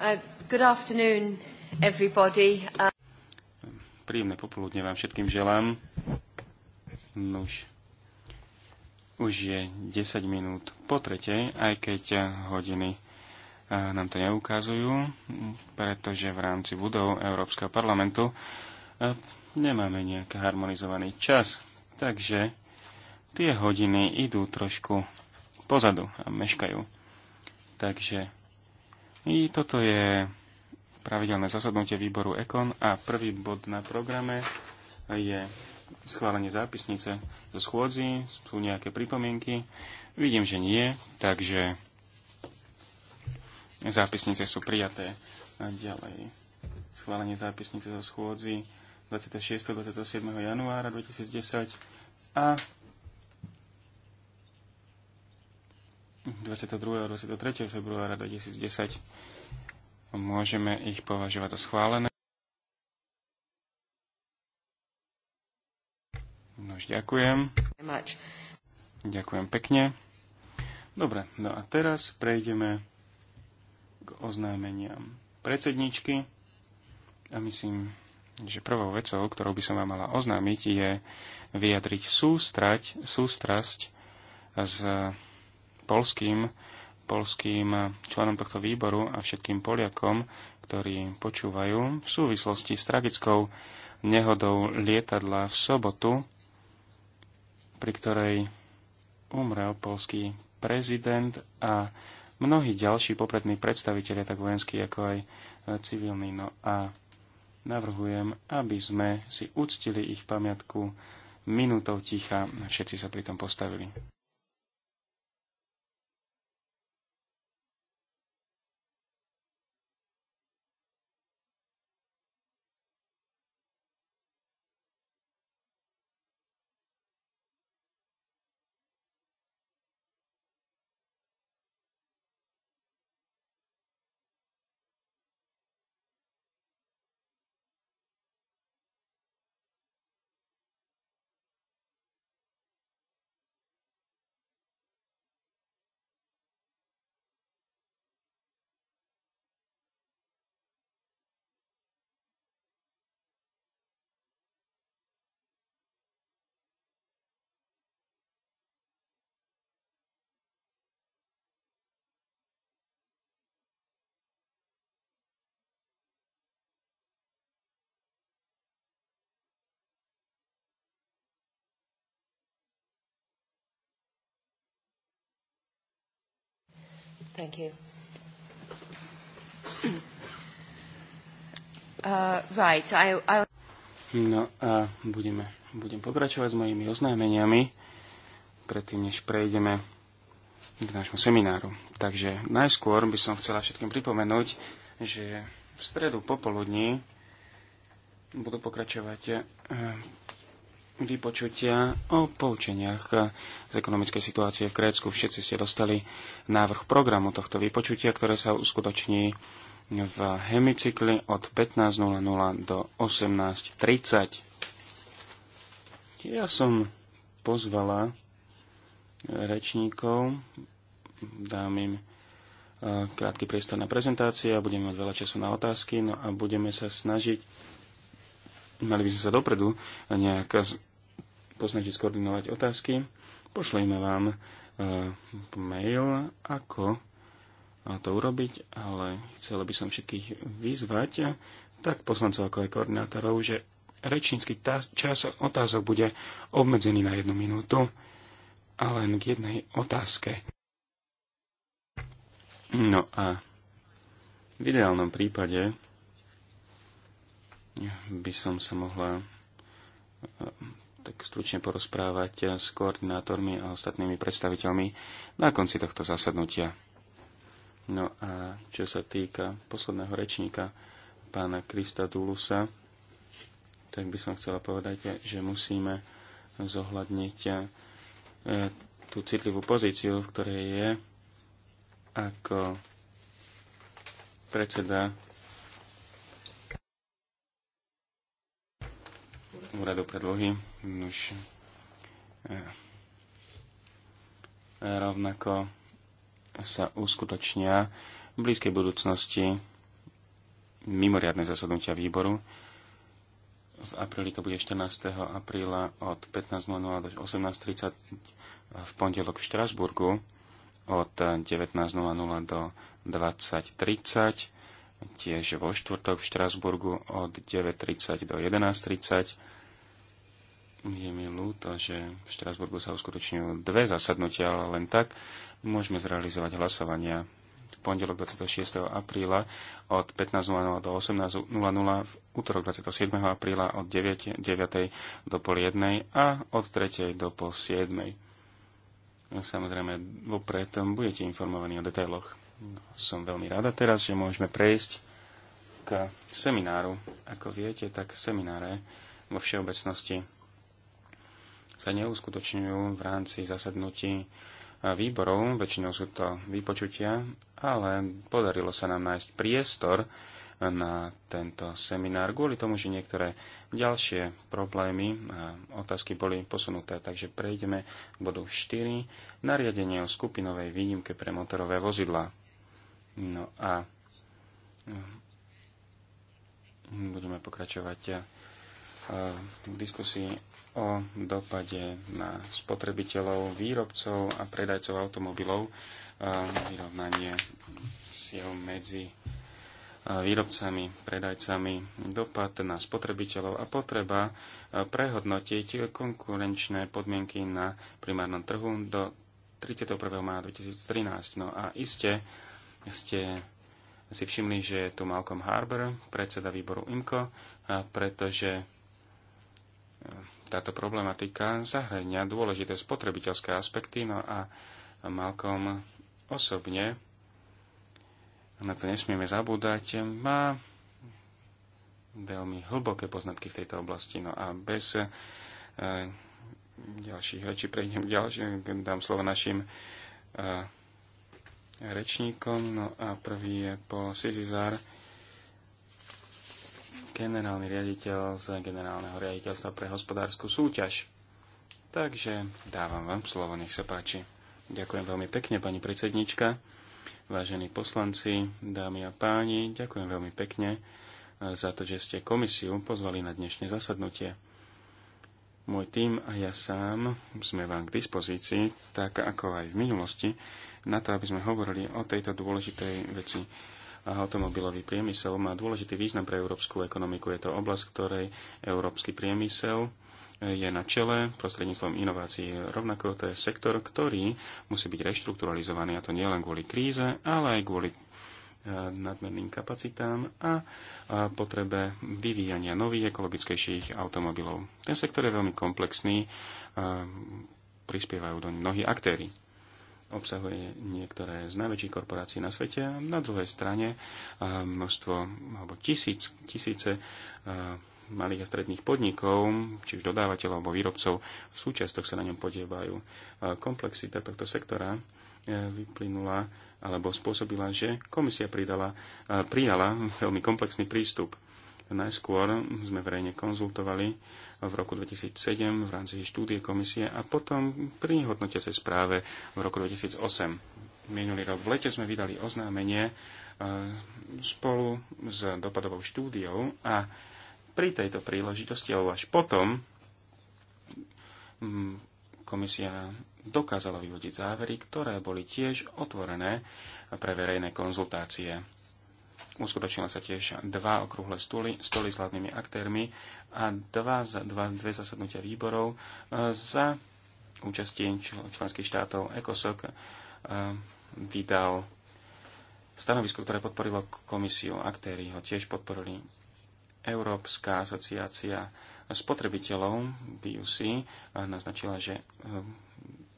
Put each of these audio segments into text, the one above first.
Uh, good afternoon, everybody. Uh... Príjemné popoludne vám všetkým želám. Nuž. No už je 10 minút po tretej, aj keď uh, hodiny uh, nám to neukazujú, pretože v rámci budov Európskeho parlamentu nemáme nejaký harmonizovaný čas. Takže tie hodiny idú trošku pozadu a meškajú. Takže i toto je pravidelné zasadnutie výboru EKON a prvý bod na programe je schválenie zápisnice zo schôdzi. Sú nejaké pripomienky? Vidím, že nie, takže zápisnice sú prijaté. A ďalej. Schválenie zápisnice zo schôdzi 26. 27. januára 2010 a 22. a 23. februára 2010. Môžeme ich považovať za schválené. Nož ďakujem. Ďakujem pekne. Dobre, no a teraz prejdeme k oznámeniam predsedničky. A myslím, že prvou vecou, ktorou by som vám mala oznámiť, je vyjadriť sústrať, sústrasť z polským, polským členom tohto výboru a všetkým Poliakom, ktorí počúvajú v súvislosti s tragickou nehodou lietadla v sobotu, pri ktorej umrel polský prezident a mnohí ďalší poprední predstavitelia, tak vojenskí ako aj e, civilní. No a navrhujem, aby sme si uctili ich pamiatku minútou ticha. Všetci sa pritom postavili. Thank you. Uh, right, I, I... No a budeme, budem pokračovať s mojimi oznámeniami, predtým než prejdeme k nášmu semináru. Takže najskôr by som chcela všetkým pripomenúť, že v stredu popoludní budú pokračovať eh, vypočutia o poučeniach z ekonomickej situácie v Grécku. Všetci ste dostali návrh programu tohto vypočutia, ktoré sa uskutoční v hemicykli od 15.00 do 18.30. Ja som pozvala rečníkov, dám im e, krátky priestor na prezentácie a budeme mať veľa času na otázky, no a budeme sa snažiť mali by sme sa dopredu nejak poznáte skoordinovať otázky. Pošlejme vám e, mail, ako to urobiť, ale chcela by som všetkých vyzvať, tak poslancov ako aj koordinátorov, že rečnícky čas otázok bude obmedzený na jednu minútu a len k jednej otázke. No a v ideálnom prípade by som sa mohla tak stručne porozprávať s koordinátormi a ostatnými predstaviteľmi na konci tohto zasadnutia. No a čo sa týka posledného rečníka, pána Krista Dulusa, tak by som chcela povedať, že musíme zohľadniť eh, tú citlivú pozíciu, v ktorej je ako predseda úradu predlohy. Už e, rovnako sa uskutočnia v blízkej budúcnosti mimoriadne zasadnutia výboru. V apríli to bude 14. apríla od 15.00 do 18.30 v pondelok v Štrasburgu od 19.00 do 20.30 tiež vo štvrtok v Štrasburgu od 9.30 do 11.30 je mi ľúto, že v Štrasburgu sa uskutočňujú dve zasadnutia, ale len tak môžeme zrealizovať hlasovania v pondelok 26. apríla od 15.00 do 18.00, v útorok 27. apríla od 9. 9. do pol 1. a od 3. do pol 7. Samozrejme, vopred budete informovaní o detailoch. Som veľmi rada teraz, že môžeme prejsť k semináru. Ako viete, tak semináre vo všeobecnosti sa neuskutočňujú v rámci zasadnutí e, výborov, väčšinou sú to vypočutia, ale podarilo sa nám nájsť priestor na tento seminár kvôli tomu, že niektoré ďalšie problémy a otázky boli posunuté. Takže prejdeme k bodu 4, nariadenie o skupinovej výnimke pre motorové vozidla. No a mm, budeme pokračovať e, diskusii o dopade na spotrebiteľov, výrobcov a predajcov automobilov, vyrovnanie siel medzi výrobcami, predajcami, dopad na spotrebiteľov a potreba prehodnotiť konkurenčné podmienky na primárnom trhu do 31. maja 2013. No a iste ste si všimli, že je tu Malcolm Harbour, predseda výboru IMCO, pretože táto problematika zahrania dôležité spotrebiteľské aspekty, no a Malcolm osobne, na to nesmieme zabúdať, má veľmi hlboké poznatky v tejto oblasti. No a bez e, ďalších rečí prejdem ďalšie, dám slovo našim e, rečníkom. No a prvý je po Sizizar generálny riaditeľ z generálneho riaditeľstva pre hospodárskú súťaž. Takže dávam vám slovo, nech sa páči. Ďakujem veľmi pekne, pani predsednička, vážení poslanci, dámy a páni, ďakujem veľmi pekne eh, za to, že ste komisiu pozvali na dnešné zasadnutie. Môj tým a ja sám sme vám k dispozícii, tak ako aj v minulosti, na to, aby sme hovorili o tejto dôležitej veci a automobilový priemysel má dôležitý význam pre európsku ekonomiku. Je to oblasť, ktorej európsky priemysel je na čele prostredníctvom inovácií. Rovnako to je sektor, ktorý musí byť reštrukturalizovaný, a to nie len kvôli kríze, ale aj kvôli e, nadmerným kapacitám a potrebe vyvíjania nových ekologickejších automobilov. Ten sektor je veľmi komplexný, prispievajú do mnohí aktéry obsahuje niektoré z najväčších korporácií na svete a na druhej strane eh, množstvo alebo tisíc, tisíce eh, malých a stredných podnikov, či už dodávateľov alebo výrobcov, v súčiastoch sa na ňom podievajú. Komplexita tohto sektora eh, vyplynula alebo spôsobila, že komisia pridala, prijala veľmi komplexný prístup. Najskôr sme verejne konzultovali v roku 2007 v rámci štúdie komisie a potom pri hodnotiacej správe v roku 2008. Minulý rok v lete sme vydali oznámenie e, spolu s dopadovou štúdiou a pri tejto príležitosti, alebo až potom, komisia dokázala vyvodiť závery, ktoré boli tiež otvorené pre verejné konzultácie. Uskutočnila sa tiež dva okrúhle stoly, stoly s hlavnými aktérmi a dva, dva, dve zasadnutia výborov e, za účasti členských štátov ECOSOC e, vydal stanovisko, ktoré podporilo komisiu. Aktéry ho tiež podporili Európska asociácia spotrebiteľov BUC naznačila, že e,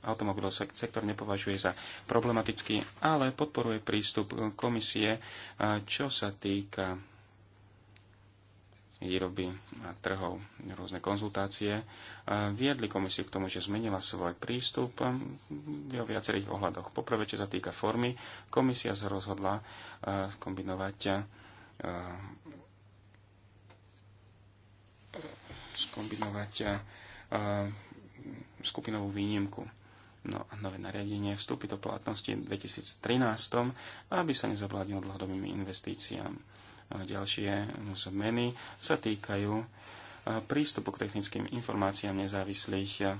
automobilový sektor nepovažuje za problematický, ale podporuje prístup komisie, čo sa týka výroby a trhov. Rôzne konzultácie viedli komisiu k tomu, že zmenila svoj prístup vo viacerých ohľadoch. Poprvé, čo sa týka formy, komisia sa rozhodla skombinovať skombinovať skupinovú výnimku. No a nové nariadenie vstúpi do platnosti v 2013, aby sa nezobládnilo dlhodobými investíciám. No a ďalšie zmeny sa týkajú e, prístupu k technickým informáciám nezávislých e,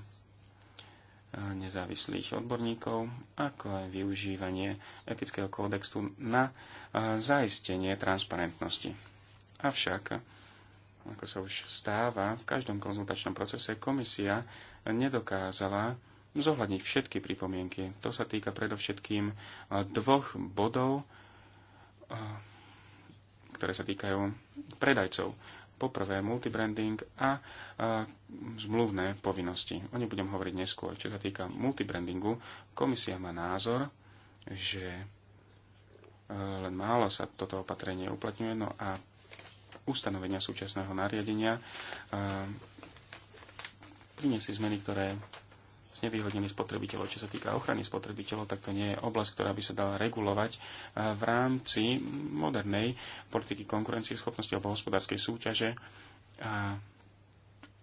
nezávislých odborníkov, ako aj využívanie etického kódexu na e, zaistenie transparentnosti. Avšak, ako sa už stáva, v každom konzultačnom procese komisia nedokázala zohľadniť všetky pripomienky. To sa týka predovšetkým eh, dvoch bodov, eh, ktoré sa týkajú predajcov. Poprvé multibranding a, eh, zmluvné povinnosti. O ne budem hovoriť neskôr. Čo sa týka multibrandingu, komisia má názor, že len málo sa toto opatrenie uplatňuje, no a ustanovenia súčasného nariadenia priniesli zmeny, ktoré znevýhodnení spotrebiteľov. Čo sa týka ochrany spotrebiteľov, tak to nie je oblasť, ktorá by sa dala regulovať eh, v rámci modernej politiky konkurencie schopnosti alebo hospodárskej súťaže. A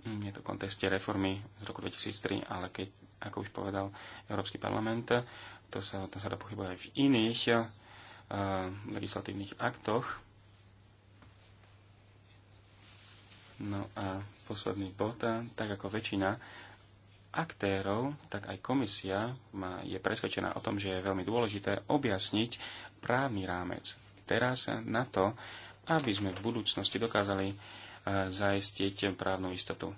mm, je to v kontexte reformy z roku 2003, ale keď, ako už povedal Európsky parlament, to sa, to sa dá pochybovať aj v iných uh, legislatívnych aktoch. No a posledný bod, eh, tak ako väčšina aktérov, tak aj komisia má, je presvedčená o tom, že je veľmi dôležité objasniť právny rámec. Teraz na to, aby sme v budúcnosti dokázali e, zaistiť právnu istotu.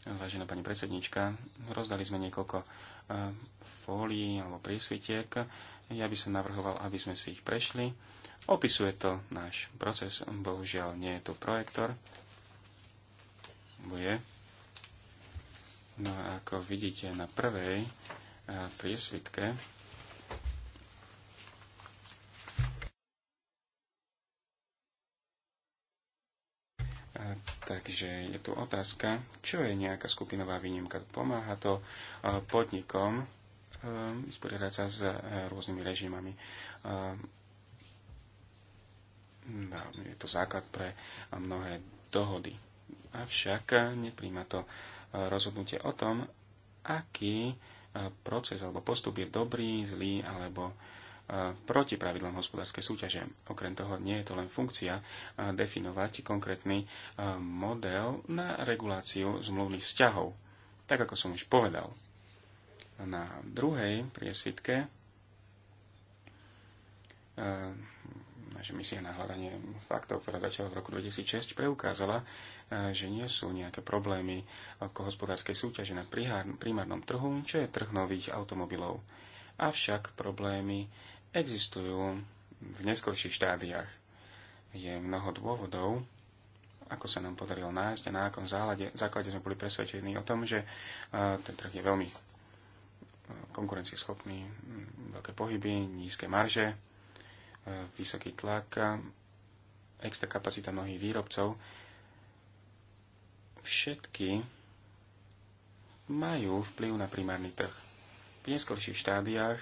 Vážená pani predsednička, rozdali sme niekoľko e, fólií alebo prísvitiek. Ja by som navrhoval, aby sme si ich prešli. Opisuje to náš proces. Bohužiaľ, nie je tu projektor. Bude. No a ako vidíte na prvej e, priesvitke, e, Takže je tu otázka, čo je nejaká skupinová výnimka. Pomáha to e, podnikom vysporiadať sa s rôznymi režimami. No, je to základ pre mnohé dohody. Avšak nepríjma to rozhodnutie o tom, aký e, proces alebo postup je dobrý, zlý alebo e, proti pravidlám hospodárskej súťaže. Okrem toho nie je to len funkcia e, definovať konkrétny model na reguláciu zmluvných vzťahov, tak ako som už povedal. Na druhej priesvitke naše misia na hľadanie faktov, ktorá začala v roku 2006, preukázala, e, že nie sú nejaké problémy ako hospodárskej súťaže na primárnom trhu, čo je trh nových automobilov. Avšak problémy existujú v neskorších štádiách. Je mnoho dôvodov, ako sa nám podarilo nájsť a na akom základe, základe sme boli presvedčení o tom, že e, ten trh je veľmi e, konkurencieschopný, veľké pohyby, nízke marže vysoký tlak, extra kapacita mnohých výrobcov. Všetky majú vplyv na primárny trh. V neskorších štádiách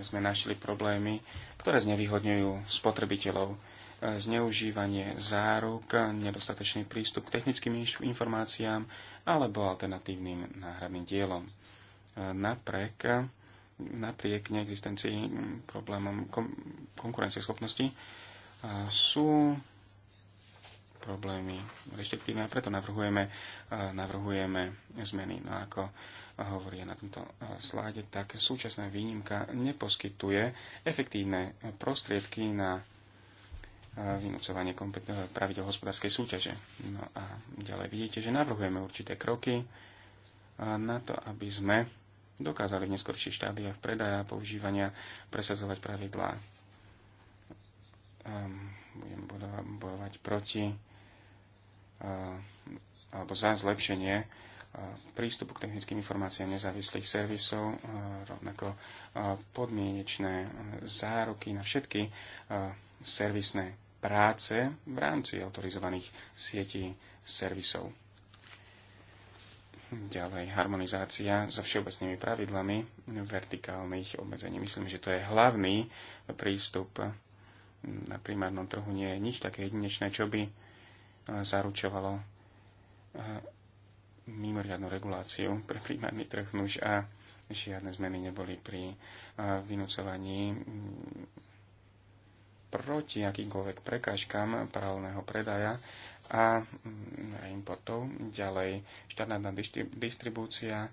sme našli problémy, ktoré znevýhodňujú spotrebiteľov. Zneužívanie záruk, nedostatečný prístup k technickým informáciám alebo alternatívnym náhradným dielom. Napriek napriek neexistencii mm, problémom kom- konkurencieschopnosti sú problémy reštriktívne a preto navrhujeme, navrhujeme zmeny. No ako hovorí na tomto sláde, tak súčasná výnimka neposkytuje efektívne prostriedky na vynúcovanie pravidel hospodárskej súťaže. No a ďalej vidíte, že navrhujeme určité kroky na to, aby sme dokázali v neskorších štádiách predaja a používania presazovať pravidlá. Ehm, budem bojovať proti eh, alebo za zlepšenie eh, prístupu k technickým informáciám nezávislých servisov, eh, rovnako podmienečné záruky na všetky servisné práce v rámci autorizovaných sietí servisov ďalej harmonizácia so všeobecnými pravidlami vertikálnych obmedzení. Myslím, že to je hlavný prístup na primárnom trhu. Nie je nič také jedinečné, čo by eh, zaručovalo eh, mimoriadnu reguláciu pre primárny trh. Nuž a žiadne zmeny neboli pri eh, vynúcovaní mm, proti akýmkoľvek prekážkam paralelného predaja Mm, a importov. Ďalej štandardná distribúcia,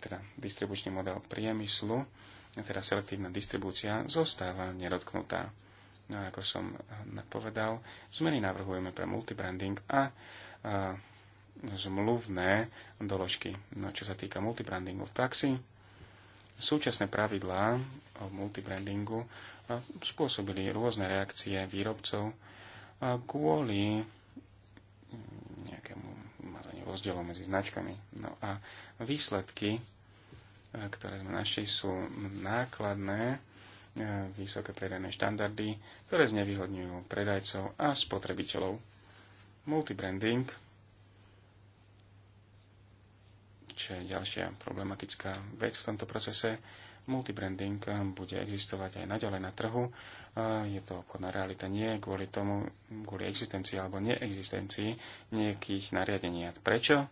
teda distribučný model priemyslu, teda selektívna distribúcia zostáva nedotknutá. No ako som napovedal, zmeny navrhujeme pre multibranding a, a zmluvné doložky. No čo sa týka multibrandingu v praxi, súčasné pravidlá o multibrandingu spôsobili rôzne reakcie výrobcov kvôli nejakému mazaniu rozdielu medzi značkami. No a výsledky, e, ktoré sme našli, sú nákladné, e, vysoké predajné štandardy, ktoré znevýhodňujú predajcov a spotrebiteľov. Multibranding, čo je ďalšia problematická vec v tomto procese, multibranding eh, bude existovať aj naďalej na trhu. Eh, je to obchodná realita nie kvôli tomu, kvôli existencii alebo neexistencii nejakých nariadení. prečo?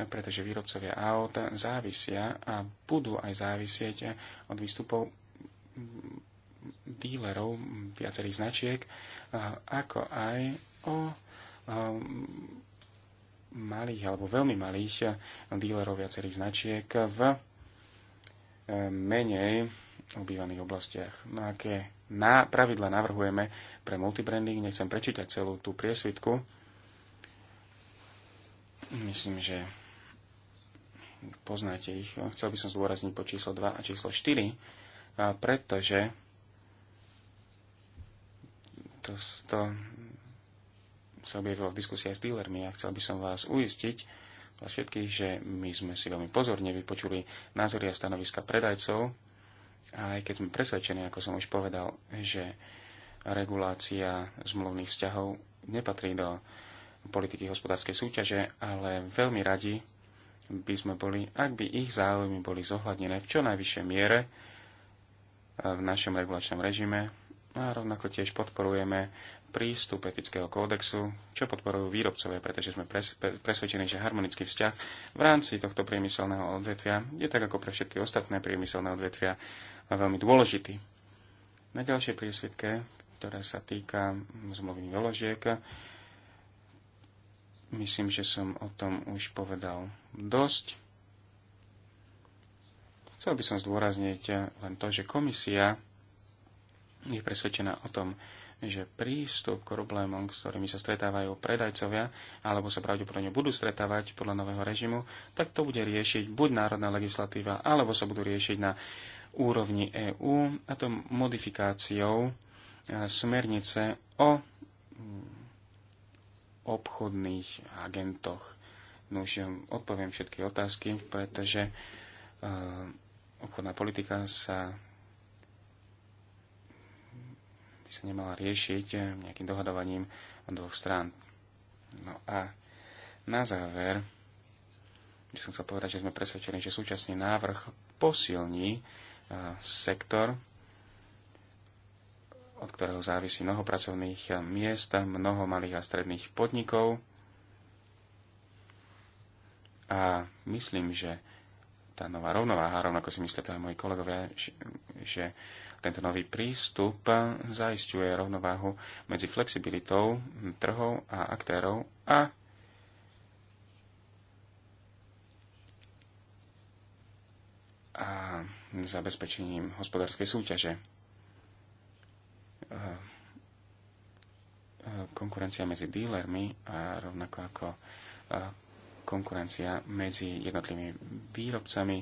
Eh, pretože výrobcovia aut závisia a budú aj závisieť od výstupov mm, dílerov viacerých značiek, ako aj o malých alebo veľmi malých dílerov viacerých značiek v menej obývaných oblastiach. No aké na pravidla navrhujeme pre multibranding, nechcem prečítať celú tú priesvitku. Myslím, že poznáte ich. Chcel by som zdôrazniť po číslo 2 a číslo 4, a pretože to, to sa objavilo v diskusii aj s dealermi a chcel by som vás uistiť, vás všetkých, že my sme si veľmi pozorne vypočuli názory a stanoviska predajcov. A aj keď sme presvedčení, ako som už povedal, že regulácia zmluvných vzťahov nepatrí do politiky hospodárskej súťaže, ale veľmi radi by sme boli, ak by ich záujmy boli zohľadnené v čo najvyššej miere eh, v našom regulačnom režime a rovnako tiež podporujeme prístup etického kódexu, čo podporujú výrobcovia, pretože sme presvedčení, že harmonický vzťah v rámci tohto priemyselného odvetvia je tak ako pre všetky ostatné priemyselné odvetvia veľmi dôležitý. Na ďalšej prísvitke, ktorá sa týka zmluvy doložiek, myslím, že som o tom už povedal dosť. Chcel by som zdôrazniť len to, že komisia je presvedčená o tom, že prístup k problémom, s ktorými sa stretávajú predajcovia, alebo sa pravdepodobne budú stretávať podľa nového režimu, tak to bude riešiť buď národná legislatíva, alebo sa budú riešiť na úrovni EÚ, a to modifikáciou e, smernice o mm, obchodných agentoch. No už odpoviem všetky otázky, pretože e, obchodná politika sa sa nemala riešiť eh, nejakým dohadovaním dvoch strán. No a na záver by som chcel povedať, že sme presvedčení, že súčasný návrh posilní eh, sektor, od ktorého závisí mnoho pracovných eh, miest, mnoho malých a stredných podnikov. A myslím, že tá nová rovnováha, rovnako si myslia to aj moji kolegovia, že tento nový prístup zaisťuje rovnováhu medzi flexibilitou trhov a aktérov a a zabezpečením hospodárskej súťaže. Konkurencia medzi dílermi a rovnako ako konkurencia medzi jednotlivými výrobcami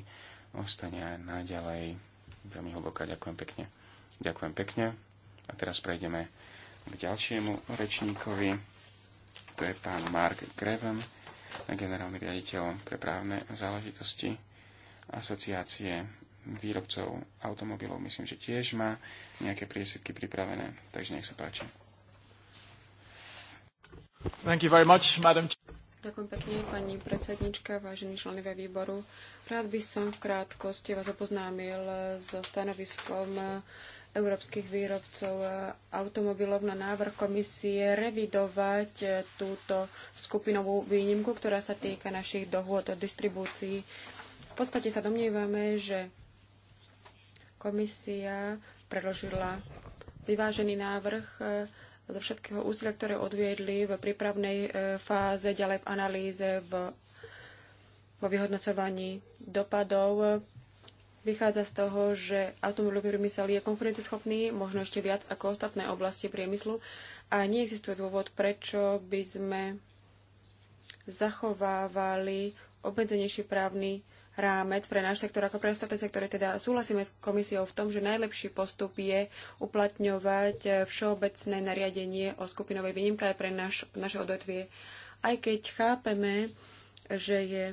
ostane aj naďalej veľmi hlboká. Ďakujem pekne. Ďakujem pekne. A teraz prejdeme k ďalšiemu rečníkovi. To je pán Mark Greven, generálny riaditeľ pre právne záležitosti asociácie výrobcov automobilov. Myslím, že tiež má nejaké priesvedky pripravené, takže nech sa páči. Thank you very much, madam. Ďakujem pekne, pani predsednička, vážení členovia výboru. Rád by som v krátkosti vás oboznámil so stanoviskom európskych výrobcov automobilov na návrh komisie revidovať túto skupinovú výnimku, ktorá sa týka našich dohôd o distribúcii. V podstate sa domnievame, že komisia predložila vyvážený návrh do všetkého úsilia, ktoré odviedli v prípravnej e, fáze, ďalej v analýze, v, vo vyhodnocovaní dopadov. Vychádza z toho, že automobilový priemysel je konkurenceschopný, možno ešte viac ako ostatné oblasti priemyslu a neexistuje dôvod, prečo by sme zachovávali obmedzenejší právny rámec pre náš sektor ako pre ostatné sektory. Teda súhlasíme s komisiou v tom, že najlepší postup je uplatňovať eh, všeobecné nariadenie o skupinovej výnimke aj pre naš, naše odvetvie. Aj keď chápeme, že je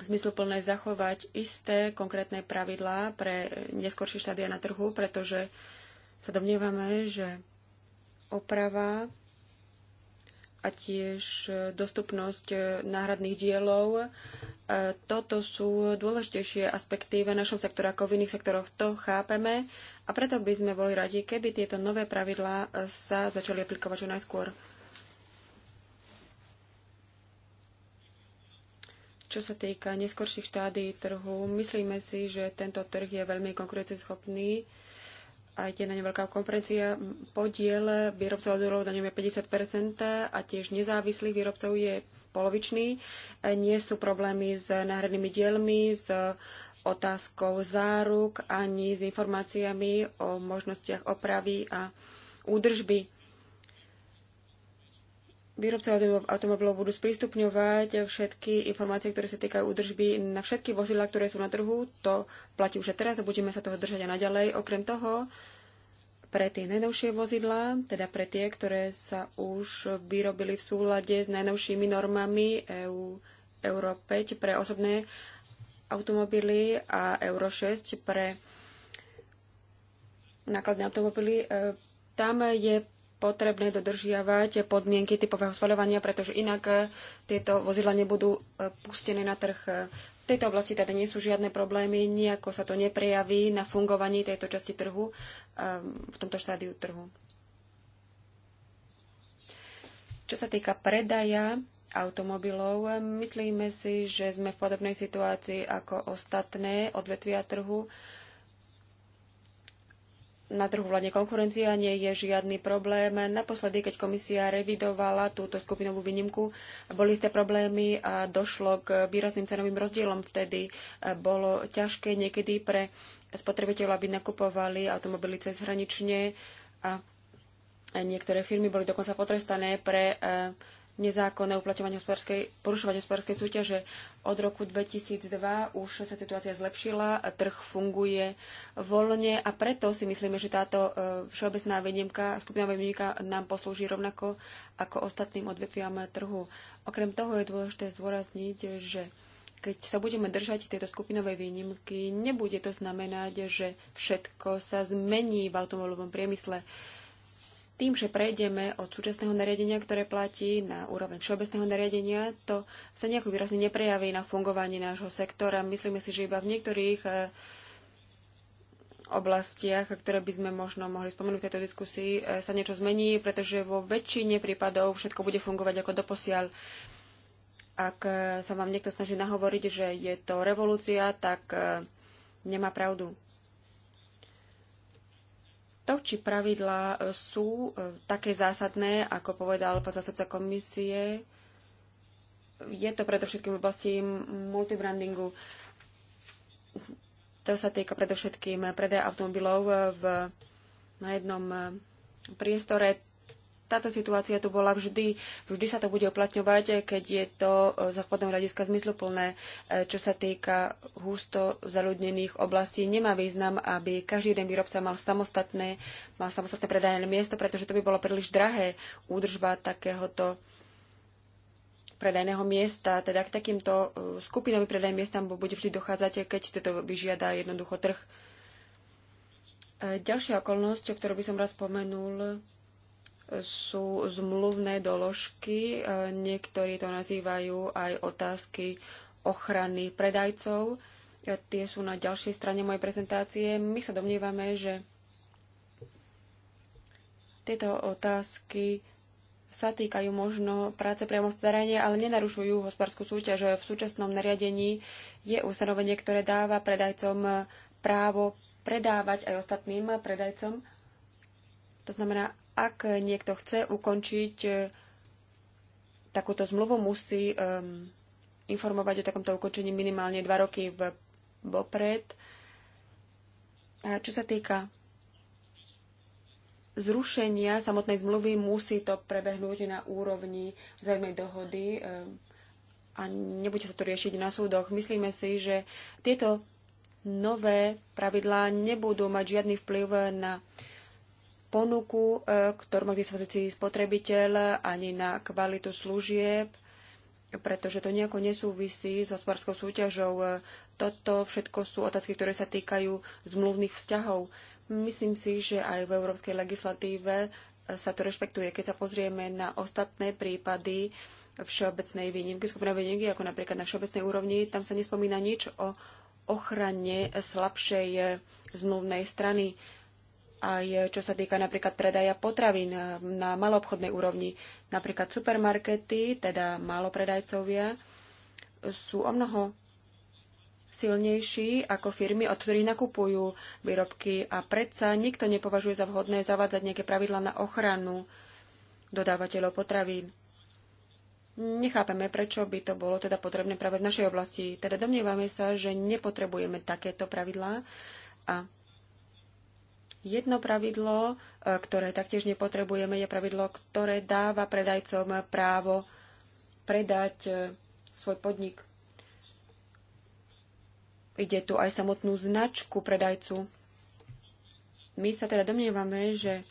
zmysluplné zachovať isté konkrétne pravidlá pre neskôršie štádia na trhu, pretože sa domnievame, že oprava a tiež eh, dostupnosť eh, náhradných dielov toto sú dôležitejšie aspekty v našom sektore ako v iných sektoroch. To chápeme a preto by sme boli radi, keby tieto nové pravidlá sa začali aplikovať čo najskôr. Čo sa týka neskorších štádií trhu, myslíme si, že tento trh je veľmi konkurenceschopný a je na ne veľká konkurencia. Podiel výrobcov odolov na ňom je 50 a tiež nezávislých výrobcov je polovičný. E, nie sú problémy s náhradnými dielmi, s otázkou záruk ani s informáciami o možnostiach opravy a údržby výrobcov automobilov budú sprístupňovať všetky informácie, ktoré sa týkajú údržby na všetky vozidlá, ktoré sú na trhu. To platí už teraz a budeme sa toho držať aj naďalej. Okrem toho, pre tie najnovšie vozidlá, teda pre tie, ktoré sa už vyrobili v súlade s najnovšími normami EU, Euro 5 pre osobné automobily a Euro 6 pre nákladné automobily. E, tam je potrebné dodržiavať podmienky typového schvaľovania, pretože inak e, tieto vozidla nebudú e, pustené na trh. E, v tejto oblasti teda nie sú žiadne problémy, nejako sa to neprejaví na fungovaní tejto časti trhu, v tomto štádiu trhu. Čo sa týka predaja automobilov, myslíme si, že sme v podobnej situácii ako ostatné odvetvia trhu na trhu vládne konkurencia, nie je žiadny problém. Naposledy, keď komisia revidovala túto skupinovú výnimku, boli ste problémy a došlo k výrazným cenovým rozdielom. Vtedy e, bolo ťažké niekedy pre spotrebiteľov, aby nakupovali automobily cezhranične a niektoré firmy boli dokonca potrestané pre e, nezákonné uplatňovanie hospodárskej, porušovanie hospodárskej súťaže. Od roku 2002 už sa situácia zlepšila, trh funguje voľne a preto si myslíme, že táto e, všeobecná výnimka, skupina výnimka nám poslúži rovnako ako ostatným odvetviam trhu. Okrem toho je dôležité zdôrazniť, že keď sa budeme držať tejto skupinovej výnimky, nebude to znamenať, že všetko sa zmení v automobilovom priemysle. Uh, tým, že prejdeme od súčasného nariadenia, ktoré platí na úroveň všeobecného nariadenia, to sa nejako výrazne neprejaví na fungovanie nášho sektora. Myslíme si, že iba v niektorých eh, oblastiach, ktoré by sme možno mohli spomenúť v tejto diskusii, eh, sa niečo zmení, pretože vo väčšine prípadov všetko bude fungovať ako doposiaľ. Ak eh, sa vám niekto snaží nahovoriť, že je to revolúcia, tak nemá pravdu to, či pravidlá e, sú e, také zásadné, ako povedal pán zástupca komisie, je to predovšetkým v oblasti multibrandingu. To sa týka predovšetkým predaja automobilov e, v, na jednom priestore táto situácia tu bola vždy. Vždy sa to bude uplatňovať, keď je to e, z obchodného hľadiska zmysluplné. E, čo sa týka husto zaludnených oblastí, nemá význam, aby každý jeden výrobca mal samostatné, mal samostatné predajné miesto, pretože to by bolo príliš drahé údržba takéhoto predajného miesta. Teda k takýmto e, skupinovým predajným miestam bude vždy dochádzať, keď toto vyžiada jednoducho trh. Ďalšia okolnosť, o ktorú by som raz spomenul, sú zmluvné doložky. E, niektorí to nazývajú aj otázky ochrany predajcov. E, tie sú na ďalšej strane mojej prezentácie. My sa domnievame, že tieto otázky sa týkajú možno práce priamo v teréne, ale nenarušujú hospodárskú súťaž. V súčasnom nariadení je ustanovenie, ktoré dáva predajcom právo predávať aj ostatným predajcom. To znamená, ak niekto chce ukončiť e, takúto zmluvu, musí informovať o takomto ukončení minimálne 2 roky vopred. A čo sa týka zrušenia samotnej zmluvy, musí to prebehnúť na úrovni vzájomnej dohody a nebude sa to riešiť na súdoch. Myslíme si, že tieto nové pravidlá nebudú mať žiadny vplyv na ponuku, e, ktorú má k dispozícii spotrebiteľ, ani na kvalitu služieb, pretože to nejako nesúvisí s hospodárskou súťažou. E, toto všetko sú otázky, ktoré sa týkajú zmluvných vzťahov. Myslím si, že aj v európskej legislatíve e, sa to rešpektuje. Keď sa pozrieme na ostatné prípady všeobecnej výnimky, skupina výnimky, ako napríklad na všeobecnej úrovni, tam sa nespomína nič o ochrane slabšej zmluvnej strany aj čo sa týka napríklad predaja potravín eh, na maloobchodnej úrovni. Napríklad supermarkety, teda malopredajcovia, sú o mnoho silnejší ako firmy, od ktorých nakupujú výrobky a predsa nikto nepovažuje za vhodné zavádzať nejaké pravidla na ochranu dodávateľov potravín. Nechápeme, prečo by to bolo teda potrebné práve v našej oblasti. Teda domnievame sa, že nepotrebujeme takéto pravidlá a Jedno pravidlo, e, ktoré taktiež nepotrebujeme, je pravidlo, ktoré dáva predajcom právo predať e, svoj podnik. Ide tu aj samotnú značku predajcu. My sa teda domnievame, že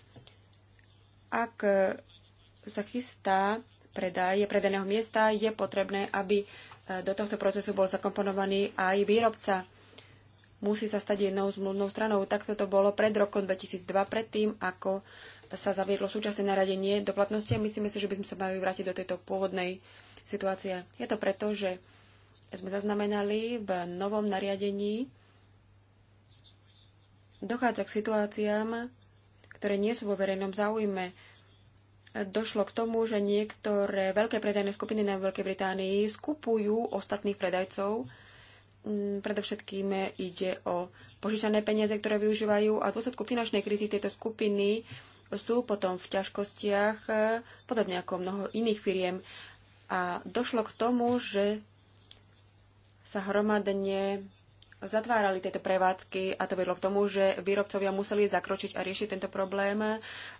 ak e, sa chystá predaje predajného miesta, je potrebné, aby do tohto procesu bol zakomponovaný aj výrobca musí sa stať jednou zmluvnou stranou. Takto to bolo pred rokom 2002, predtým, ako sa zaviedlo súčasné naradenie do platnosti. Myslíme si, že by sme sa mali vrátiť do tejto pôvodnej situácie. Je to preto, že sme zaznamenali v novom nariadení dochádza k situáciám, ktoré nie sú vo verejnom záujme. Došlo k tomu, že niektoré veľké predajné skupiny na Veľkej Británii skupujú ostatných predajcov Mm, predovšetkým ide o požičané peniaze, ktoré využívajú a v dôsledku finančnej krízy tieto skupiny sú potom v ťažkostiach, e, podobne ako mnoho iných firiem. A došlo k tomu, že sa hromadne zatvárali tieto prevádzky a to vedlo k tomu, že výrobcovia museli zakročiť a riešiť tento problém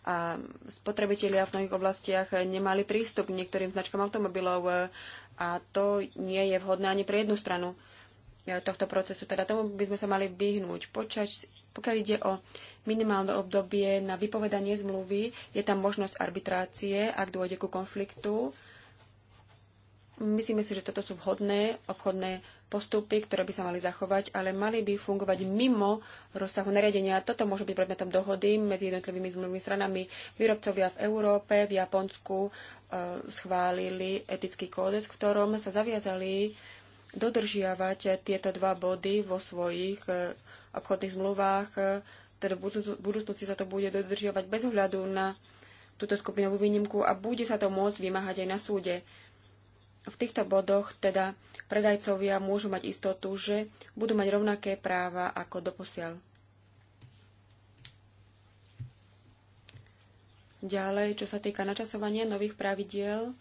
a spotrebitelia v mnohých oblastiach nemali prístup k niektorým značkám automobilov a to nie je vhodné ani pre jednu stranu tohto procesu. Teda tomu by sme sa mali vyhnúť. Počať, pokiaľ ide o minimálne obdobie na vypovedanie zmluvy, je tam možnosť arbitrácie, ak dôjde ku konfliktu. Myslíme si, že toto sú vhodné obchodné postupy, ktoré by sa mali zachovať, ale mali by fungovať mimo rozsahu nariadenia. Toto môže byť predmetom dohody medzi jednotlivými zmluvnými stranami. Výrobcovia v Európe, v Japonsku e, schválili etický kódex, v ktorom sa zaviazali dodržiavať tieto dva body vo svojich e, obchodných zmluvách, e, teda v budúcnosti sa to bude dodržiavať bez ohľadu na túto skupinovú výnimku a bude sa to môcť vymáhať aj na súde. V týchto bodoch teda predajcovia môžu mať istotu, že budú mať rovnaké práva ako doposiaľ. Ďalej, čo sa týka načasovania nových pravidiel,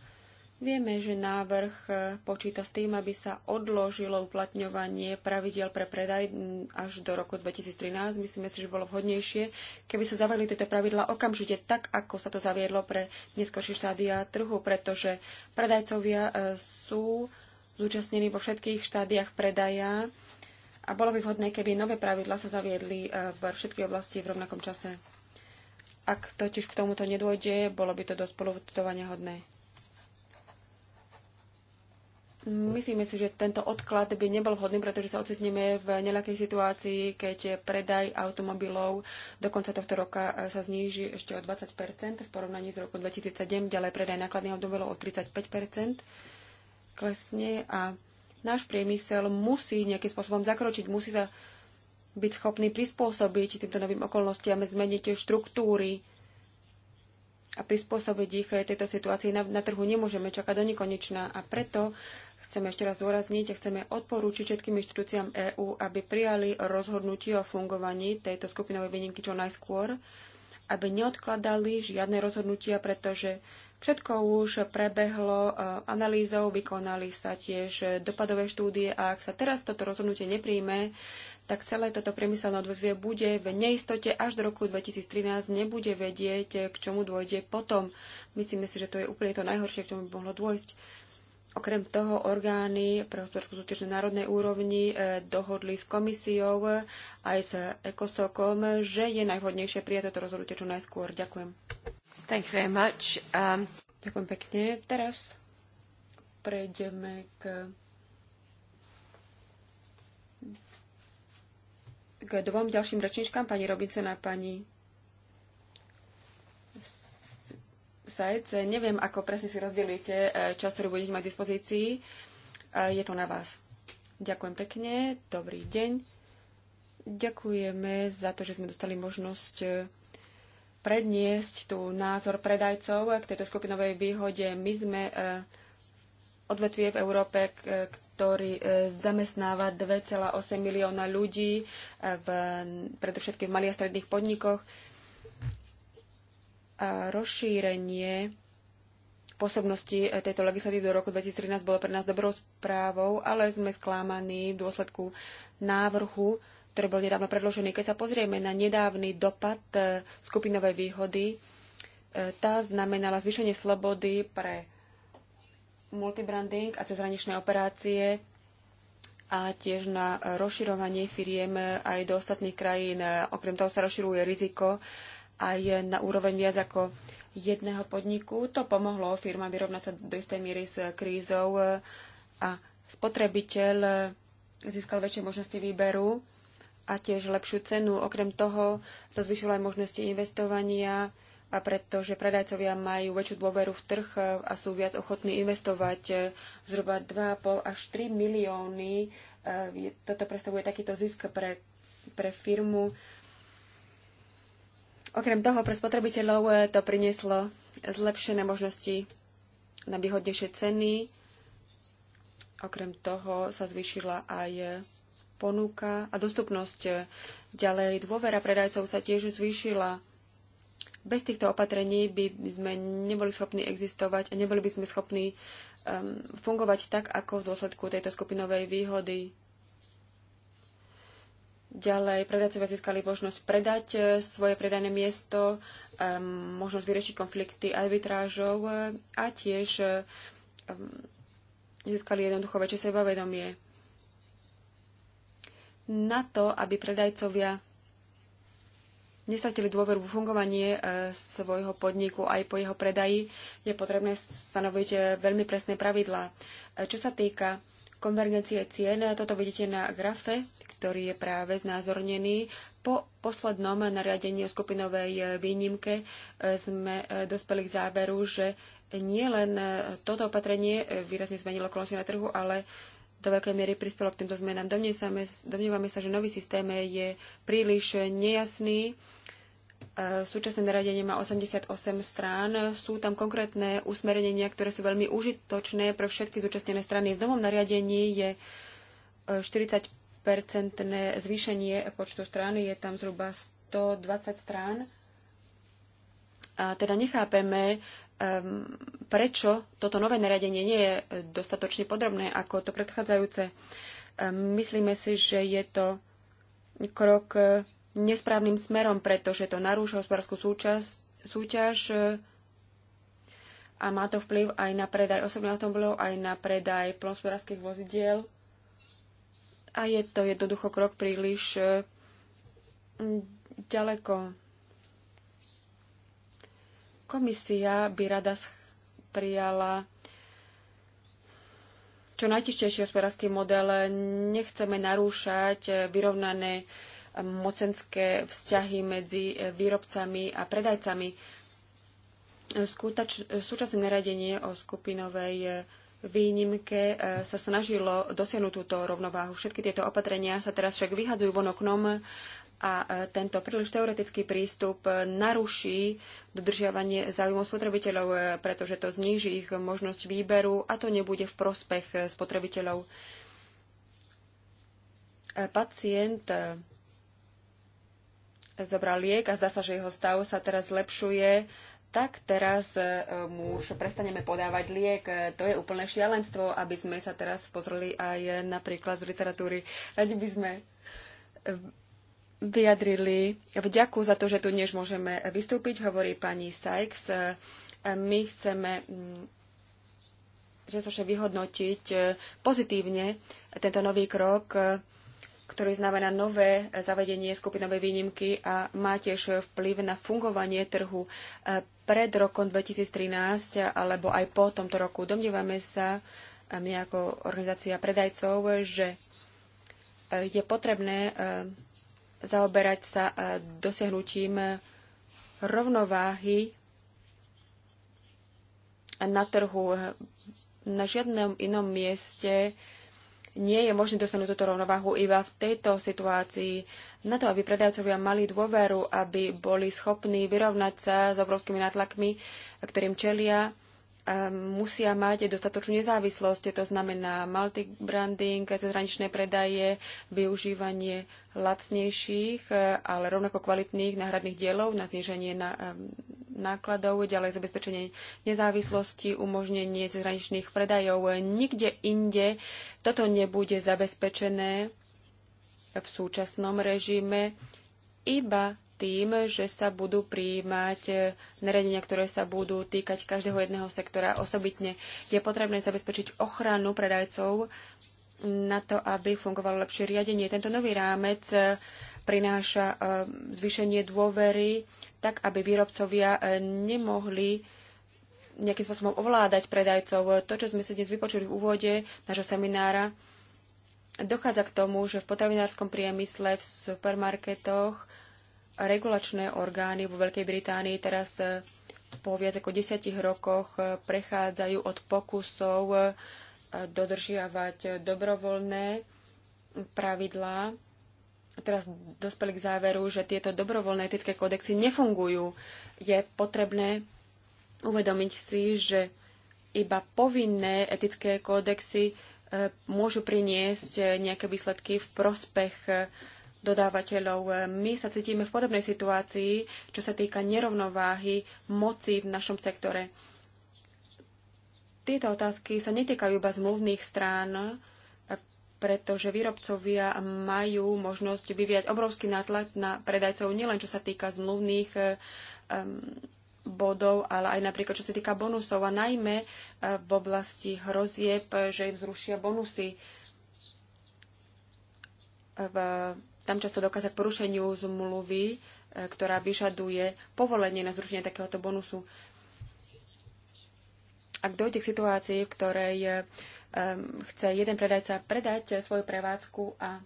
Vieme, že návrh e, počíta s tým, aby sa odložilo uplatňovanie pravidel pre predaj až do roku 2013. Myslíme si, že bolo vhodnejšie, keby sa zavedli tieto pravidla okamžite tak, ako sa to zaviedlo pre neskôršie štádia trhu, pretože predajcovia e, sú zúčastnení vo všetkých štádiách predaja a bolo by vhodné, keby nové pravidla sa zaviedli e, v všetkých oblasti v rovnakom čase. Ak totiž k tomuto nedôjde, bolo by to dosť polutovania hodné. Myslíme si, že tento odklad by nebol vhodný, pretože sa ocitneme v nejakej situácii, keď predaj automobilov do konca tohto roka eh, sa zníži ešte o 20 v porovnaní s roku 2007, ďalej predaj nákladných automobilov o 35 klesne a náš priemysel musí nejakým spôsobom zakročiť, musí sa byť schopný prispôsobiť týmto novým okolnostiam, zmeniť štruktúry a prispôsobiť ich eh, tejto situácii na, na trhu. Nemôžeme čakať do nekonečna a preto Chceme ešte raz zdôrazniť a chceme odporúčiť všetkým inštitúciám EÚ, aby prijali rozhodnutie o fungovaní tejto skupinovej výnimky čo najskôr, aby neodkladali žiadne rozhodnutia, pretože všetko už prebehlo e, analýzou, vykonali sa tiež dopadové štúdie a ak sa teraz toto rozhodnutie nepríjme, tak celé toto priemyselné odvetvie bude v neistote až do roku 2013, nebude vedieť, k čomu dôjde potom. Myslíme si, že to je úplne to najhoršie, k čomu by mohlo dôjsť. Okrem toho orgány pre hospodárskú súťaž na národnej úrovni e, dohodli s komisiou aj s ECOSOCom, že je najvhodnejšie prijať toto rozhodnutie čo najskôr. Ďakujem. Thank you very much. Um... Ďakujem pekne. Teraz prejdeme k k dvom ďalším rečničkám, pani Robinson a pani Sajc, neviem, ako presne si rozdelíte e, čas, ktorý budete mať v dispozícii. E, je to na vás. Ďakujem pekne, dobrý deň. Ďakujeme za to, že sme dostali možnosť e, predniesť tú názor predajcov k tejto skupinovej výhode. My sme odvetvie v Európe, ktorý zamestnáva 2,8 milióna ľudí, v, predovšetkým v malých a stredných podnikoch a rozšírenie pôsobnosti e, tejto legislatívy do roku 2013 bolo pre nás dobrou správou, ale sme sklamaní v dôsledku návrhu, ktorý bol nedávno predložený. Keď sa pozrieme na nedávny dopad e, skupinovej výhody, e, tá znamenala zvýšenie slobody pre multibranding a cezhraničné operácie a tiež na rozširovanie firiem aj do ostatných krajín. Okrem toho sa rozširuje riziko aj na úroveň viac ako jedného podniku. To pomohlo firmám vyrovnať sa do istej miery s krízou a spotrebiteľ získal väčšie možnosti výberu a tiež lepšiu cenu. Okrem toho to zvyšilo aj možnosti investovania, a pretože predajcovia majú väčšiu dôveru v trh a sú viac ochotní investovať zhruba 2,5 až 3 milióny. E, toto predstavuje takýto zisk pre, pre firmu Okrem toho pre spotrebiteľov eh, to prinieslo zlepšené možnosti na výhodnejšie ceny. Okrem toho sa zvýšila aj eh, ponuka a dostupnosť. Eh, ďalej dôvera predajcov sa tiež zvýšila. Bez týchto opatrení by sme neboli schopní existovať a neboli by sme schopní um, fungovať tak, ako v dôsledku tejto skupinovej výhody Ďalej, predajcovia získali možnosť predať eh, svoje predajné miesto, eh, možnosť vyriešiť konflikty arbitrážov eh, a tiež získali jednoducho väčšie sebavedomie. Na to, aby predajcovia nestratili dôveru v fungovanie svojho podniku aj po jeho predaji, je potrebné stanoviť veľmi presné pravidlá. Čo sa týka konvergencie cien. Toto vidíte na grafe, ktorý je práve znázornený. Po poslednom nariadení o skupinovej výnimke e, sme e, dospeli k záveru, že nie len e, toto opatrenie výrazne zmenilo okolnosti na trhu, ale do veľkej miery prispelo k týmto zmenám. Domnievame sa, že nový systém je príliš nejasný Súčasné nariadenie má 88 strán. Sú tam konkrétne usmernenia, ktoré sú veľmi užitočné pre všetky zúčastnené strany. V novom nariadení je 40-percentné e, zvýšenie počtu strán. Je tam zhruba 120 strán. A teda nechápeme, um, prečo toto nové nariadenie nie je dostatočne podrobné ako to predchádzajúce. Um, myslíme si, že je to krok nesprávnym smerom, pretože to narúša hospodárskú súťaž e, a má to vplyv aj na predaj osobných automobilov, aj na predaj plnospodárských vozidiel. A je to jednoducho krok príliš e, ďaleko. Komisia by rada prijala čo najtištejší hospodársky model. Nechceme narúšať e, vyrovnané mocenské vzťahy medzi e, výrobcami a predajcami. Skútač, súčasné naradenie o skupinovej e, výnimke e, sa snažilo dosiahnuť túto rovnováhu. Všetky tieto opatrenia sa teraz však vyhadzujú von oknom a tento príliš teoretický prístup naruší dodržiavanie záujmov spotrebiteľov, pretože to zníži ich možnosť výberu a to nebude v prospech spotrebiteľov. Pacient zobral liek a zdá sa, že jeho stav sa teraz zlepšuje, tak teraz e, mu už prestaneme podávať liek. E, to je úplné šialenstvo, aby sme sa teraz pozreli aj napríklad z literatúry. Radi by sme e, vyjadrili vďaku za to, že tu dnes môžeme vystúpiť, hovorí pani Sykes. My chceme mm, že sa vyhodnotiť pozitívne tento nový krok ktorý znamená nové zavedenie skupinovej výnimky a má tiež vplyv na fungovanie trhu e, pred rokom 2013 alebo aj po tomto roku. Domnievame sa my ako organizácia predajcov, že e, je potrebné e, zaoberať sa dosiahnutím rovnováhy na trhu. Na žiadnom inom mieste nie je možné dosiahnuť túto rovnováhu iba v tejto situácii. Na to, aby predajcovia mali dôveru, aby boli schopní vyrovnať sa s obrovskými nátlakmi, ktorým čelia, musia mať dostatočnú nezávislosť. To znamená multi branding, cezhraničné predaje, využívanie lacnejších, e, ale rovnako kvalitných náhradných dielov na zníženie e, nákladov, ďalej zabezpečenie nezávislosti, umožnenie cezhraničných predajov. Nikde inde toto nebude zabezpečené v súčasnom režime, iba tým, že sa budú prijímať eh, nariadenia, ktoré sa budú týkať každého jedného sektora osobitne. Je potrebné zabezpečiť ochranu predajcov na to, aby fungovalo lepšie riadenie. Tento nový rámec eh, prináša eh, zvýšenie dôvery, tak aby výrobcovia nemohli nejakým spôsobom ovládať predajcov. To, čo sme si dnes vypočuli v úvode nášho seminára, dochádza k tomu, že v potravinárskom priemysle, v supermarketoch, regulačné orgány vo Veľkej Británii teraz e, po viac ako desiatich rokoch e, prechádzajú od pokusov e, dodržiavať dobrovoľné pravidlá. Teraz dospeli k záveru, že tieto dobrovoľné etické kódexy nefungujú. Je potrebné uvedomiť si, že iba povinné etické kódexy môžu priniesť nejaké výsledky v prospech dodávateľov. My sa cítime v podobnej situácii, čo sa týka nerovnováhy moci v našom sektore. Tieto otázky sa netýkajú iba zmluvných strán, pretože výrobcovia majú možnosť vyvíjať obrovský nátlak na predajcov, nielen čo sa týka zmluvných um, bodov, ale aj napríklad čo sa týka bonusov a najmä eh, v oblasti hrozieb, že im zrušia bonusy v tam často dokáza k porušeniu zmluvy, e, ktorá vyžaduje povolenie na zrušenie takéhoto bonusu. Ak dojde k situácii, v ktorej e, e, chce jeden predajca predať svoju prevádzku a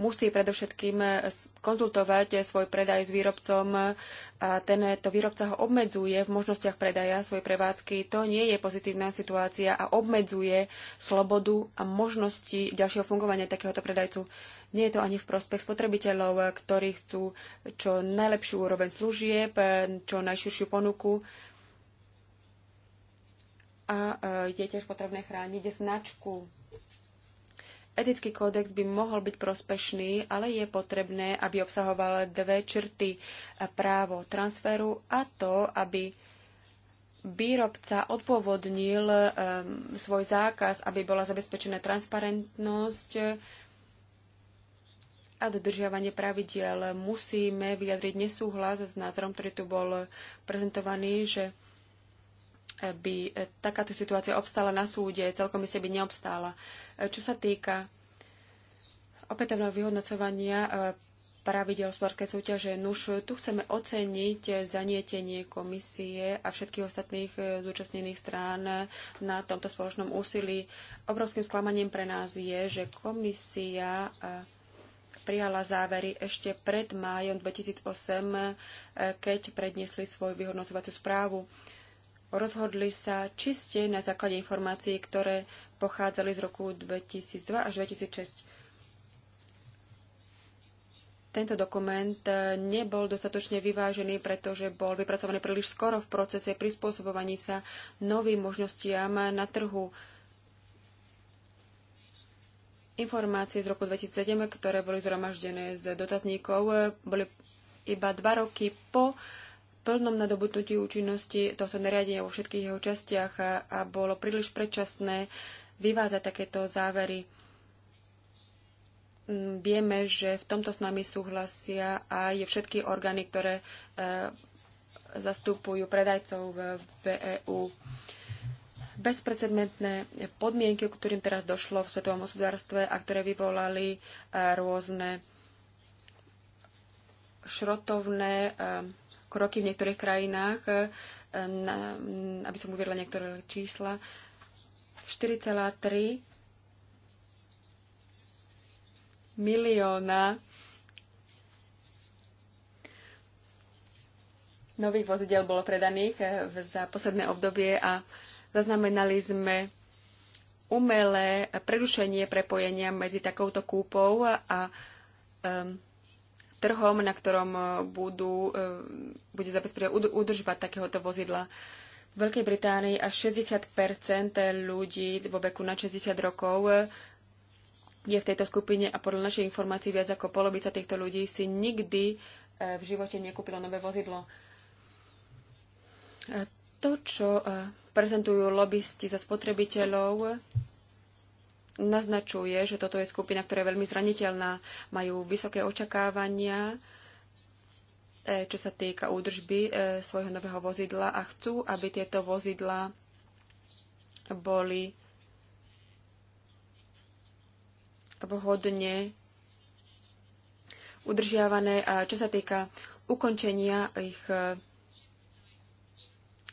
musí predovšetkým eh, konzultovať eh, svoj predaj s výrobcom a tento eh, výrobca ho obmedzuje v možnostiach predaja svojej prevádzky. To nie je pozitívna situácia a obmedzuje slobodu a možnosti ďalšieho fungovania takéhoto predajcu. Nie je to ani v prospech spotrebiteľov, ktorí chcú čo najlepšiu úroveň služieb, čo najširšiu ponuku a je tiež potrebné chrániť značku Etický kódex by mohol byť prospešný, ale je potrebné, aby obsahoval dve črty právo transferu a to, aby výrobca odôvodnil um, svoj zákaz, aby bola zabezpečená transparentnosť a dodržiavanie pravidiel. Musíme vyjadriť nesúhlas s názorom, ktorý tu bol prezentovaný, že by e, takáto situácia obstála na súde, celkom by si by neobstála. E, čo sa týka opätovného vyhodnocovania e, pravidel hospodárskej súťaže. NUŠ, tu chceme oceniť zanietenie komisie a všetkých ostatných zúčastnených strán na tomto spoločnom úsilí. Obrovským sklamaním pre nás je, že komisia prijala závery ešte pred májom 2008, keď predniesli svoju vyhodnocovaciu správu rozhodli sa čiste na základe informácií, ktoré pochádzali z roku 2002 až 2006. Tento dokument e, nebol dostatočne vyvážený, pretože bol vypracovaný príliš skoro v procese prispôsobovaní sa novým možnostiam na trhu. Informácie z roku 2007, ktoré boli zhromaždené z dotazníkov, e, boli iba dva roky po plnom nadobudnutí účinnosti tohto nariadenia vo všetkých jeho častiach a, a bolo príliš predčasné vyvázať takéto závery. Mm, vieme, že v tomto s nami súhlasia aj všetky orgány, ktoré e, zastupujú predajcov v, v EÚ. Bezprecedentné podmienky, ktorým teraz došlo v svetovom hospodárstve a ktoré vyvolali e, rôzne šrotovné e, kroky v niektorých krajinách, eh, na, aby som uviedla niektoré čísla. 4,3 milióna nových vozidel bolo predaných eh, za posledné obdobie a zaznamenali sme umelé prerušenie prepojenia medzi takouto kúpou a um, trhom, na ktorom e, budú, e, bude zabezpečovať udržbať takéhoto vozidla. V Veľkej Británii až 60 ľudí vo veku na 60 rokov e, je v tejto skupine a podľa našej informácií viac ako polovica týchto ľudí si nikdy v živote nekúpila nové vozidlo. To, čo prezentujú lobbysti za spotrebiteľov, naznačuje, že toto je skupina, ktorá je veľmi zraniteľná. Majú vysoké očakávania, e, čo sa týka údržby e, svojho nového vozidla a chcú, aby tieto vozidla boli vhodne udržiavané. A čo sa týka ukončenia ich e,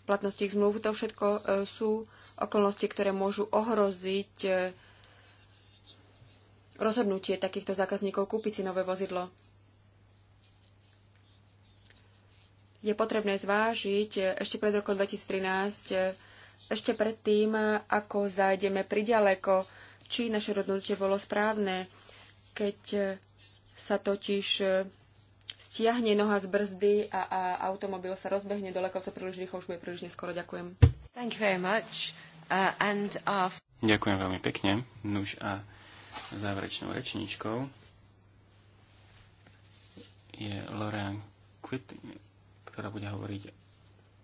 platnosti ich zmluv, to všetko sú okolnosti, ktoré môžu ohroziť rozhodnutie takýchto zákazníkov kúpiť si nové vozidlo. Je potrebné zvážiť ešte pred rokom 2013, ešte pred tým, ako zájdeme priďaleko, či naše rozhodnutie bolo správne, keď sa totiž stiahne noha z brzdy a, a automobil sa rozbehne do lekovca príliš rýchlo, už bude príliš neskoro. Ďakujem. Thank you very much. Uh, and our... Ďakujem veľmi pekne. Nuž a záverečnou rečníčkou je Lorraine Quitt, ktorá bude hovoriť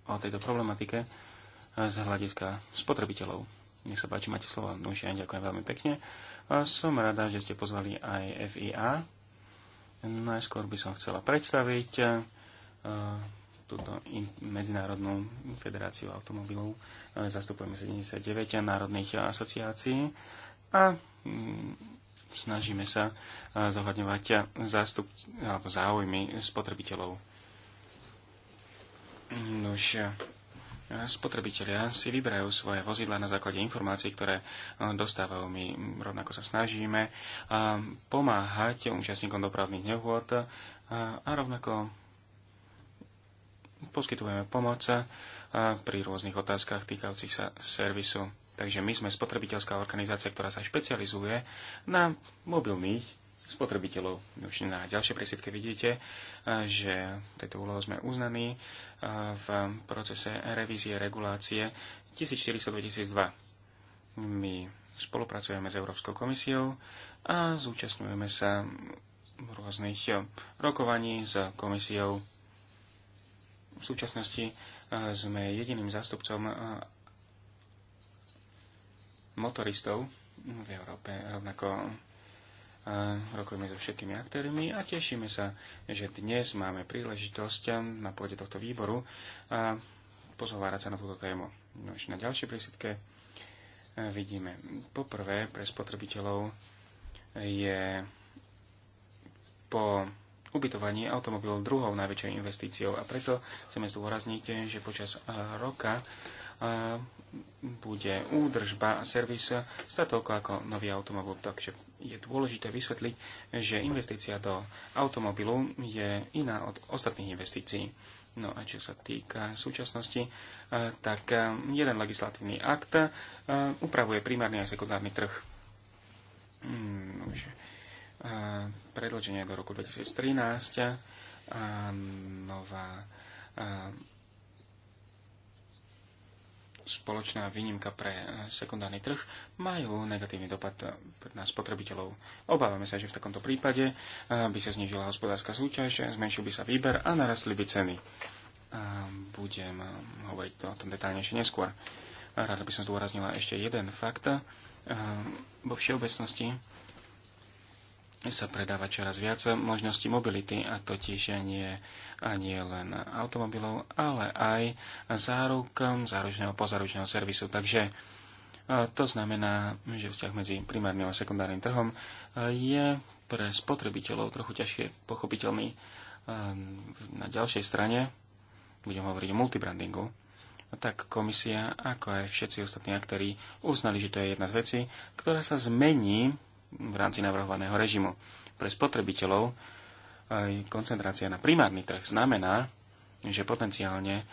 o tejto problematike z hľadiska spotrebiteľov. Nech sa páči, máte slovo. No už ja ďakujem veľmi pekne. A som rada, že ste pozvali aj FIA. Najskôr by som chcela predstaviť e, túto Medzinárodnú federáciu automobilov. E, zastupujeme 79 národných asociácií a mm, snažíme sa zohľadňovať zástup, alebo záujmy spotrebiteľov. Nož, spotrebitelia si vyberajú svoje vozidla na základe informácií, ktoré dostávajú. My mm, rovnako sa snažíme pomáhať účastníkom dopravných nehôd a rovnako poskytujeme pomoc pri rôznych otázkach týkajúcich sa servisu Takže my sme spotrebiteľská organizácia, ktorá sa špecializuje na mobilných spotrebiteľov. Už na ďalšej presiedke vidíte, že tejto úlohu sme uznaní v procese revízie regulácie 1400-2002. My spolupracujeme s Európskou komisiou a zúčastňujeme sa rôznych rokovaní s komisiou. V súčasnosti sme jediným zástupcom motoristov v Európe. Rovnako rokujeme so všetkými aktérmi a tešíme sa, že dnes máme príležitosť na pôde tohto výboru pozhovárať sa na túto tému. No na ďalšej prísitke vidíme. Poprvé pre spotrebiteľov je po ubytovaní automobil druhou najväčšou investíciou a preto chceme zdôrazniť, že počas roka bude údržba a servis stať toľko ako nový automobil. Takže je dôležité vysvetliť, že investícia do automobilu je iná od ostatných investícií. No a čo sa týka súčasnosti, eh, tak eh, jeden legislatívny akt eh, upravuje primárny a sekundárny trh. Hmm, predlženie do roku 2013 nová spoločná výnimka pre eh, sekundárny trh majú negatívny dopad eh, na spotrebiteľov. Obávame sa, že v takomto prípade eh, by sa znížila hospodárska súťaž, zmenšil by sa výber a narastli by ceny. Budem hovoriť to o tom detálnejšie neskôr. Rada by som zdôraznila ešte jeden fakt. Vo všeobecnosti sa predáva čoraz viac možností mobility, a totiž nie, a nie len automobilov, ale aj zárukom záručného pozáručného servisu. Takže to znamená, že vzťah medzi primárnym a sekundárnym trhom je pre spotrebiteľov trochu ťažšie pochopiteľný. Na ďalšej strane, budem hovoriť o multibrandingu, tak komisia, ako aj všetci ostatní aktéri, uznali, že to je jedna z vecí, ktorá sa zmení v rámci navrhovaného režimu. Pre spotrebiteľov e, koncentrácia na primárny trh znamená, že potenciálne e,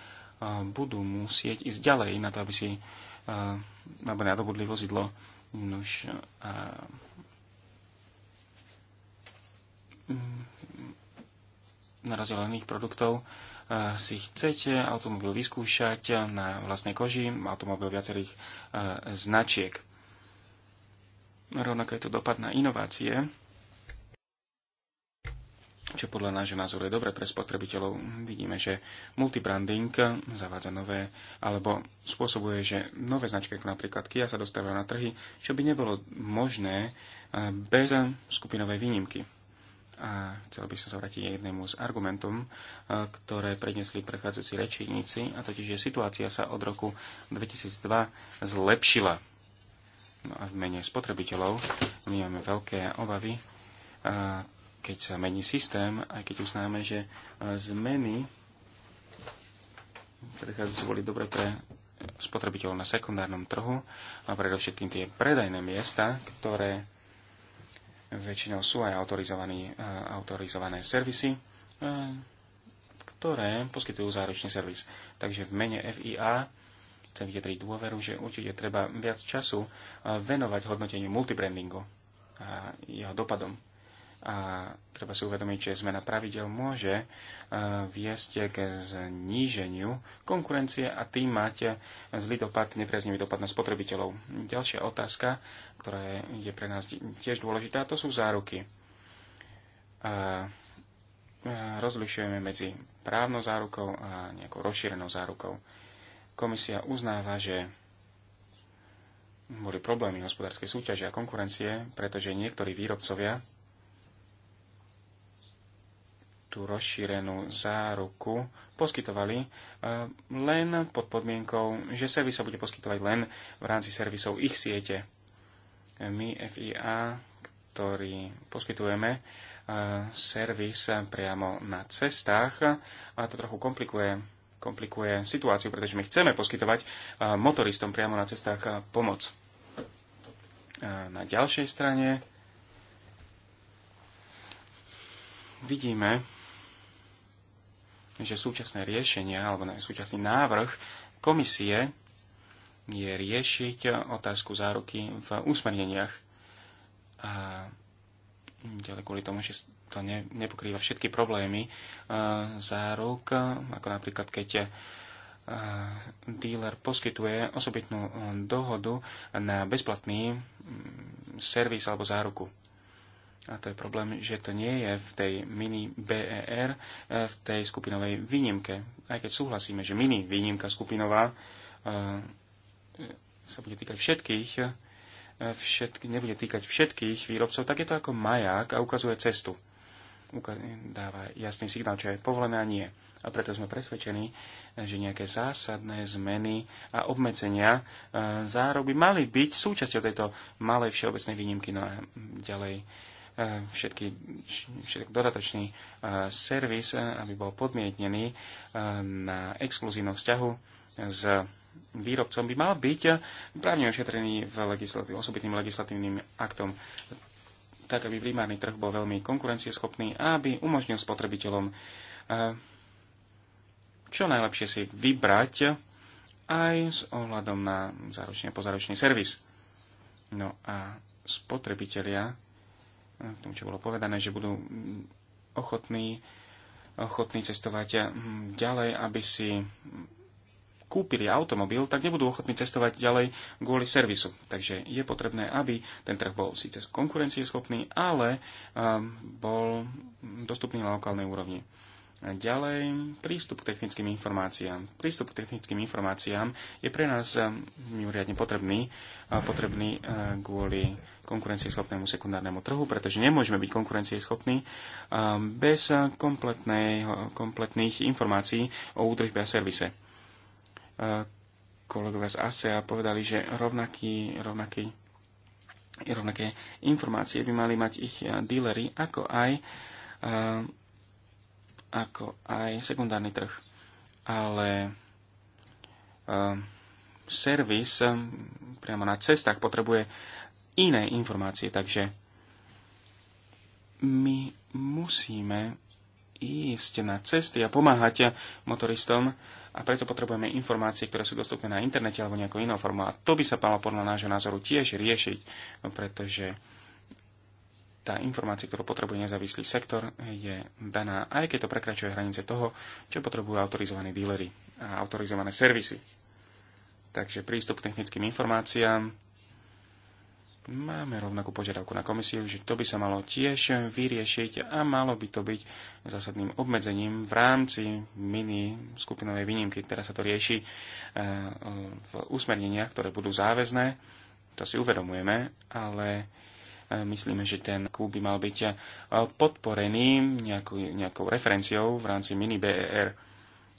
budú musieť ísť ďalej na to, aby si e, alebo nadobudli vozidlo. Nož, a, mm, na rozdelených produktov si chcete automobil vyskúšať na vlastnej koži, automobil viacerých značiek rovnako je to dopad na inovácie, čo podľa nášho názoru je dobre pre spotrebiteľov. Vidíme, že multibranding zavádza nové, alebo spôsobuje, že nové značky, ako napríklad Kia, sa dostávajú na trhy, čo by nebolo možné eh, bez skupinovej výnimky. A chcel by som sa vrátiť jednému z argumentom, eh, ktoré prednesli prechádzajúci rečníci, a totiž, že situácia sa od roku 2002 zlepšila v mene spotrebiteľov my máme veľké obavy, keď sa mení systém, aj keď uznáme, že zmeny predchádzajúce boli dobre pre spotrebiteľov na sekundárnom trhu a predovšetkým tie predajné miesta, ktoré väčšinou sú aj autorizované servisy, ktoré poskytujú záručný servis. Takže v mene FIA chcem vyjadriť dôveru, že určite treba viac času eh, venovať hodnoteniu multibrandingu a jeho dopadom. A treba si uvedomiť, že zmena pravidel môže eh, viesť k zníženiu konkurencie a tým mať eh, zlý dopad, nepriaznivý dopad na spotrebiteľov. Ďalšia otázka, ktorá je, pre nás tiež dôležitá, to sú záruky. A rozlišujeme medzi právnou zárukou a nejakou rozšírenou zárukou Komisia uznáva, že boli problémy hospodárskej súťaže a konkurencie, pretože niektorí výrobcovia tú rozšírenú záruku poskytovali eh, len pod podmienkou, že servis sa bude poskytovať len v rámci servisov ich siete. My FIA, ktorý poskytujeme eh, servis priamo na cestách, a to trochu komplikuje komplikuje situáciu, pretože my chceme poskytovať eh, motoristom priamo na cestách eh, pomoc. Eh, na ďalšej strane vidíme, že súčasné riešenie alebo súčasný návrh komisie je riešiť otázku záruky v úsmerneniach. A ďalej kvôli tomu, že to ne, nepokrýva všetky problémy e, záruk, e, ako napríklad keď e, dealer poskytuje osobitnú dohodu na bezplatný servis alebo záruku. A to je problém, že to nie je v tej mini BER, v tej skupinovej výnimke. Aj keď súhlasíme, že mini výnimka skupinová sa bude týkať všetkých, všetk- nebude týkať všetkých výrobcov, tak je to ako maják a ukazuje cestu dáva jasný signál, čo je povolené a nie. A preto sme presvedčení, že nejaké zásadné zmeny a obmedzenia e, zároby mali byť súčasťou tejto malej všeobecnej výnimky no a ďalej e, všetky, všetky dodatočný e, servis, aby bol podmietnený na exkluzívnom vzťahu s výrobcom by mal byť právne ošetrený v legislatív, osobitným legislatívnym aktom tak aby primárny trh bol veľmi konkurencieschopný a aby umožnil spotrebiteľom eh, čo najlepšie si vybrať aj s ohľadom na záročný a pozáročný servis. No a spotrebitelia, eh, k tomu, čo bolo povedané, že budú mm, ochotní, ochotní cestovať eh, ďalej, aby si kúpili automobil, tak nebudú ochotní cestovať ďalej kvôli servisu. Takže je potrebné, aby ten trh bol síce konkurencieschopný, ale ehm, bol dostupný na lokálnej úrovni. Ďalej, prístup k technickým informáciám. Prístup k technickým informáciám je pre nás ehm, mimoriadne potrebný, potrebný eh, kvôli konkurencieschopnému sekundárnemu trhu, pretože nemôžeme byť konkurencieschopní ehm, bez eh, kompletných informácií o údržbe a servise kolegovia z ASEA e povedali, že rovnaký, rovnaký, rovnaké informácie by mali mať ich eh, dílery, ako aj, eh, ako aj sekundárny trh. Ale eh, servis priamo na cestách potrebuje iné informácie, takže my musíme ísť na cesty a pomáhať motoristom a preto potrebujeme informácie, ktoré sú dostupné na internete alebo nejakou inou formou. A to by sa malo podľa nášho názoru tiež riešiť, no pretože tá informácia, ktorú potrebuje nezávislý sektor, je daná, aj keď to prekračuje hranice toho, čo potrebujú autorizovaní dílery a autorizované servisy. Takže prístup k technickým informáciám, Máme rovnakú požiadavku na komisiu, že to by sa malo tiež vyriešiť a malo by to byť zásadným obmedzením v rámci mini skupinovej výnimky. ktorá sa to rieši e, v usmerneniach, ktoré budú záväzné. To si uvedomujeme, ale e, myslíme, že ten klub by mal byť e, podporený nejakou, nejakou referenciou v rámci mini BER.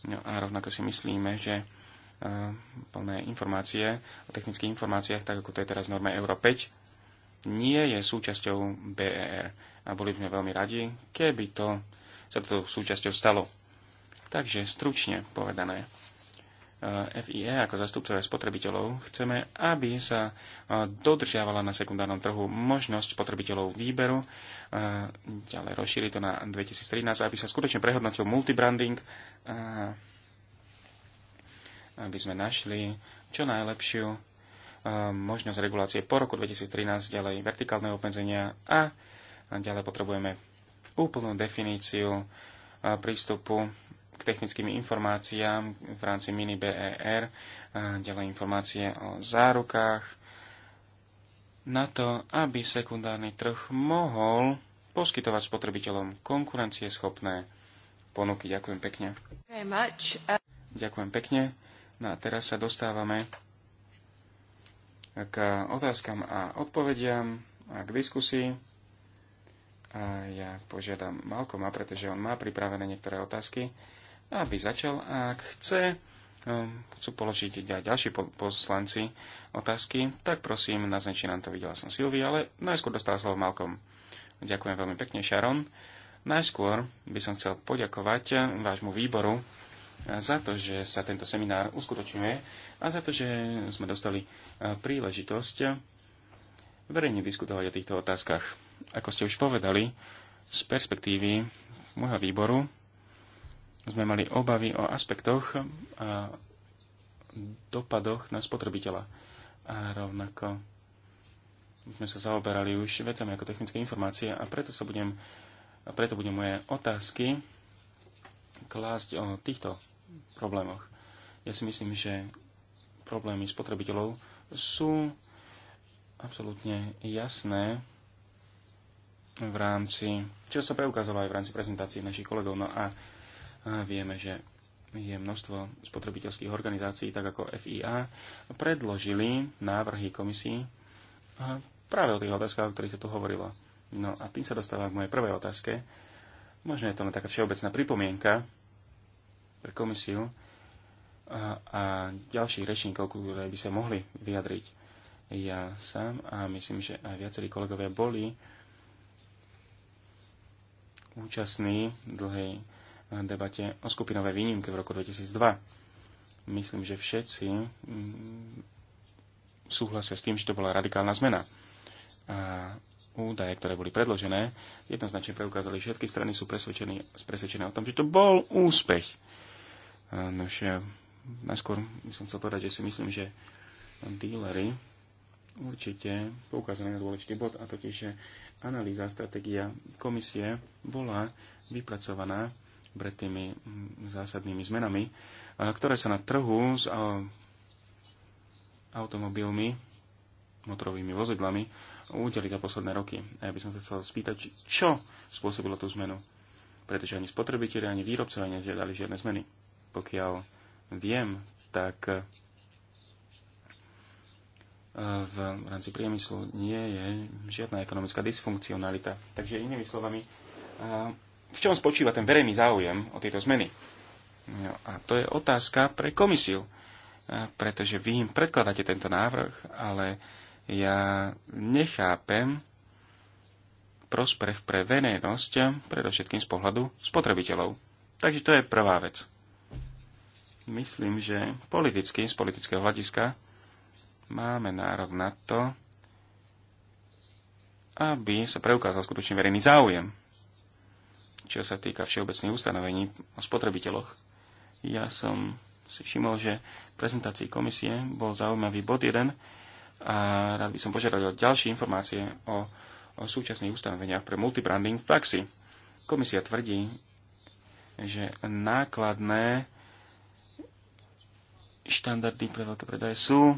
No a rovnako si myslíme, že Eh, plné informácie o technických informáciách, tak ako to je teraz v norme Euro 5, nie je súčasťou BER. A boli sme veľmi radi, keby to sa to súčasťou stalo. Takže stručne povedané, eh, FIE ako zastupcovia spotrebiteľov chceme, aby sa eh, dodržiavala na sekundárnom trhu možnosť spotrebiteľov výberu, ďalej rozšíri to na 2013, aby sa skutočne prehodnotil multibranding, aby sme našli čo najlepšiu eh, možnosť regulácie po roku 2013, ďalej vertikálne obmedzenia a ďalej potrebujeme úplnú definíciu eh, prístupu k technickým informáciám v rámci mini BER, eh, ďalej informácie o zárukách, na to, aby sekundárny trh mohol poskytovať spotrebiteľom konkurencieschopné ponuky. Ďakujem pekne. Ďakujem pekne. No a teraz sa dostávame k otázkam a odpovediam a k diskusii. A ja požiadam Malkoma, pretože on má pripravené niektoré otázky, aby začal. A ak chce, ehm, chcú položiť aj ďalší poslanci otázky, tak prosím, naznačí nám to, videla som Silvi, ale najskôr dostal slovo Malkom. Ďakujem veľmi pekne, Sharon. Najskôr by som chcel poďakovať vášmu výboru za to, že sa tento seminár uskutočňuje a za to, že sme dostali e, príležitosť e, verejne diskutovať o týchto otázkach. Ako ste už povedali, z perspektívy môjho výboru sme mali obavy o aspektoch a dopadoch na spotrebiteľa. A rovnako sme sa zaoberali už vecami ako technické informácie a preto, sa budem, a preto budem moje otázky klásť o týchto problémoch. Ja si myslím, že problémy spotrebiteľov sú absolútne jasné v rámci, čo sa preukázalo aj v rámci prezentácií našich kolegov. No a vieme, že je množstvo spotrebiteľských organizácií, tak ako FIA, predložili návrhy komisii práve o tých otázkach, o ktorých sa tu hovorilo. No a tým sa dostávam k mojej prvej otázke. Možno je to len taká všeobecná pripomienka, pre komisiu a, a ďalších rečníkov, ktoré by sa mohli vyjadriť. Ja sám a myslím, že aj viacerí kolegovia boli účastní v dlhej debate o skupinovej výnimke v roku 2002. Myslím, že všetci mm, súhlasia s tým, že to bola radikálna zmena. A údaje, ktoré boli predložené, jednoznačne preukázali, že všetky strany sú presvedčené, presvedčené o tom, že to bol úspech Nož, najskôr by som chcel povedať, že si myslím, že dílery určite poukázali na dôležitý bod, a totiž, že analýza, stratégia komisie bola vypracovaná pred tými mm, zásadnými zmenami, ktoré sa na trhu s automobilmi, motorovými vozidlami udeli za posledné roky. A ja by som sa chcel spýtať, čo spôsobilo tú zmenu. Pretože ani spotrebitelia, ani výrobcovia nezviedali žiadne zmeny pokiaľ viem, tak eh, v rámci priemyslu nie je žiadna ekonomická dysfunkcionalita. Takže inými slovami, eh, v čom spočíva ten verejný záujem o tieto zmeny? No, a to je otázka pre komisiu, eh, pretože vy im predkladáte tento návrh, ale ja nechápem prospech pre verejnosť, predovšetkým z pohľadu spotrebiteľov. Takže to je prvá vec myslím, že politicky, z politického hľadiska, máme nárok na to, aby sa preukázal skutočne verejný záujem, čo sa týka všeobecných ustanovení o spotrebiteľoch. Ja som si všimol, že v prezentácii komisie bol zaujímavý bod 1 a rád by som požiadal o ďalšie informácie o, o súčasných ustanoveniach pre multibranding v praxi. Komisia tvrdí, že nákladné štandardy pre veľké predaje sú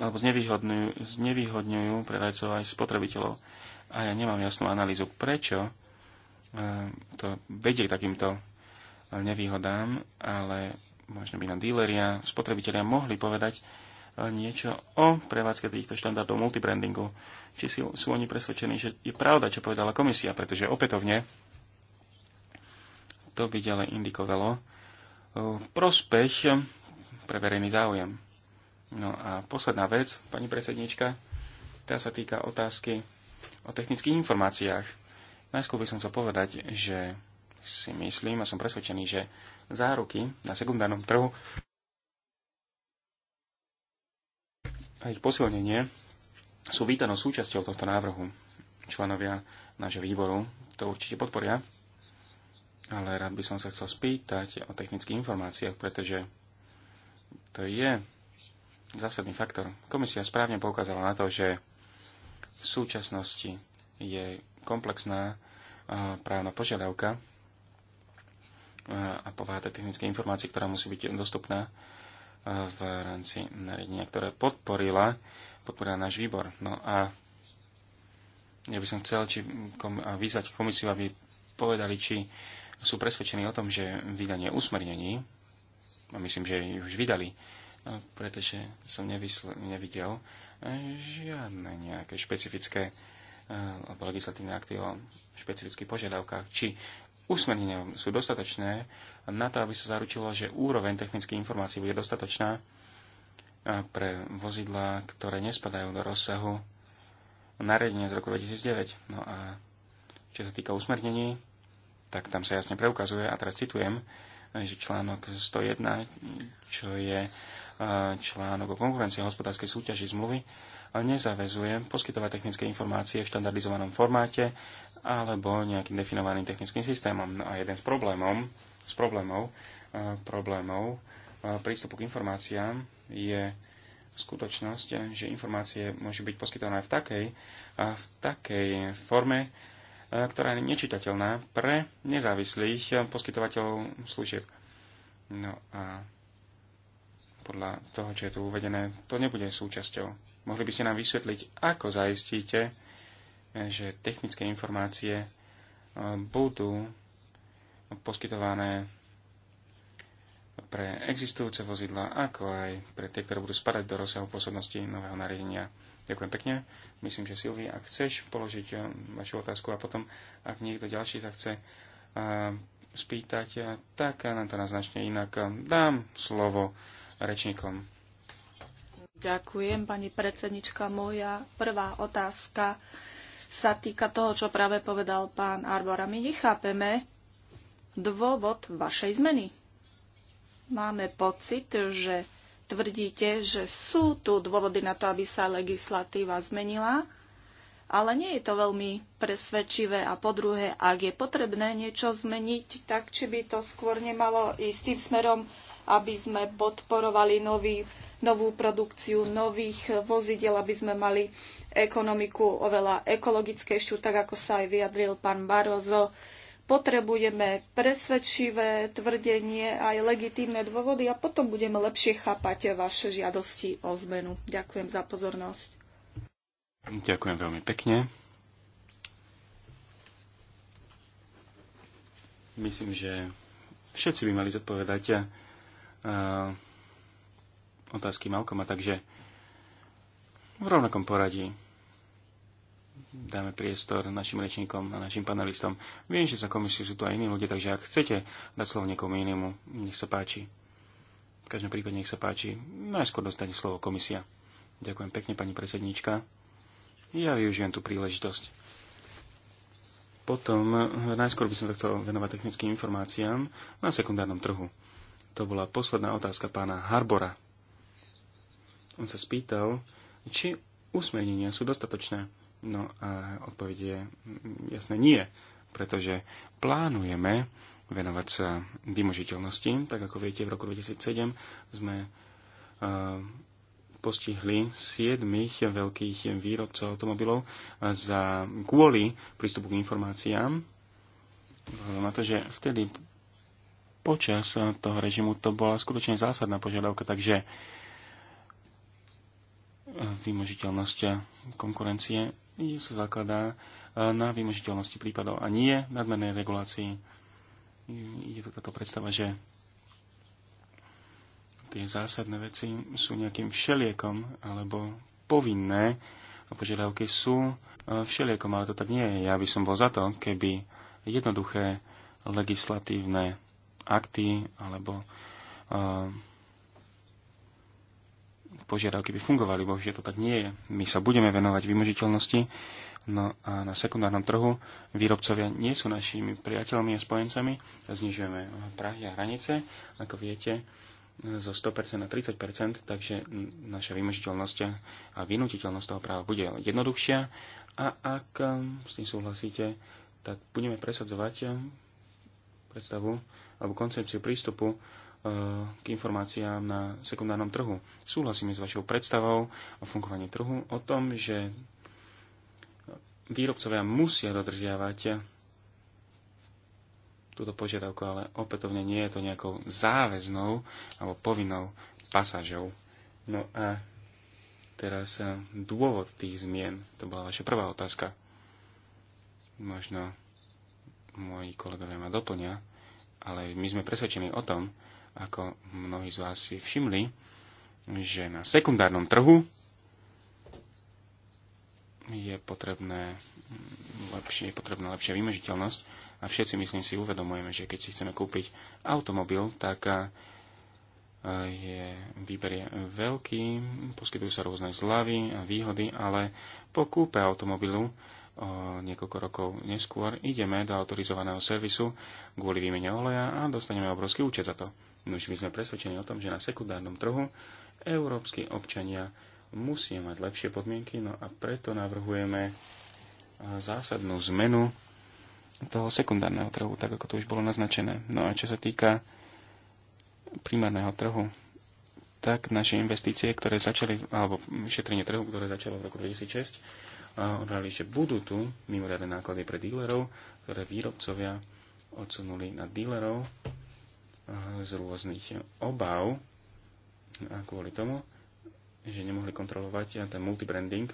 alebo znevýhodňujú, znevýhodňujú predajcov aj spotrebiteľov. A ja nemám jasnú analýzu, prečo e, to vedie k takýmto e, nevýhodám, ale možno by na díleria, spotrebitelia mohli povedať e, niečo o prevádzke týchto štandardov multibrandingu. Či si, sú oni presvedčení, že je pravda, čo povedala komisia, pretože opätovne to by ďalej indikovalo, prospech pre verejný záujem. No a posledná vec, pani predsednička, tá sa týka otázky o technických informáciách. Najskôr by som chcel povedať, že si myslím a som presvedčený, že záruky na sekundárnom trhu a ich posilnenie sú vítanou súčasťou tohto návrhu. Členovia nášho výboru to určite podporia ale rád by som sa chcel spýtať o technických informáciách, pretože to je zásadný faktor. Komisia správne poukázala na to, že v súčasnosti je komplexná eh, právna požiadavka eh, a pováda technické informácie, ktorá musí byť dostupná eh, v rámci nariadenia, ktoré podporila, podporila náš výbor. No a ja by som chcel či kom, vyzvať komisiu, aby povedali, či sú presvedčení o tom, že vydanie usmernení, a myslím, že ich už vydali, no, pretože som nevysl- nevidel eh, žiadne nejaké špecifické eh, alebo legislatívne akty o špecifických požiadavkách, či usmernenia sú dostatočné na to, aby sa zaručilo, že úroveň technických informácií bude dostatočná eh, pre vozidlá, ktoré nespadajú do rozsahu nariadenia z roku 2009. No a čo sa týka usmernení, tak tam sa jasne preukazuje, a teraz citujem, že článok 101, čo je e, článok o konkurencii hospodárskej súťaži zmluvy, e, nezavezuje poskytovať technické informácie v štandardizovanom formáte alebo nejakým definovaným technickým systémom. No a jeden z problémov, z problémov, e, problémov prístupu k informáciám je skutočnosť, že informácie môžu byť poskytované v takej, v takej forme, E, ktorá je nečitateľná pre nezávislých e, poskytovateľov služieb. No a podľa toho, čo je tu uvedené, to nebude súčasťou. Mohli by ste nám vysvetliť, ako zaistíte, e, že technické informácie budú poskytované pre existujúce vozidla, ako aj pre tie, ktoré budú spadať do rozsahu pôsobnosti nového nariadenia Ďakujem pekne. Myslím, že Silvi, ak chceš položiť eh, vašu otázku a potom, ak niekto ďalší sa chce eh, spýtať, eh, tak nám to naznačne inak. Dám slovo rečníkom. Ďakujem, pani predsednička. Moja prvá otázka sa týka toho, čo práve povedal pán Arbora. My nechápeme dôvod vašej zmeny. Máme pocit, že tvrdíte, že sú tu dôvody na to, aby sa legislatíva zmenila, ale nie je to veľmi presvedčivé. A po druhé, ak je potrebné niečo zmeniť, tak či by to skôr nemalo ísť tým smerom, aby sme podporovali nový, novú produkciu nových vozidel, aby sme mali ekonomiku oveľa ekologickejšiu, tak ako sa aj vyjadril pán Barozo potrebujeme presvedčivé tvrdenie, aj legitímne dôvody a potom budeme lepšie chápať vaše žiadosti o zmenu. Ďakujem za pozornosť. Ďakujem veľmi pekne. Myslím, že všetci by mali zodpovedať uh, otázky Malkoma, takže v rovnakom poradí dáme priestor našim rečníkom a našim panelistom. Viem, že za komisiu sú tu aj iní ľudia, takže ak chcete dať slovo niekomu inému, nech sa páči. V každom prípade nech sa páči. Najskôr dostane slovo komisia. Ďakujem pekne, pani predsednička. Ja využijem tú príležitosť. Potom, najskôr by som to chcel venovať technickým informáciám na sekundárnom trhu. To bola posledná otázka pána Harbora. On sa spýtal, či usmernenia sú dostatočné. No a odpoveď je jasné nie, pretože plánujeme venovať sa vymožiteľnosti. Tak ako viete, v roku 2007 sme e, postihli siedmých veľkých výrobcov automobilov za, kvôli prístupu k informáciám. Na to, že vtedy počas toho režimu to bola skutočne zásadná požiadavka, takže vymožiteľnosť konkurencie Hm, sa zakladá eh, na vymožiteľnosti prípadov a nie nadmernej regulácii. Je to táto predstava, že tie zásadné veci sú nejakým všeliekom alebo povinné a požiadavky sú eh, všeliekom, ale to tak nie je. Ja by som bol za to, keby jednoduché legislatívne akty alebo uh, požiadavky by fungovali, že to tak nie je. My sa budeme venovať vymožiteľnosti, no a na sekundárnom trhu výrobcovia nie sú našimi priateľmi a spojencami, znižujeme prahy a hranice, ako viete, zo 100% na 30%, takže naša vymožiteľnosť a vynutiteľnosť toho práva bude jednoduchšia a ak um, s tým súhlasíte, tak budeme presadzovať um, predstavu alebo koncepciu prístupu k informáciám na sekundárnom trhu. Súhlasíme s vašou predstavou o fungovaní trhu, o tom, že výrobcovia musia dodržiavať túto požiadavku, ale opätovne nie je to nejakou záväznou alebo povinnou pasažou. No a teraz eh, dôvod tých zmien, to bola vaša prvá otázka. Možno moji kolegovia ma doplňa, ale my sme presvedčení o tom, ako mnohí z vás si všimli, že na sekundárnom trhu je potrebné lepšie, je potrebná lepšia vymožiteľnosť a všetci, myslím si, uvedomujeme, že keď si chceme kúpiť automobil, tak eh, je výber je veľký, poskytujú sa rôzne zľavy a výhody, ale po kúpe automobilu o niekoľko rokov neskôr ideme do autorizovaného servisu kvôli výmene oleja a dostaneme obrovský účet za to. No už my sme presvedčení o tom, že na sekundárnom trhu európsky občania musia mať lepšie podmienky, no a preto navrhujeme zásadnú zmenu toho sekundárneho trhu, tak ako to už bolo naznačené. No a čo sa týka primárneho trhu, tak naše investície, ktoré začali, alebo šetrenie trhu, ktoré začalo v roku 2006, odhalili, že budú tu mimoriadne náklady pre dílerov, ktoré výrobcovia odsunuli na dílerov z rôznych obav a kvôli tomu, že nemohli kontrolovať ten multibranding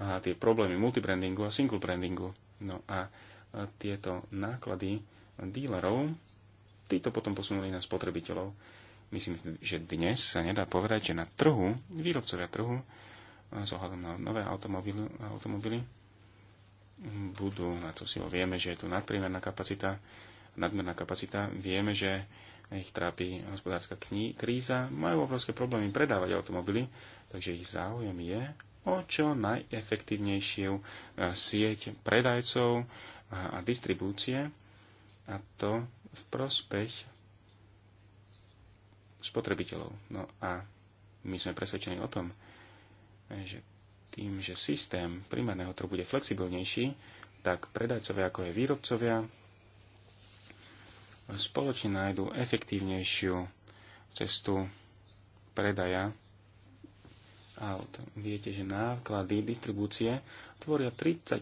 a tie problémy multibrandingu a single brandingu. No a tieto náklady dílerov, títo potom posunuli na spotrebiteľov. Myslím, že dnes sa nedá povedať, že na trhu, výrobcovia trhu, s ohľadom na nové automobily, automobily budú, na to si ho vieme, že je tu nadprímerná kapacita, nadmerná kapacita, vieme, že ich trápi hospodárska kríza, majú obrovské problémy predávať automobily, takže ich záujem je o čo najefektívnejšiu e, sieť predajcov a, a distribúcie a to v prospech spotrebiteľov. No a my sme presvedčení o tom, e, že tým, že systém primárneho trhu bude flexibilnejší, tak predajcovia ako aj výrobcovia spoločne nájdú efektívnejšiu cestu predaja aut. Viete, že náklady distribúcie tvoria 30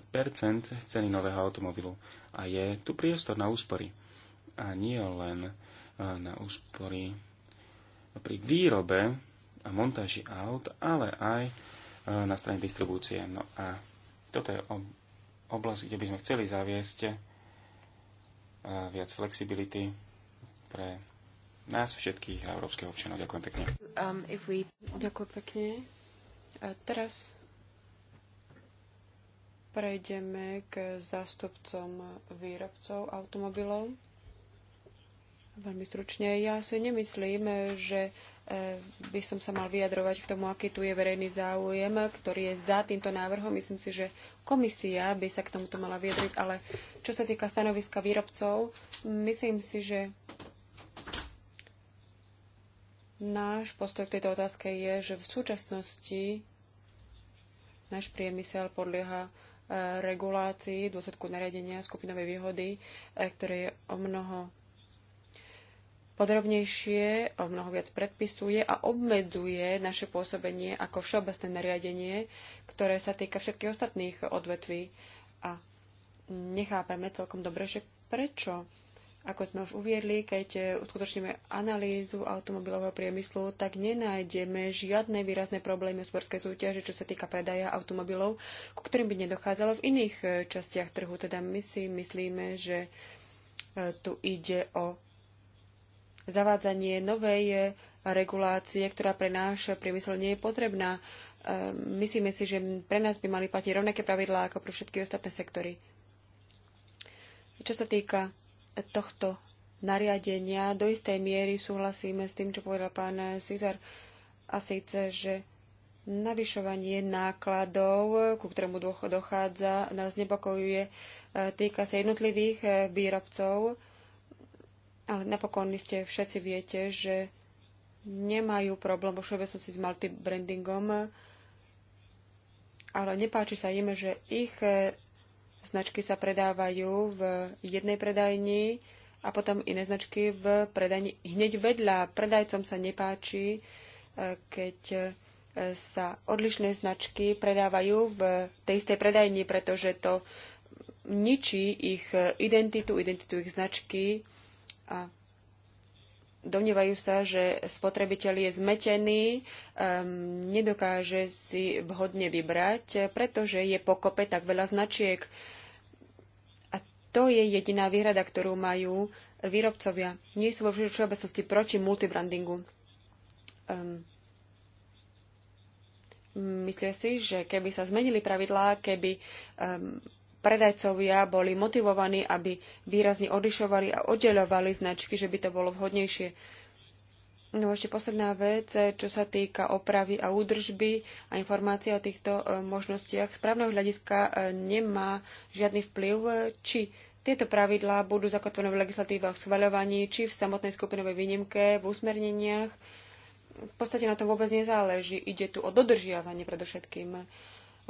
ceny nového automobilu a je tu priestor na úspory. A nie len na úspory pri výrobe a montáži aut, ale aj na strane distribúcie. No a toto je oblasť, kde by sme chceli zaviesť viac flexibility pre nás všetkých a európskych občanov. Ďakujem pekne. Um, we... Ďakujem pekne. A teraz prejdeme k zástupcom výrobcov automobilov. Veľmi stručne, ja si nemyslím, že by som sa mal vyjadrovať k tomu, aký tu je verejný záujem, ktorý je za týmto návrhom. Myslím si, že komisia by sa k tomuto mala vyjadriť, ale čo sa týka stanoviska výrobcov, myslím si, že náš postoj k tejto otázke je, že v súčasnosti náš priemysel podlieha e, regulácii v dôsledku nariadenia skupinovej výhody, e, ktoré je o mnoho podrobnejšie, o mnoho viac predpisuje a obmedzuje naše pôsobenie ako všeobecné nariadenie, ktoré sa týka všetkých ostatných odvetví. A nechápeme celkom dobre, že prečo. Ako sme už uviedli, keď uskutočníme analýzu automobilového priemyslu, tak nenájdeme žiadne výrazné problémy hospodárskej súťaže, čo sa týka predaja automobilov, ku ktorým by nedochádzalo v iných častiach trhu. Teda my si myslíme, že e, tu ide o zavádzanie novej eh, regulácie, ktorá pre náš priemysel nie je potrebná. Eh, myslíme si, že pre nás by mali platiť rovnaké pravidlá ako pre všetky ostatné sektory. Čo sa týka tohto nariadenia, do istej miery súhlasíme s tým, čo povedal pán Cizar, a síce, že navyšovanie nákladov, ku ktorému dochádza, nás nepokojuje. Eh, týka sa jednotlivých výrobcov, ale napokon ste všetci viete, že nemajú problém vo všeobecnosti s multibrandingom, ale nepáči sa im, že ich e, značky sa predávajú v jednej predajni a potom iné značky v predajni hneď vedľa. Predajcom sa nepáči, e, keď e, sa odlišné značky predávajú v tej istej predajni, pretože to ničí ich identitu, identitu ich značky a domnievajú sa, že spotrebiteľ je zmetený, um, nedokáže si vhodne vybrať, pretože je pokope tak veľa značiek. A to je jediná výhrada, ktorú majú výrobcovia. Nie sú vo všeobecnosti proti multibrandingu. Um, myslia si, že keby sa zmenili pravidlá, keby um, predajcovia boli motivovaní, aby výrazne odlišovali a oddeľovali značky, že by to bolo vhodnejšie. No ešte posledná vec, čo sa týka opravy a údržby a informácie o týchto e, možnostiach. Správneho hľadiska e, nemá žiadny vplyv, e, či tieto pravidlá budú zakotvené v legislatívach o schvaľovaní, či v samotnej skupinovej výnimke, v usmerneniach. V podstate na tom vôbec nezáleží. Ide tu o dodržiavanie predovšetkým.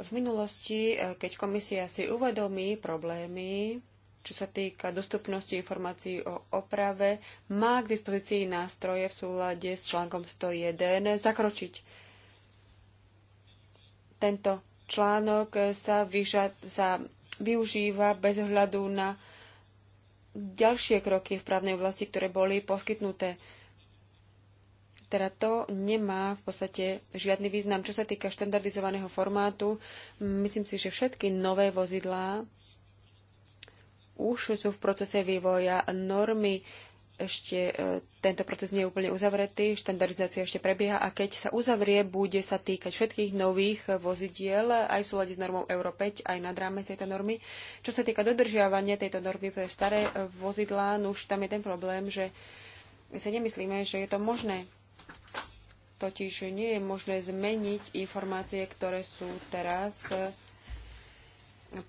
V minulosti, e, keď komisia si uvedomí problémy, čo sa týka dostupnosti informácií o oprave, má k dispozícii nástroje v súlade s článkom 101 zakročiť. Tento článok sa, vyža- sa využíva bez ohľadu na ďalšie kroky v právnej oblasti, ktoré boli poskytnuté. Teda to nemá v podstate žiadny význam. Čo sa týka štandardizovaného formátu, myslím si, že všetky nové vozidlá už sú v procese vývoja. Normy ešte e, tento proces nie je úplne uzavretý, štandardizácia ešte prebieha a keď sa uzavrie, bude sa týkať všetkých nových vozidiel aj v súlade s normou Euro 5, aj nad rámec tejto normy. Čo sa týka dodržiavania tejto normy pre staré vozidlá, no už tam je ten problém, že si nemyslíme, že je to možné. Totiž nie je možné zmeniť informácie, ktoré sú teraz e,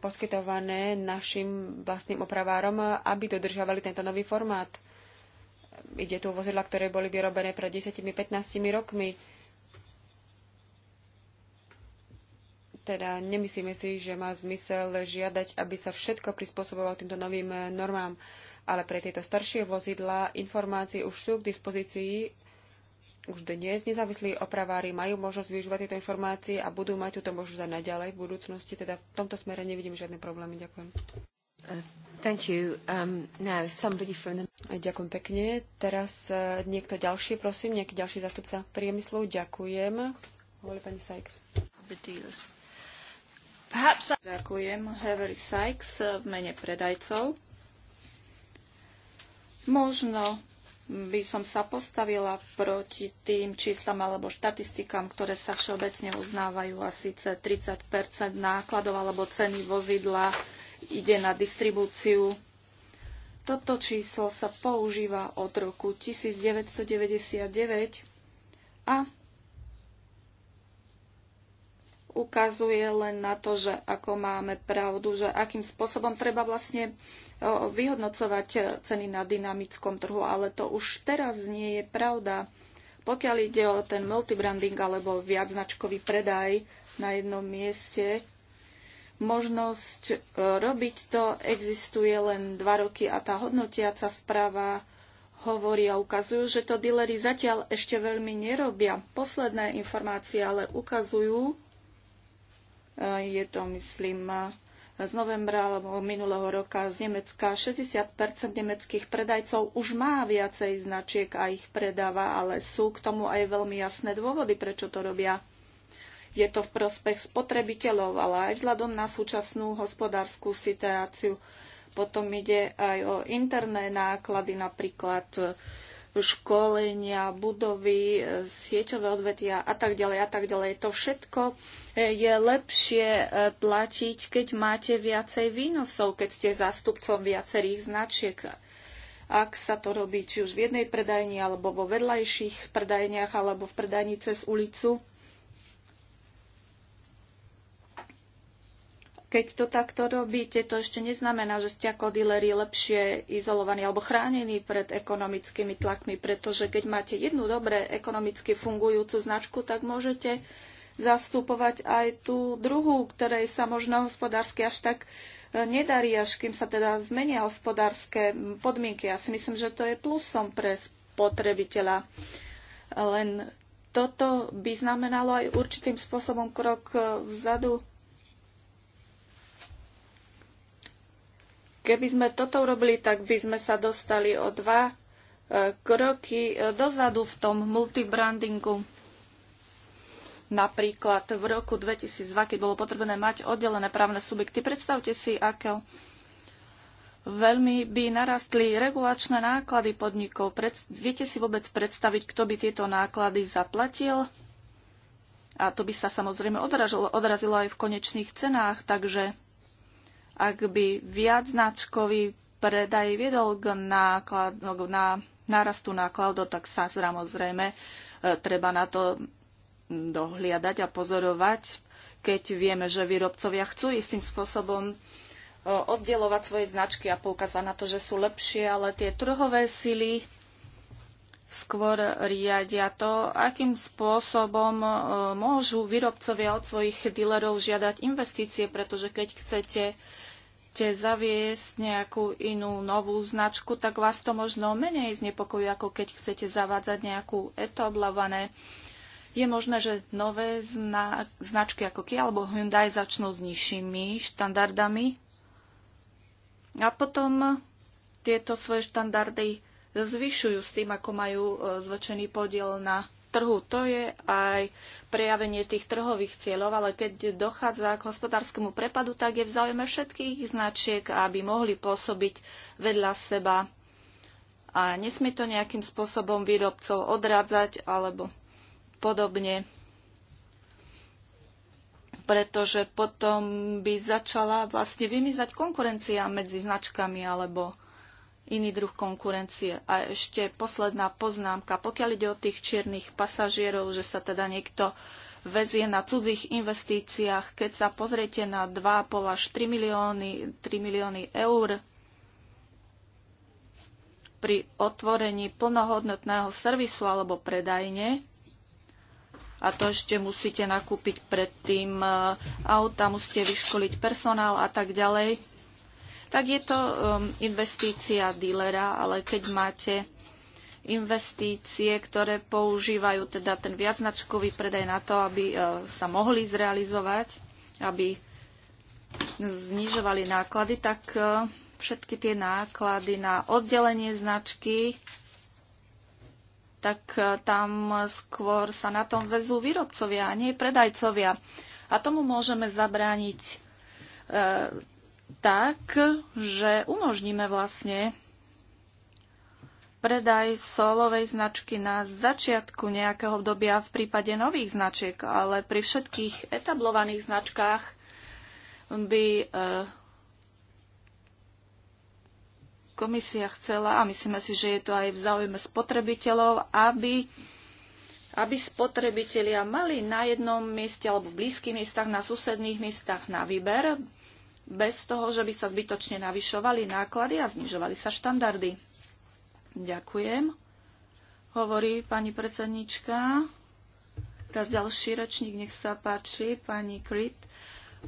poskytované našim vlastným opravárom, aby dodržiavali tento nový formát. Ide tu o vozidla, ktoré boli vyrobené pred 10-15 rokmi. Teda nemyslíme si, že má zmysel žiadať, aby sa všetko prispôsobovalo týmto novým normám ale pre tieto staršie vozidlá informácie už sú k dispozícii už dnes nezávislí opravári majú možnosť využívať tieto informácie a budú mať túto možnosť aj naďalej v budúcnosti. Teda v tomto smere nevidím žiadne problémy. Ďakujem. Uh, thank you. um, now somebody from the... Ďakujem pekne. Teraz uh, niekto ďalší, prosím, nejaký ďalší zastupca priemyslu. Ďakujem. Hovorí pani Sykes. Perhaps... Ďakujem. Hevery Sykes v mene predajcov. Možno by som sa postavila proti tým číslam alebo štatistikám, ktoré sa všeobecne uznávajú a síce 30 nákladov alebo ceny vozidla ide na distribúciu. Toto číslo sa používa od roku 1999 a ukazuje len na to, že ako máme pravdu, že akým spôsobom treba vlastne vyhodnocovať ceny na dynamickom trhu, ale to už teraz nie je pravda. Pokiaľ ide o ten multibranding alebo viacznačkový predaj na jednom mieste, možnosť e, robiť to existuje len dva roky a tá hodnotiaca správa hovorí a ukazujú, že to dilery zatiaľ ešte veľmi nerobia. Posledné informácie ale ukazujú, je to, myslím, z novembra alebo minulého roka z Nemecka. 60 nemeckých predajcov už má viacej značiek a ich predáva, ale sú k tomu aj veľmi jasné dôvody, prečo to robia. Je to v prospech spotrebiteľov, ale aj vzhľadom na súčasnú hospodárskú situáciu. Potom ide aj o interné náklady, napríklad školenia, budovy, sieťové odvetia a tak ďalej a tak ďalej. To všetko eh, je lepšie eh, platiť, keď máte viacej výnosov, keď ste zástupcom viacerých značiek. Ak sa to robí či už v jednej predajni, alebo vo vedľajších predajniach, alebo v predajni cez ulicu, Keď to takto robíte, to ešte neznamená, že ste ako díleri lepšie izolovaní alebo chránení pred ekonomickými tlakmi, pretože keď máte jednu dobre ekonomicky fungujúcu značku, tak môžete zastupovať aj tú druhú, ktorej sa možno hospodársky až tak e, nedarí, až kým sa teda zmenia hospodárske podmienky. Ja si myslím, že to je plusom pre spotrebiteľa. Len toto by znamenalo aj určitým spôsobom krok e, vzadu Keby sme toto urobili, tak by sme sa dostali o dva e, kroky e, dozadu v tom multibrandingu. Napríklad v roku 2002, keď bolo potrebné mať oddelené právne subjekty, predstavte si, aké veľmi by narastli regulačné náklady podnikov. Pred, viete si vôbec predstaviť, kto by tieto náklady zaplatil? A to by sa samozrejme odrazilo, odrazilo aj v konečných cenách, takže ak by viac značkový predaj viedol k, náklad, na no, nárastu nákladov, tak sa samozrejme e, treba na to dohliadať a pozorovať, keď vieme, že výrobcovia chcú istým spôsobom e, oddelovať svoje značky a poukázať na to, že sú lepšie, ale tie trhové sily skôr riadia to, akým spôsobom e, môžu výrobcovia od svojich dealerov žiadať investície, pretože keď chcete te zaviesť nejakú inú novú značku, tak vás to možno menej znepokojí, ako keď chcete zavádzať nejakú etablované. Je možné, že nové zna- značky ako Kia alebo Hyundai začnú s nižšími štandardami a potom tieto svoje štandardy zvyšujú s tým, ako majú e, zväčšený podiel na trhu. To je aj prejavenie tých trhových cieľov, ale keď dochádza k hospodárskému prepadu, tak je v záujme všetkých značiek, aby mohli pôsobiť vedľa seba. A nesmie to nejakým spôsobom výrobcov odrádzať alebo podobne pretože potom by začala vlastne vymizať konkurencia medzi značkami alebo iný druh konkurencie. A ešte posledná poznámka, pokiaľ ide o tých čiernych pasažierov, že sa teda niekto vezie na cudzích investíciách, keď sa pozriete na 2,5 až 3 milióny, 3 milióny eur pri otvorení plnohodnotného servisu alebo predajne, a to ešte musíte nakúpiť predtým e, auta, musíte vyškoliť personál a tak ďalej tak je to um, investícia dílera, ale keď máte investície, ktoré používajú teda ten viacnačkový predaj na to, aby uh, sa mohli zrealizovať, aby znižovali náklady, tak uh, všetky tie náklady na oddelenie značky, tak uh, tam skôr sa na tom vezú výrobcovia a nie predajcovia. A tomu môžeme zabrániť tak, že umožníme vlastne predaj solovej značky na začiatku nejakého obdobia v prípade nových značiek, ale pri všetkých etablovaných značkách by eh, komisia chcela, a myslíme si, že je to aj v záujme spotrebiteľov, aby, aby spotrebitelia mali na jednom mieste alebo v blízkych miestach, na susedných miestach na výber bez toho, že by sa zbytočne navyšovali náklady a znižovali sa štandardy. Ďakujem, hovorí pani predsednička. Teraz ďalší rečník, nech sa páči, pani Krit.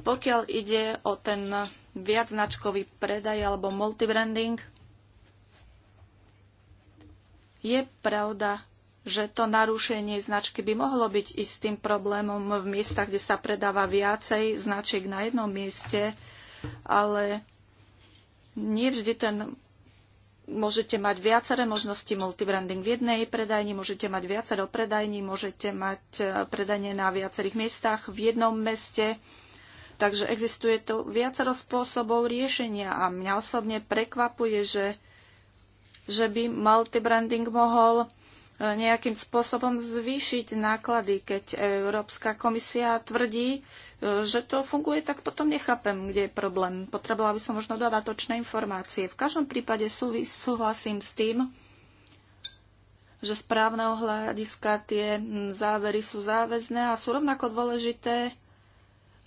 Pokiaľ ide o ten viacznačkový predaj alebo multibranding, je pravda, že to narušenie značky by mohlo byť istým problémom v miestach, kde sa predáva viacej značiek na jednom mieste, ale nie vždy ten môžete mať viaceré možnosti multibranding v jednej predajni, môžete mať viacero predajní, môžete mať e, predajne na viacerých miestach v jednom meste. Takže existuje to viacero spôsobov riešenia a mňa osobne prekvapuje, že, že by multibranding mohol E, nejakým spôsobom zvýšiť náklady, keď Európska komisia tvrdí, e, že to funguje, tak potom nechápem, kde je problém. Potrebovala by som možno dodatočné informácie. V každom prípade súhlasím s tým, že správne hľadiska tie závery sú záväzné a sú rovnako dôležité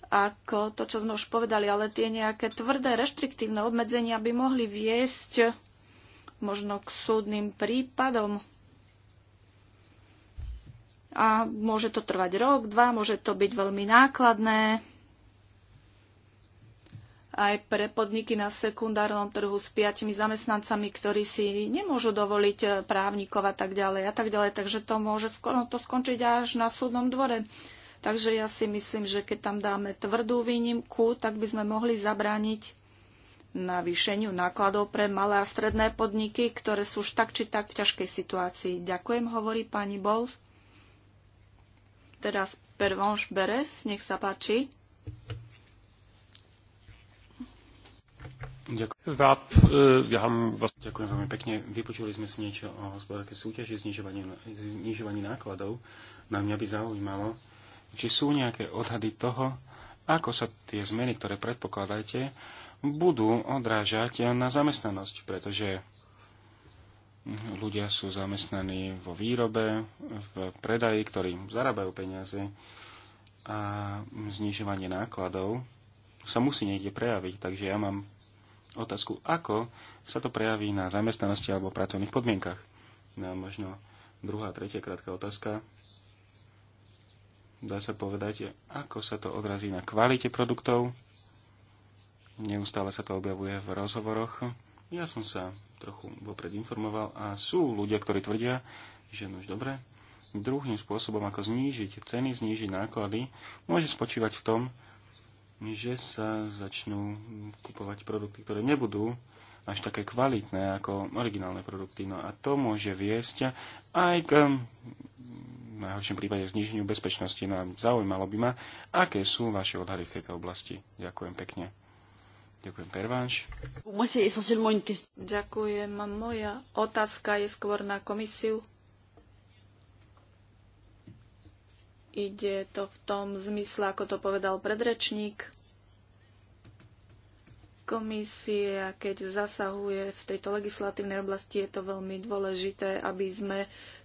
ako to, čo sme už povedali, ale tie nejaké tvrdé, reštriktívne obmedzenia by mohli viesť možno k súdnym prípadom a môže to trvať rok, dva, môže to byť veľmi nákladné aj pre podniky na sekundárnom trhu s piatimi zamestnancami, ktorí si nemôžu dovoliť e, právnikov a tak ďalej a tak ďalej. Takže to môže skoro to skončiť až na súdnom dvore. Takže ja si myslím, že keď tam dáme tvrdú výnimku, tak by sme mohli zabrániť navýšeniu nákladov pre malé a stredné podniky, ktoré sú už tak či tak v ťažkej situácii. Ďakujem, hovorí pani Bols. Teraz Pervonš Beres, nech sa páči. Ďakujem. E, ďakujem veľmi pekne. Vypočuli sme si niečo o hospodárskej súťaži, znižovaní, znižovaní nákladov. Na mňa by zaujímalo, či sú nejaké odhady toho, ako sa tie zmeny, ktoré predpokladáte, budú odrážať na zamestnanosť, pretože ľudia sú zamestnaní vo výrobe, v predaji, ktorí zarábajú peniaze a znižovanie nákladov sa musí niekde prejaviť. Takže ja mám otázku, ako sa to prejaví na zamestnanosti alebo pracovných podmienkach. No, možno druhá, tretia krátka otázka. Dá sa povedať, ako sa to odrazí na kvalite produktov. Neustále sa to objavuje v rozhovoroch. Ja som sa trochu vopred informoval. A sú ľudia, ktorí tvrdia, že nož už dobre, druhým spôsobom, ako znížiť ceny, znížiť náklady, môže spočívať v tom, že sa začnú kupovať produkty, ktoré nebudú až také kvalitné ako originálne produkty. No a to môže viesť aj k v najhoršom prípade zníženiu bezpečnosti. No a zaujímalo by ma, aké sú vaše odhady v tejto oblasti. Ďakujem pekne. Ďakujem, Ďakujem. Moja otázka je skôr na komisiu. Ide to v tom zmysle, ako to povedal predrečník. Komisia, keď zasahuje v tejto legislatívnej oblasti, je to veľmi dôležité, aby sme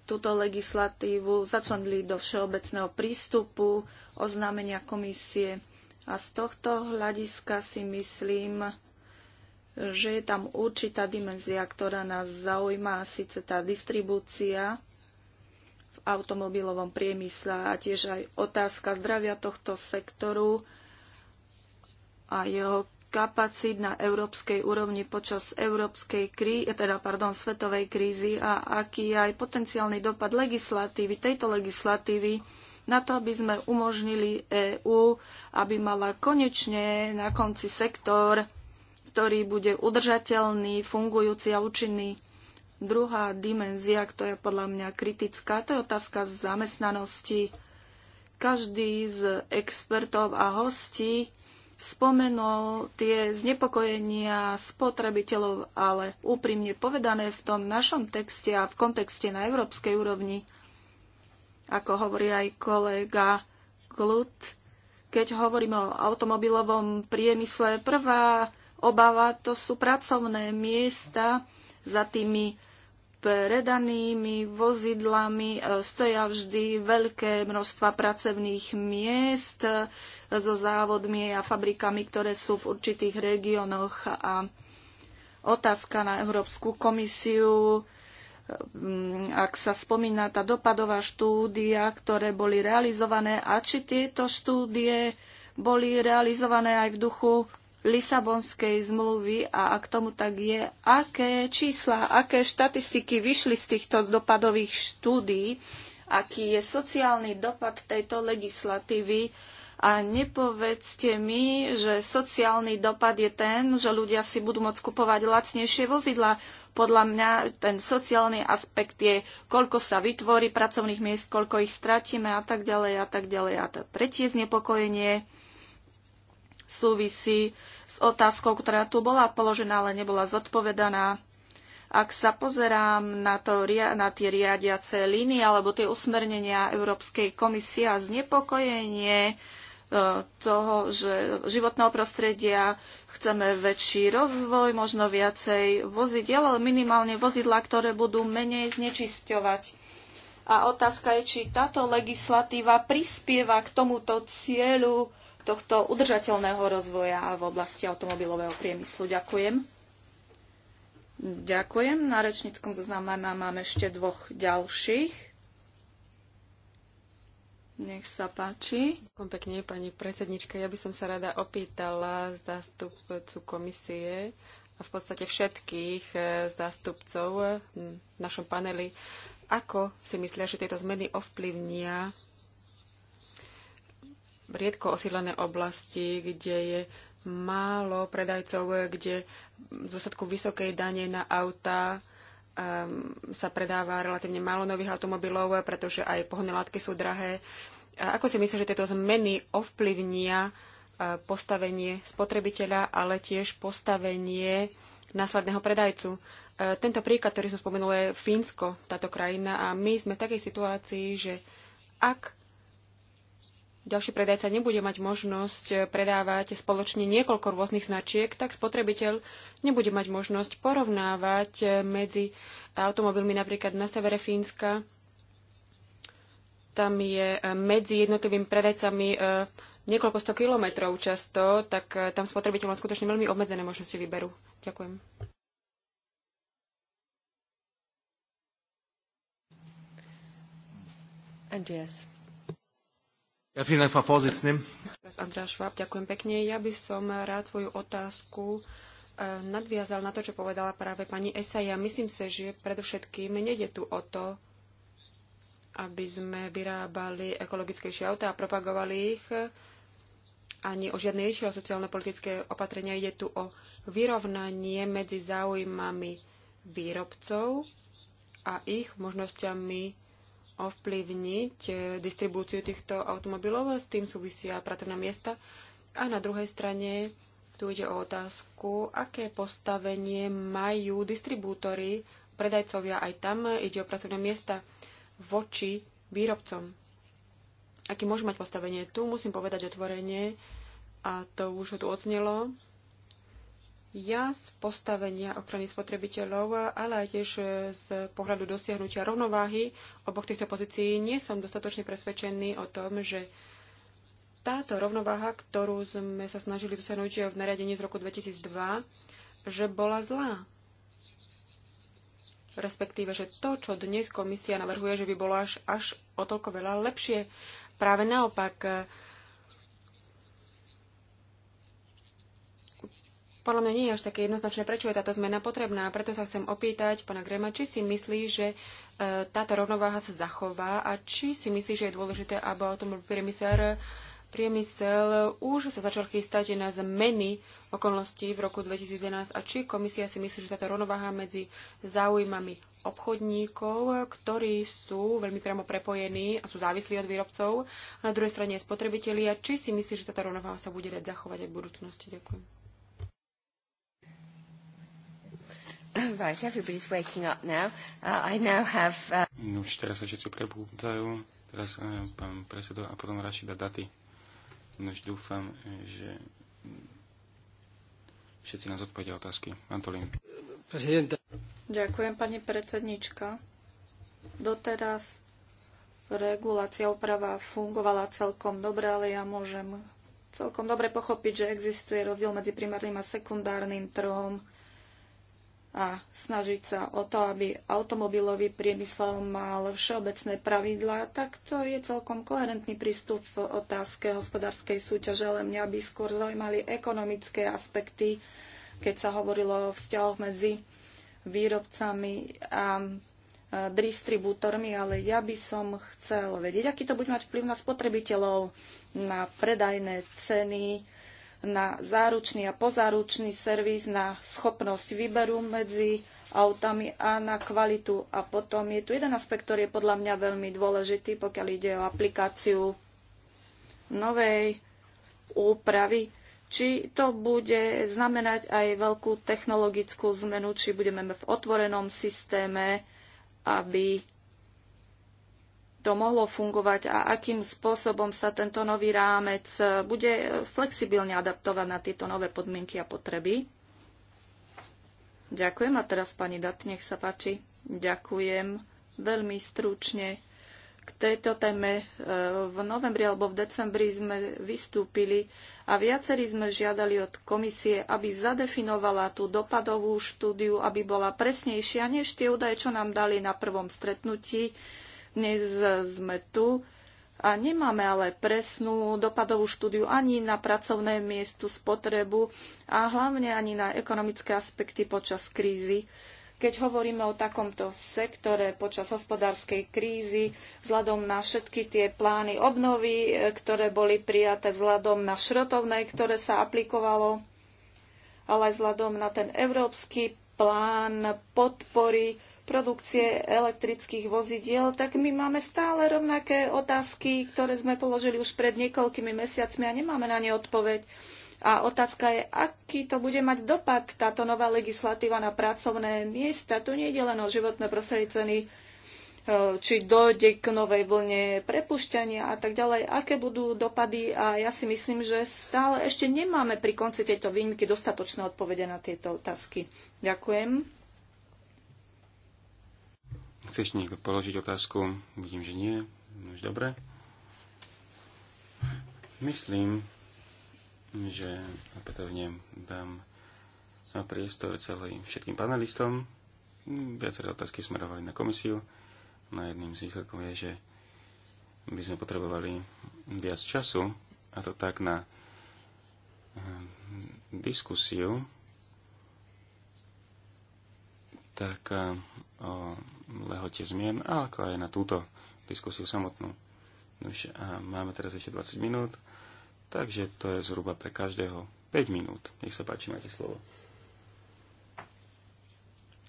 túto legislatívu začlenili do všeobecného prístupu, oznámenia komisie a z tohto hľadiska si myslím, že je tam určitá dimenzia, ktorá nás zaujíma, síce tá distribúcia v automobilovom priemysle a tiež aj otázka zdravia tohto sektoru a jeho kapacít na európskej úrovni počas európskej krí, eh, teda, pardon, svetovej krízy a aký je aj potenciálny dopad legislatívy, tejto legislatívy na to, aby sme umožnili EÚ, aby mala konečne na konci sektor, ktorý bude udržateľný, fungujúci a účinný. Druhá dimenzia, ktorá je podľa mňa kritická, to je otázka zamestnanosti. Každý z expertov a hostí spomenul tie znepokojenia spotrebiteľov, ale úprimne povedané v tom našom texte a v kontexte na európskej úrovni ako hovorí aj kolega Klut, keď hovoríme o automobilovom priemysle, prvá obava to sú pracovné miesta za tými predanými vozidlami e, stoja vždy veľké množstva pracovných miest e, so závodmi a fabrikami, ktoré sú v určitých regiónoch. A otázka na Európsku komisiu Mm, ak sa spomína tá dopadová štúdia, ktoré boli realizované a či tieto štúdie boli realizované aj v duchu Lisabonskej zmluvy a ak tomu tak je, aké čísla, aké štatistiky vyšli z týchto dopadových štúdií, aký je sociálny dopad tejto legislatívy a nepovedzte mi, že sociálny dopad je ten, že ľudia si budú môcť kupovať lacnejšie vozidla podľa mňa ten sociálny aspekt je, koľko sa vytvorí pracovných miest, koľko ich stratíme a tak ďalej a tak ďalej. A to tretie znepokojenie súvisí s otázkou, ktorá tu bola položená, ale nebola zodpovedaná. Ak sa pozerám na, to, na tie riadiace línie alebo tie usmernenia Európskej komisie a znepokojenie, toho, že životného prostredia chceme väčší rozvoj, možno viacej vozidiel, ale minimálne vozidla, ktoré budú menej znečisťovať. A otázka je, či táto legislatíva prispieva k tomuto cieľu tohto udržateľného rozvoja v oblasti automobilového priemyslu. Ďakujem. Ďakujem. Na rečníckom zozname máme ešte dvoch ďalších. Nech sa páči. Ďakujem pekne, pani predsednička. Ja by som sa rada opýtala zástupcu komisie a v podstate všetkých eh, zástupcov hm, v našom paneli, ako si myslia, že tieto zmeny ovplyvnia riedko osídlené oblasti, kde je málo predajcov, kde v dôsledku vysokej dane na autá Ehm, sa predáva relatívne málo nových automobilov, pretože aj pohodné látky sú drahé. A ako si myslíš, že tieto zmeny ovplyvnia e, postavenie spotrebiteľa, ale tiež postavenie následného predajcu? E, tento príklad, ktorý som spomenula, je Fínsko, táto krajina, a my sme v takej situácii, že ak ďalší predajca nebude mať možnosť predávať spoločne niekoľko rôznych značiek, tak spotrebiteľ nebude mať možnosť porovnávať medzi automobilmi napríklad na severe Fínska. Tam je medzi jednotlivými predajcami e, niekoľko sto kilometrov často, tak e, tam spotrebiteľ má skutočne veľmi obmedzené možnosti výberu. Ďakujem. Andreas. Ja, vielen Dank, Frau Vorsitzende. Schwab, ďakujem pekne. Ja by som rád svoju otázku eh, nadviazal na to, čo povedala práve pani Esaja. Myslím sa, že predovšetkým nejde tu o to, aby sme vyrábali ekologickejšie auta a propagovali ich, ani o žiadnejšie sociálno politické opatrenia. Ide tu o vyrovnanie medzi záujmami výrobcov a ich možnosťami ovplyvniť eh, distribúciu týchto automobilov, s tým súvisia pracovné miesta. A na druhej strane tu ide o otázku, aké postavenie majú distribútory, predajcovia, aj tam eh, ide o pracovné miesta voči výrobcom. Aký môžu mať postavenie? Tu musím povedať otvorenie, a to už ho tu odznelo, ja z postavenia ochrany spotrebiteľov, ale aj tiež z pohľadu dosiahnutia rovnováhy oboch týchto pozícií nie som dostatočne presvedčený o tom, že táto rovnováha, ktorú sme sa snažili dosiahnuť v nariadení z roku 2002, že bola zlá. Respektíve, že to, čo dnes komisia navrhuje, že by bolo až, až o toľko veľa lepšie. Práve naopak, Podľa mňa nie je až také jednoznačné, prečo je táto zmena potrebná. Preto sa chcem opýtať pána Grema, či si myslí, že e, táto rovnováha sa zachová a či si myslí, že je dôležité, aby automobilový priemysel, priemysel už sa začal chystať na zmeny okolností v roku 2011 a či komisia si myslí, že táto rovnováha medzi záujmami obchodníkov, ktorí sú veľmi priamo prepojení a sú závislí od výrobcov, a na druhej strane spotrebitelia, či si myslí, že táto rovnováha sa bude dať zachovať aj v budúcnosti. Ďakujem. Right, everybody's waking up now. Uh, I now have... Uh... už teraz sa všetci prebúdajú. Teraz uh, pán predseda a potom dať Daty. Nož dúfam, že všetci nás odpovedia otázky. Antolín. Prezidenta. Ďakujem, pani predsednička. Doteraz regulácia oprava fungovala celkom dobre, ale ja môžem celkom dobre pochopiť, že existuje rozdiel medzi primárnym a sekundárnym trhom a snažiť sa o to, aby automobilový priemysel mal všeobecné pravidlá, tak to je celkom koherentný prístup v otázke hospodárskej súťaže, ale mňa by skôr zaujímali ekonomické aspekty, keď sa hovorilo o vzťahoch medzi výrobcami a distribútormi, ale ja by som chcel vedieť, aký to bude mať vplyv na spotrebiteľov, na predajné ceny, na záručný a pozáručný servis, na schopnosť výberu medzi autami a na kvalitu. A potom je tu jeden aspekt, ktorý je podľa mňa veľmi dôležitý, pokiaľ ide o aplikáciu novej úpravy, či to bude znamenať aj veľkú technologickú zmenu, či budeme v otvorenom systéme, aby to mohlo fungovať a akým spôsobom sa tento nový rámec e, bude flexibilne adaptovať na tieto nové podmienky a potreby. Ďakujem a teraz pani Dat, nech sa páči. Ďakujem veľmi stručne. K tejto téme e, v novembri alebo v decembri sme vystúpili a viacerí sme žiadali od komisie, aby zadefinovala tú dopadovú štúdiu, aby bola presnejšia než tie údaje, čo nám dali na prvom stretnutí dnes sme tu a nemáme ale presnú dopadovú štúdiu ani na pracovné miesto, spotrebu a hlavne ani na ekonomické aspekty počas krízy. Keď hovoríme o takomto sektore počas hospodárskej krízy, vzhľadom na všetky tie plány obnovy, ktoré boli prijaté vzhľadom na šrotovné, ktoré sa aplikovalo, ale aj vzhľadom na ten európsky plán podpory produkcie elektrických vozidiel, tak my máme stále rovnaké otázky, ktoré sme položili už pred niekoľkými mesiacmi a nemáme na ne odpoveď. A otázka je, aký to bude mať dopad táto nová legislatíva na pracovné miesta. Tu nie je len o životné prostredie ceny, e, či dojde k novej vlne prepušťania a tak ďalej, aké budú dopady a ja si myslím, že stále ešte nemáme pri konci tejto výnimky dostatočné odpovede na tieto otázky. Ďakujem. Chceš niekto položiť otázku? Vidím, že nie. No už dobre. Myslím, že opätovne dám priestor celým všetkým panelistom. Viaceré otázky smerovali na komisiu. Na no jedným z výsledkov je, že by sme potrebovali viac času, a to tak na ehm, diskusiu, tak ehm, o lehote zmien, ako aj na túto diskusiu samotnú. Už no a máme teraz ešte 20 minút, takže to je zhruba pre každého 5 minút. Nech sa páči, máte slovo.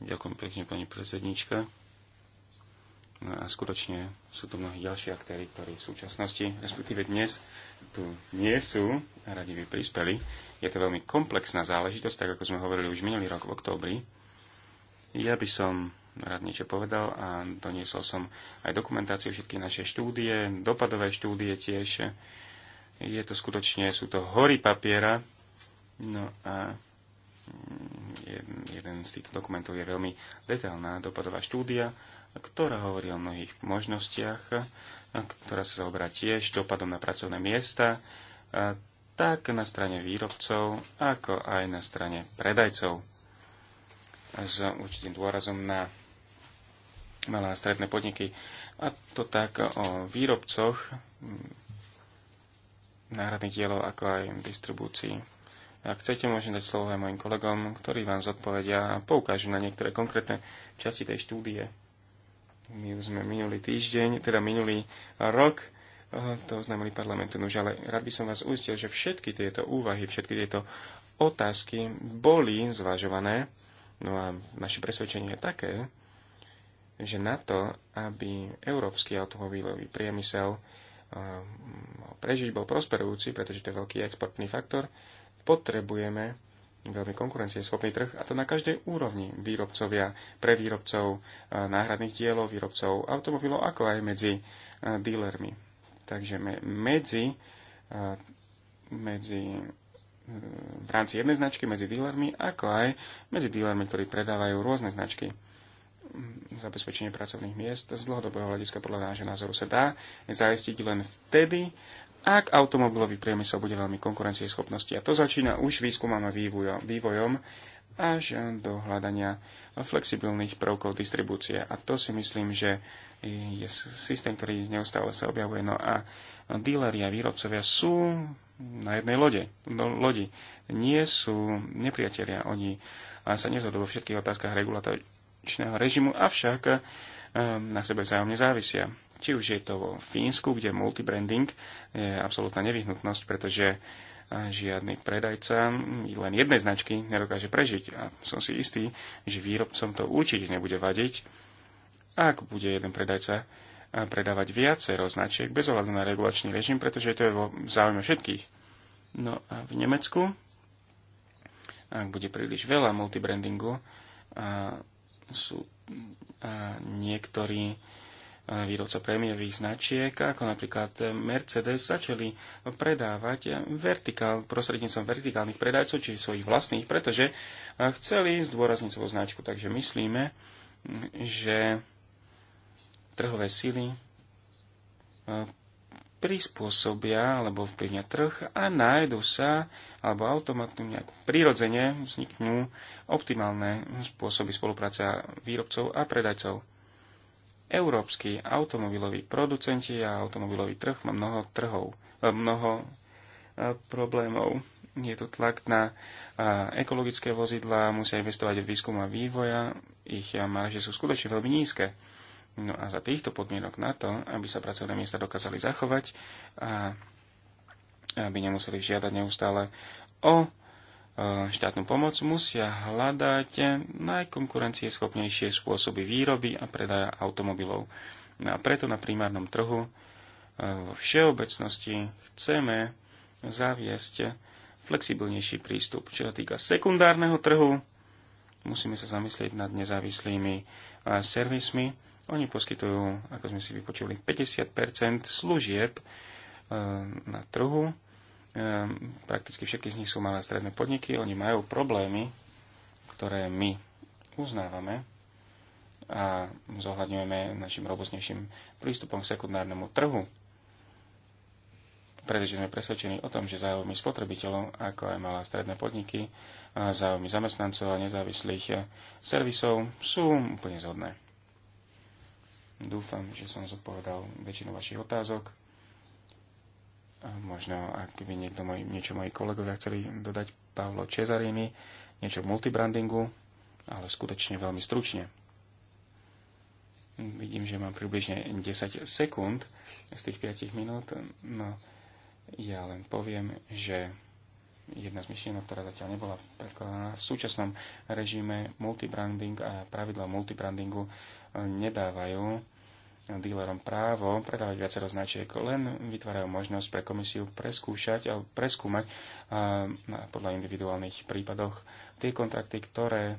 Ďakujem pekne, pani predsednička. No a skutočne sú tu mnohí ďalší aktéry, ktorí v súčasnosti, respektíve dnes, tu nie sú a radi by prispeli. Je to veľmi komplexná záležitosť, tak ako sme hovorili už minulý rok v októbri. Ja by som rád niečo povedal a doniesol som aj dokumentáciu všetky naše štúdie, dopadové štúdie tiež. Je to skutočne, sú to hory papiera. No a mm, jeden z týchto dokumentov je veľmi detailná dopadová štúdia, ktorá hovorí o mnohých možnostiach, ktorá sa zaoberá tiež dopadom na pracovné miesta, tak na strane výrobcov, ako aj na strane predajcov s určitým dôrazom na malé a stredné podniky. A to tak o výrobcoch náhradných dielov, ako aj distribúcii. Ak chcete, môžem dať slovo aj mojim kolegom, ktorí vám zodpovedia a poukážu na niektoré konkrétne časti tej štúdie. My už sme minulý týždeň, teda minulý rok, to oznámili parlamentu. Nož, ale rád by som vás uistil, že všetky tieto úvahy, všetky tieto otázky boli zvažované. No a naše presvedčenie je také, že na to, aby európsky automobilový priemysel eh, prežiť bol prosperujúci, pretože to je veľký exportný faktor, potrebujeme veľmi konkurencieschopný trh a to na každej úrovni výrobcovia, pre výrobcov eh, náhradných dielov, výrobcov automobilov, ako aj medzi eh, dílermi. Takže medzi, medzi v rámci jednej značky medzi dílermi, ako aj medzi dílermi, ktorí predávajú rôzne značky zabezpečenie pracovných miest z dlhodobého hľadiska podľa nášho názoru sa dá zaistiť len vtedy, ak automobilový priemysel bude veľmi konkurencieschopnosti. A to začína už výskumom a vývojom, vývojom až do hľadania flexibilných prvkov distribúcie. A to si myslím, že je systém, ktorý neustále sa objavuje. No a díleri a výrobcovia sú na jednej lode. No, lodi. Nie sú nepriatelia. Oni sa nezhodujú vo všetkých otázkach justičného režimu, avšak eh, na sebe vzájomne závisia. Či už je to vo Fínsku, kde multibranding je absolútna nevyhnutnosť, pretože eh, žiadny predajca hm, len jednej značky nedokáže prežiť. A som si istý, že výrobcom to určite nebude vadiť, ak bude jeden predajca eh, predávať viacero značiek bez ohľadu na regulačný režim, pretože to je vo záujme všetkých. No a v Nemecku, ak bude príliš veľa multibrandingu a sú niektorí e, výrobca prémiových značiek, ako napríklad Mercedes, začali predávať vertikál, prostredníctvom vertikálnych predajcov, či svojich vlastných, pretože e, chceli zdôrazniť svoju značku. Takže myslíme, že trhové sily e, prispôsobia alebo vplyvňa trh a nájdu sa alebo automatne nejak prirodzene vzniknú optimálne spôsoby spolupráce výrobcov a predajcov. Európsky automobiloví producenti a automobilový trh má mnoho trhov, e, mnoho e, problémov. Je tu tlak na e, ekologické vozidlá, musia investovať do výskumu a vývoja, ich marže sú skutočne veľmi nízke No a za týchto podmienok na to, aby sa pracovné miesta dokázali zachovať a aby nemuseli žiadať neustále o e, štátnu pomoc, musia hľadať najkonkurencieschopnejšie spôsoby výroby a predaja automobilov. No a preto na primárnom trhu e, vo všeobecnosti chceme zaviesť flexibilnejší prístup. Čo sa týka sekundárneho trhu, musíme sa zamyslieť nad nezávislými e, servismi, oni poskytujú, ako sme si vypočuli, 50 služieb eh, na trhu. Eh, prakticky všetky z nich sú malé a stredné podniky. Oni majú problémy, ktoré my uznávame a zohľadňujeme našim robustnejším prístupom k sekundárnemu trhu. Pretože sme presvedčení o tom, že záujmy spotrebiteľov, ako aj malé a stredné podniky, záujmy zamestnancov a nezávislých servisov sú úplne zhodné. Dúfam, že som zodpovedal väčšinu vašich otázok. A možno, ak by niekto moj, niečo moji kolegovia chceli dodať Paolo Cesarini, niečo k multibrandingu, ale skutočne veľmi stručne. Vidím, že mám približne 10 sekúnd z tých 5 minút. No, ja len poviem, že jedna z myšlienok, ktorá zatiaľ nebola predkladaná v súčasnom režime multibranding a pravidla multibrandingu nedávajú dílerom právo predávať viacero značiek, len vytvárajú možnosť pre komisiu preskúšať alebo preskúmať a, podľa individuálnych prípadoch tie kontrakty, ktoré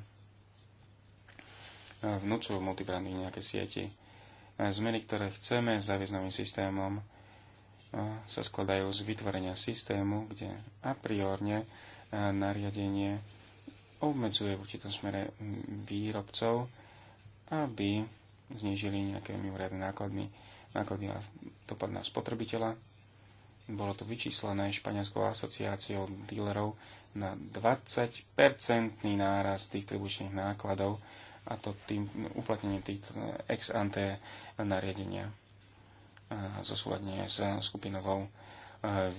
vnúcujú multibrandy nejaké sieti. Zmeny, ktoré chceme zaviesť novým systémom, sa skladajú z vytvorenia systému, kde a priorne nariadenie obmedzuje v určitom smere výrobcov aby znížili nejaké mimoriadne náklady, náklady a dopad na spotrebiteľa. Bolo to vyčíslené Španielskou asociáciou dílerov na 20-percentný náraz distribučných nákladov a to tým uplatnením tých ex ante nariadenia zosúladne s skupinovou e,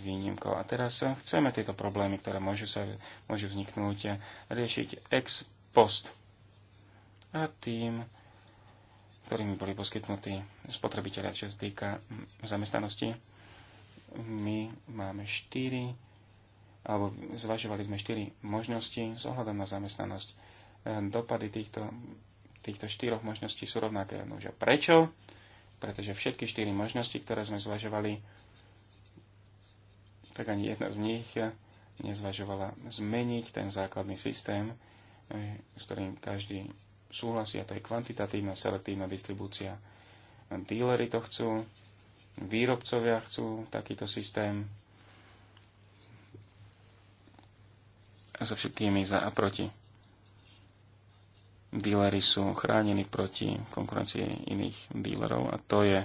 výnimkou. A teraz chceme tieto problémy, ktoré môžu, sa, môžu vzniknúť, riešiť ex post. A tým ktorými boli poskytnutí spotrebiteľia čo sa týka mm, zamestnanosti. My máme štyri. alebo zvažovali sme štyri možnosti s ohľadom na zamestnanosť. E, dopady týchto, týchto štyroch možností sú rovnaké. Nože prečo? Pretože všetky štyri možnosti, ktoré sme zvažovali, tak ani jedna z nich e, nezvažovala zmeniť ten základný systém, e, s ktorým každý súhlasia, to je kvantitatívna selektívna distribúcia. Dílery to chcú, výrobcovia chcú takýto systém a so všetkými za a proti. Dílery sú chránení proti konkurencii iných dílerov a to je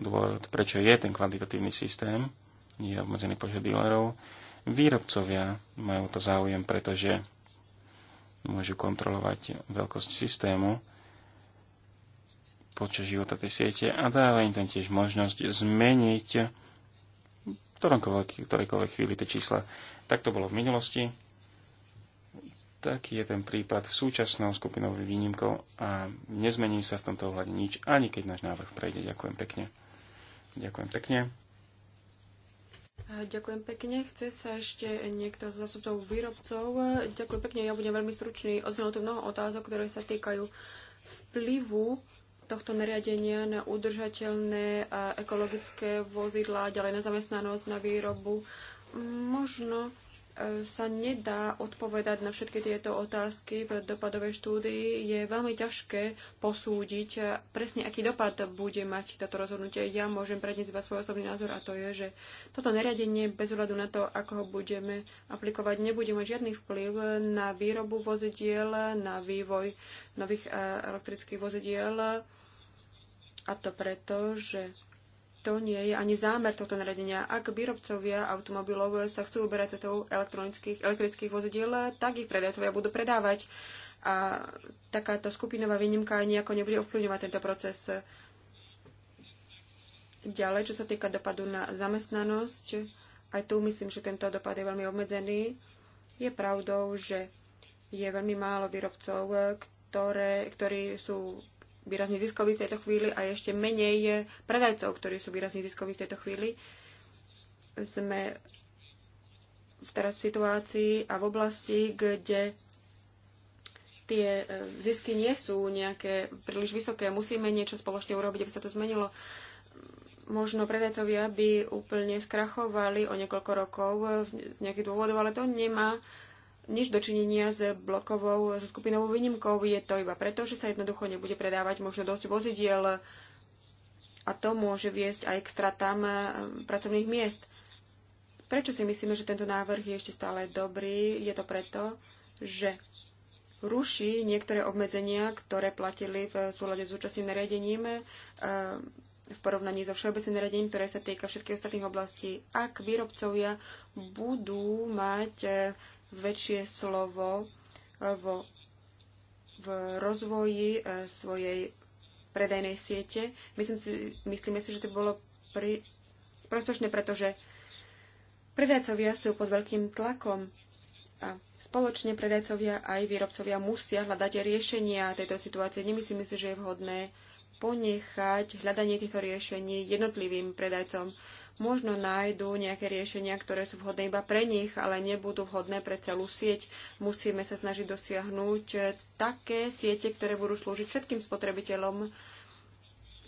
dôvod, prečo je ten kvantitatívny systém, Nie je obmedzený počet dílerov. Výrobcovia majú to záujem, pretože môžu kontrolovať veľkosť systému počas života tej siete a dáva im tam tiež možnosť zmeniť v ktorejkoľvek chvíli tie čísla. Tak to bolo v minulosti, taký je ten prípad súčasnou skupinou výnimkou a nezmení sa v tomto ohľade nič, ani keď náš návrh prejde. Ďakujem pekne. Ďakujem pekne. Ďakujem pekne. Chce sa ešte niekto z zástupcov výrobcov? Ďakujem pekne, ja budem veľmi stručný. Odznelo tu mnoho otázok, ktoré sa týkajú vplyvu tohto nariadenia na udržateľné a ekologické vozidlá, ďalej na zamestnanosť, na výrobu. Možno sa nedá odpovedať na všetky tieto otázky v dopadovej štúdii. Je veľmi ťažké posúdiť presne, aký dopad bude mať toto rozhodnutie. Ja môžem predniesť iba svoj osobný názor a to je, že toto nariadenie bez ohľadu na to, ako ho budeme aplikovať, nebude mať žiadny vplyv na výrobu vozidiel, na vývoj nových eh, elektrických vozidiel. A to preto, že to nie je ani zámer tohto naradenia. Ak výrobcovia automobilov sa chcú uberať za toho elektronických, elektrických vozidiel, tak ich predajcovia budú predávať. A takáto skupinová výnimka nejako nebude ovplyvňovať tento proces. Ďalej, čo sa týka dopadu na zamestnanosť, aj tu myslím, že tento dopad je veľmi obmedzený. Je pravdou, že je veľmi málo výrobcov, ktoré, ktorí sú výrazne ziskoví v tejto chvíli a ešte menej predajcov, ktorí sú výrazne ziskoví v tejto chvíli. Sme teraz v situácii a v oblasti, kde tie e, zisky nie sú nejaké príliš vysoké. Musíme niečo spoločne urobiť, aby sa to zmenilo. Možno predajcovia by úplne skrachovali o niekoľko rokov z nejakých dôvodov, ale to nemá nič dočinenia s blokovou, so skupinovou výnimkou. Je to iba preto, že sa jednoducho nebude predávať možno dosť vozidiel a to môže viesť aj k stratám e, pracovných miest. Prečo si myslíme, že tento návrh je ešte stále dobrý? Je to preto, že ruší niektoré obmedzenia, ktoré platili v súlade s účastným nariadením e, v porovnaní so všeobecným nariadením, ktoré sa týka všetkých ostatných oblastí. Ak výrobcovia budú mať e, väčšie slovo eh, vo, v rozvoji eh, svojej predajnej siete. Myslím si, myslíme si, že to bolo pri, prospešné, pretože predajcovia sú pod veľkým tlakom a spoločne predajcovia aj výrobcovia musia hľadať riešenia tejto situácie. Nemyslíme si, že je vhodné ponechať hľadanie týchto riešení jednotlivým predajcom. Možno nájdú nejaké riešenia, ktoré sú vhodné iba pre nich, ale nebudú vhodné pre celú sieť. Musíme sa snažiť dosiahnuť také siete, ktoré budú slúžiť všetkým spotrebiteľom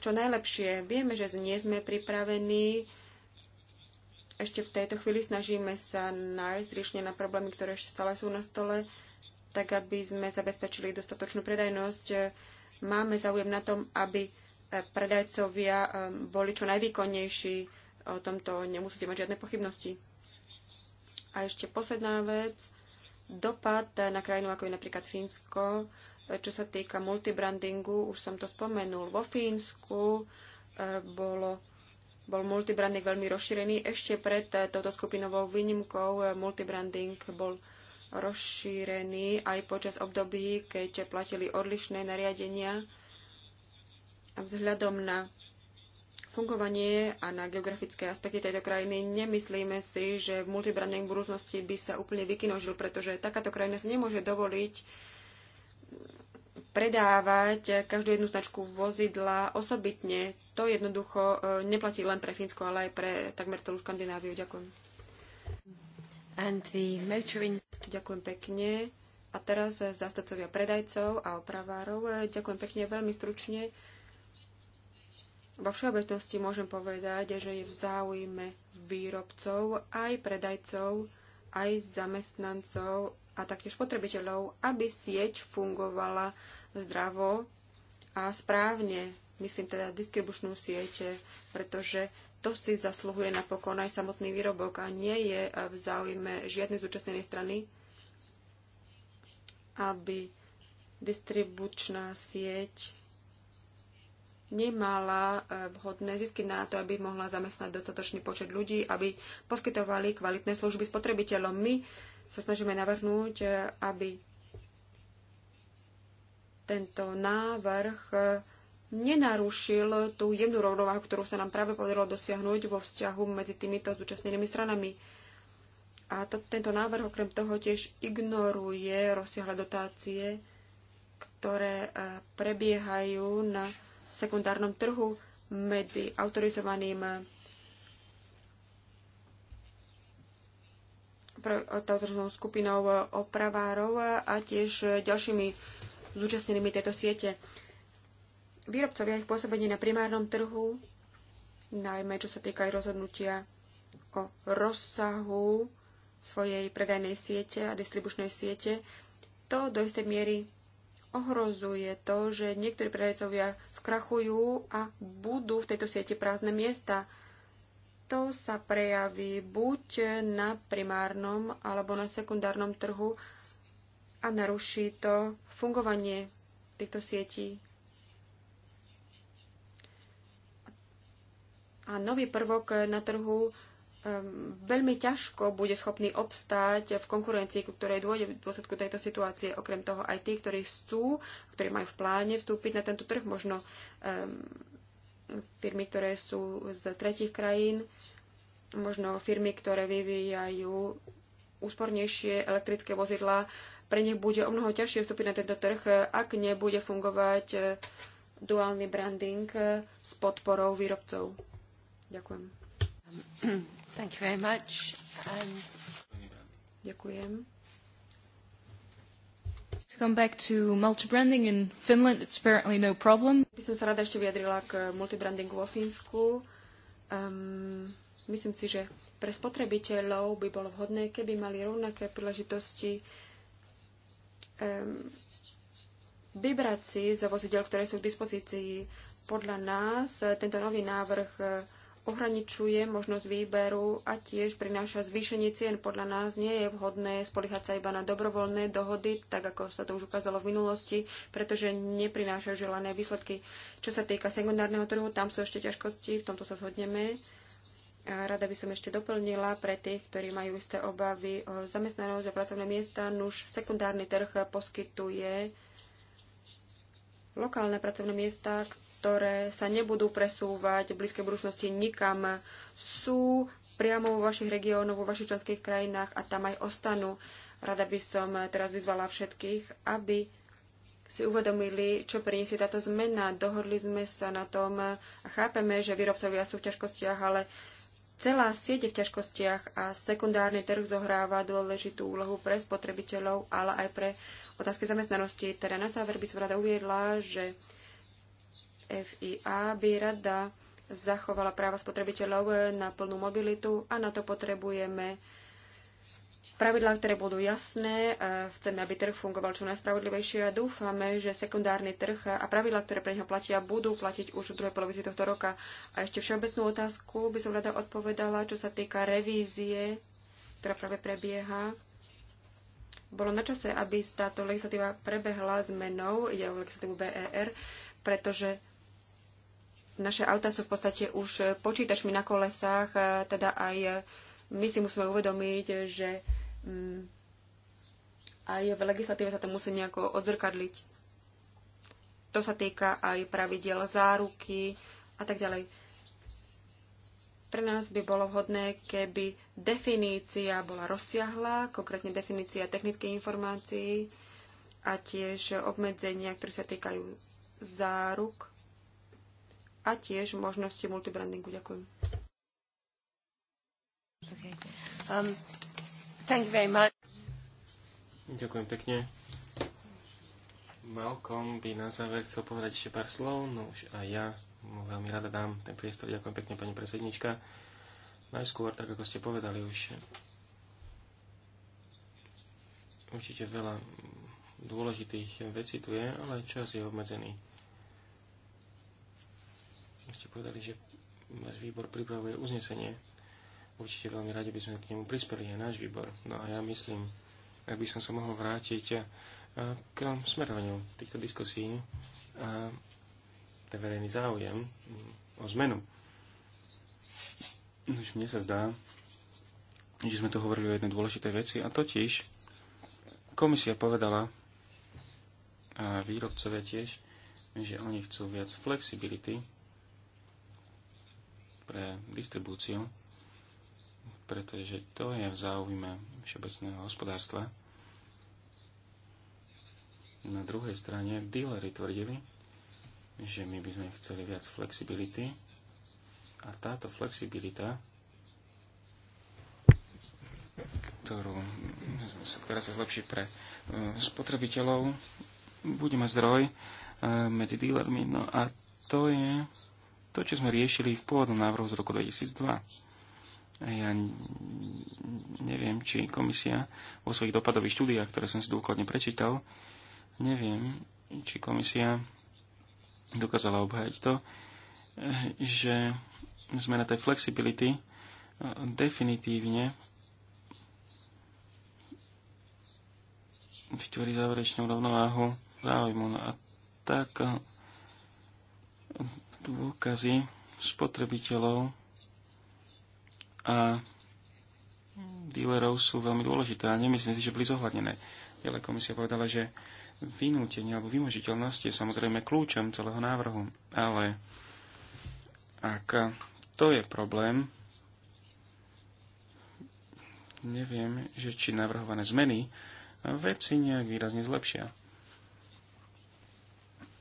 čo najlepšie. Vieme, že nie sme pripravení. Ešte v tejto chvíli snažíme sa nájsť riešenie na problémy, ktoré ešte stále sú na stole, tak aby sme zabezpečili dostatočnú predajnosť Máme záujem na tom, aby e, predajcovia e, boli čo najvýkonnejší. O tomto nemusíte mať žiadne pochybnosti. A ešte posledná vec. Dopad na krajinu, ako je napríklad Fínsko, e, čo sa týka multibrandingu, už som to spomenul, vo Fínsku bolo, bol multibranding veľmi rozšírený. Ešte pred touto skupinovou výnimkou multibranding bol rozšírený aj počas období, keď platili odlišné nariadenia a vzhľadom na fungovanie a na geografické aspekty tejto krajiny nemyslíme si, že v multibrandnej budúcnosti by sa úplne vykinožil, pretože takáto krajina si nemôže dovoliť predávať každú jednu značku vozidla osobitne. To jednoducho e, neplatí len pre Fínsko, ale aj pre takmer celú Škandináviu. Ďakujem. And the motoring... Ďakujem pekne. A teraz eh, zástupcovia predajcov a opravárov. Eh, ďakujem pekne veľmi stručne. Vo všeobecnosti môžem povedať, že je v záujme výrobcov, aj predajcov, aj zamestnancov a taktiež potrebiteľov, aby sieť fungovala zdravo a správne myslím teda distribučnú sieť, pretože to si zasluhuje napokon aj samotný výrobok a nie je v záujme žiadnej zúčastnenej strany, aby distribučná sieť nemala eh, vhodné zisky na to, aby mohla zamestnať dostatočný počet ľudí, aby poskytovali kvalitné služby spotrebiteľom. My sa snažíme navrhnúť, eh, aby tento návrh eh, nenarušil tú jemnú rovnováhu, ktorú sa nám práve podarilo dosiahnuť vo vzťahu medzi týmito zúčastnenými stranami. A to, tento návrh okrem toho tiež ignoruje rozsiahle dotácie, ktoré e, prebiehajú na sekundárnom trhu medzi autorizovaným e, autorizovanou skupinou e, opravárov a tiež ďalšími zúčastnenými tejto siete výrobcovia ich pôsobenie na primárnom trhu, najmä čo sa týka aj rozhodnutia o rozsahu svojej predajnej siete a distribučnej siete, to do istej miery ohrozuje to, že niektorí predajcovia skrachujú a budú v tejto siete prázdne miesta. To sa prejaví buď na primárnom alebo na sekundárnom trhu a naruší to fungovanie týchto sietí a nový prvok na trhu veľmi ťažko bude schopný obstáť v konkurencii, ku ktorej dôjde v dôsledku tejto situácie. Okrem toho aj tí, ktorí sú, ktorí majú v pláne vstúpiť na tento trh, možno um, firmy, ktoré sú z tretich krajín, možno firmy, ktoré vyvíjajú úspornejšie elektrické vozidlá, pre nich bude o mnoho ťažšie vstúpiť na tento trh, ak nebude fungovať duálny branding eh, s podporou výrobcov. Ďakujem. Thank you very much. And... Um, Ďakujem. To come back to multibranding in Finland, it's apparently no problem. By som sa rada ešte vyjadrila k multibrandingu vo Fínsku. Um, myslím si, že pre spotrebiteľov by bolo vhodné, keby mali rovnaké príležitosti um, vybrať si za vozidel, ktoré sú k dispozícii. Podľa nás tento nový návrh ohraničuje možnosť výberu a tiež prináša zvýšenie cien. Podľa nás nie je vhodné spoliehať sa iba na dobrovoľné dohody, tak ako sa to už ukázalo v minulosti, pretože neprináša želané výsledky. Čo sa týka sekundárneho trhu, tam sú ešte ťažkosti, v tomto sa zhodneme. A rada by som ešte doplnila pre tých, ktorí majú isté obavy o zamestnanosť a pracovné miesta. Nuž sekundárny trh poskytuje lokálne pracovné miesta, ktoré sa nebudú presúvať v blízkej budúcnosti nikam. Sú priamo vo vašich regiónoch, vo vašich členských krajinách a tam aj ostanú. Rada by som teraz vyzvala všetkých, aby si uvedomili, čo priniesie táto zmena. Dohodli sme sa na tom a chápeme, že výrobcovia sú v ťažkostiach, ale celá sieť je v ťažkostiach a sekundárny trh zohráva dôležitú úlohu pre spotrebiteľov, ale aj pre otázky zamestnanosti. Teda na záver by som rada uviedla, že FIA by rada zachovala práva spotrebiteľov na plnú mobilitu a na to potrebujeme pravidlá, ktoré budú jasné. Chceme, aby trh fungoval čo najspravodlivejšie a dúfame, že sekundárny trh a pravidlá, ktoré pre neho platia, budú platiť už v druhej polovici tohto roka. A ešte všeobecnú otázku by som rada odpovedala, čo sa týka revízie, ktorá práve prebieha. Bolo na čase, aby táto legislatíva prebehla zmenou, ide o legislatívu BER, pretože naše autá sú v podstate už počítačmi na kolesách, teda aj e, my si musíme uvedomiť, že mm, aj v legislatíve sa to musí nejako odzrkadliť. To sa týka aj pravidiel záruky a tak ďalej. Pre nás by bolo vhodné, keby definícia bola rozsiahla, konkrétne definícia technických informácií a tiež obmedzenia, ktoré sa týkajú záruk a tiež možnosti multibrandingu. Ďakujem. Okay. Um, Ďakujem pekne. Malcolm by na záver chcel povedať ešte pár slov, no už a ja mu veľmi rada dám ten priestor. Ďakujem pekne, pani predsednička. Najskôr, tak ako ste povedali už, určite veľa dôležitých vecí tu je, ale čas je obmedzený ste povedali, že váš výbor pripravuje uznesenie. Určite veľmi radi by sme k nemu prispeli aj náš výbor. No a ja myslím, ak by som sa mohol vrátiť eh, k smerovaniu týchto diskusí a ten verejný záujem o zmenu. Už no, mne sa zdá, že sme tu hovorili o jednej dôležitej veci a totiž komisia povedala a výrobcovia tiež, že oni chcú viac flexibility pre distribúciu, pretože to je v záujme všeobecného hospodárstva. Na druhej strane dílery tvrdili, že my by sme chceli viac flexibility a táto flexibilita, ktorú, ktorá sa zlepší pre e, spotrebiteľov, bude mať zdroj e, medzi dílermi. No a to je to, čo sme riešili v pôvodnom návrhu z roku 2002. A ja neviem, či komisia vo svojich dopadových štúdiách, ktoré som si dôkladne prečítal, neviem, či komisia dokázala obhajať to, že zmena tej flexibility e, definitívne vytvorí záverečnú rovnováhu záujmu. No a tak e, dôkazy spotrebiteľov a dílerov sú veľmi dôležité a nemyslím si, že boli zohľadnené. Ale komisia povedala, že vynútenie alebo vymožiteľnosť je samozrejme kľúčom celého návrhu, ale ak to je problém, neviem, že či navrhované zmeny veci nejak výrazne zlepšia.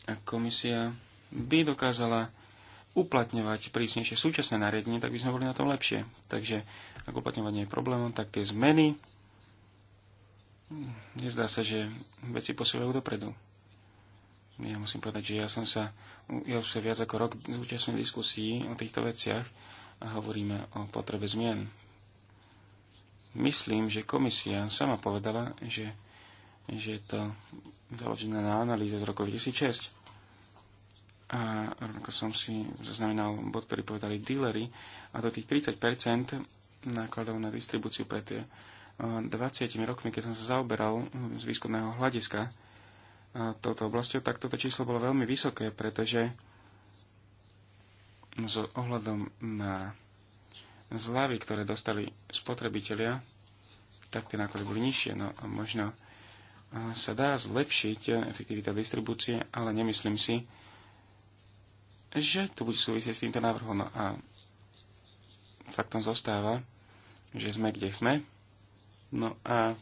A komisia by dokázala uplatňovať prísnejšie súčasné nariadenie, tak by sme boli na tom lepšie. Takže ak uplatňovanie je problémom, tak tie zmeny nezdá sa, že veci posúvajú dopredu. Ja musím povedať, že ja som sa, ja už sa viac ako rok zúčastňujem diskusí o týchto veciach a hovoríme o potrebe zmien. Myslím, že komisia sama povedala, že, že je to založené na analýze z roku 2006 a rovnako som si zaznamenal bod, ktorý povedali dealery, a to tých 30% nákladov na distribúciu pred 20 eh, rokmi, keď som sa zaoberal hm, z výskumného hľadiska eh, touto oblasťou, tak toto číslo bolo veľmi vysoké, pretože s ohľadom na zľavy, ktoré dostali spotrebitelia, tak tie náklady boli nižšie. No a možno eh, sa dá zlepšiť efektivita distribúcie, ale nemyslím si, že to bude súvisieť s týmto návrhom no a faktom zostáva, že sme kde sme. No a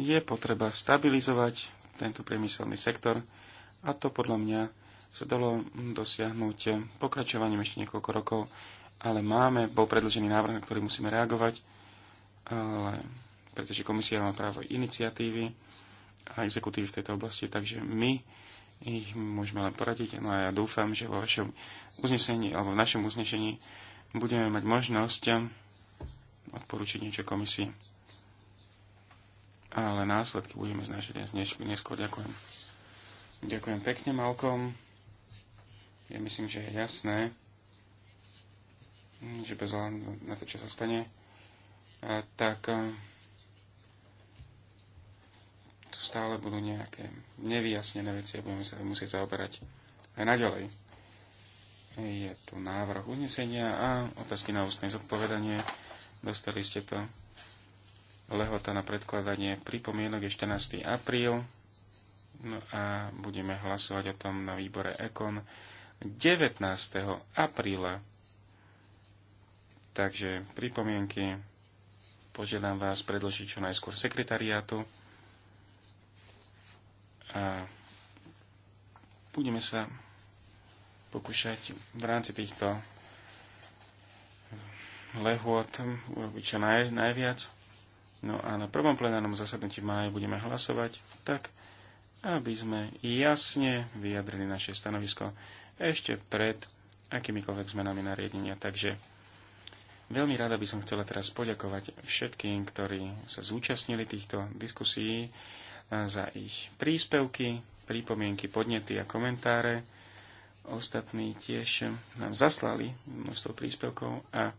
je potreba stabilizovať tento priemyselný sektor a to podľa mňa sa dalo dosiahnuť pokračovaním ešte niekoľko rokov, ale máme, bol predlžený návrh, na ktorý musíme reagovať, ale pretože komisia má právo iniciatívy a exekutívy v tejto oblasti, takže my ich môžeme len poradiť. No a ja dúfam, že vo vašom uznesení, alebo v našom uznesení budeme mať možnosť odporúčiť niečo komisii. Ale následky budeme znašať aj neskôr. Ďakujem. Ďakujem pekne, Malkom. Ja myslím, že je jasné, že bez hľadu na to, čo sa stane, tak tu stále budú nejaké nevyjasnené veci a budeme sa musieť zaoberať aj naďalej. Je tu návrh unesenia a otázky na ústne zodpovedanie. Dostali ste to. Lehota na predkladanie pripomienok je 14. apríl. No a budeme hlasovať o tom na výbore EKON 19. apríla. Takže pripomienky požiadam vás predložiť čo najskôr sekretariátu. A budeme sa pokúšať v rámci týchto lehôd urobiť čo naj, najviac. No a na prvom plenárnom zasadnutí máje budeme hlasovať tak, aby sme jasne vyjadrili naše stanovisko ešte pred akýmikoľvek zmenami nariadenia. Takže veľmi rada by som chcela teraz poďakovať všetkým, ktorí sa zúčastnili týchto diskusí za ich príspevky, prípomienky, podnety a komentáre. Ostatní tiež nám zaslali množstvo príspevkov a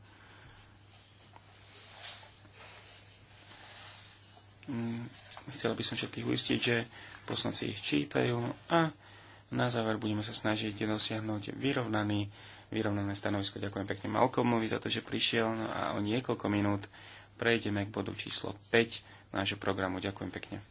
mm, chcela by som všetkých uistiť, že poslanci ich čítajú a na záver budeme sa snažiť dosiahnuť vyrovnaný, vyrovnané stanovisko. Ďakujem pekne Malcolmovi za to, že prišiel no a o niekoľko minút prejdeme k bodu číslo 5 nášho programu. Ďakujem pekne.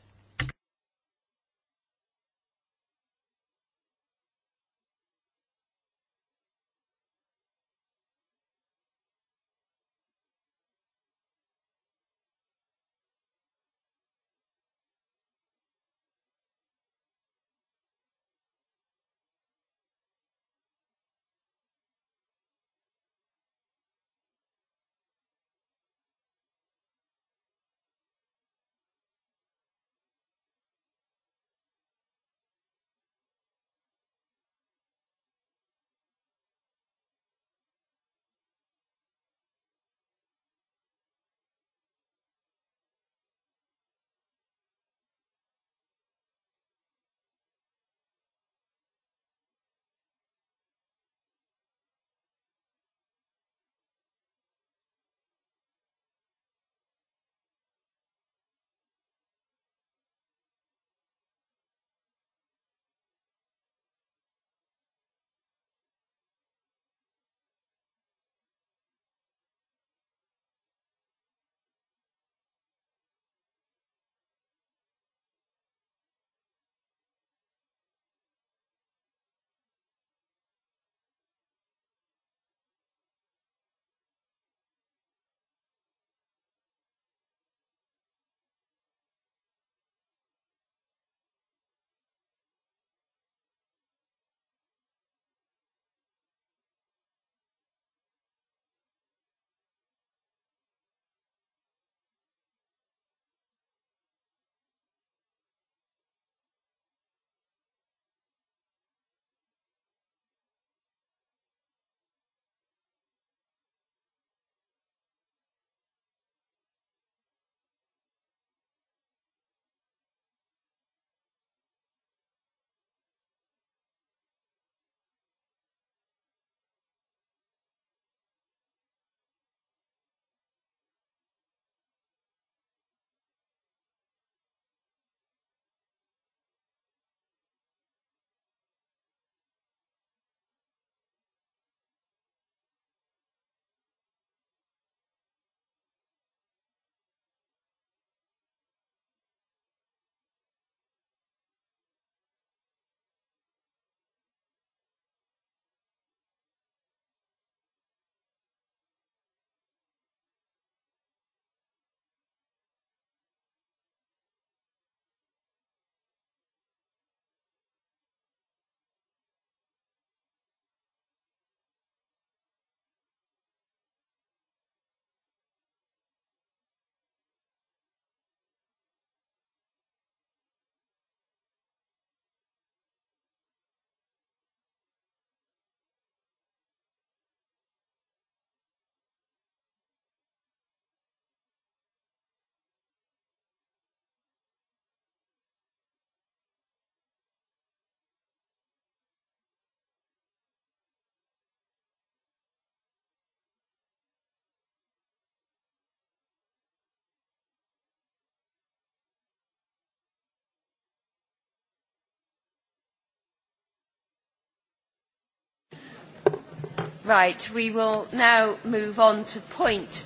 Right, we will now move on to point.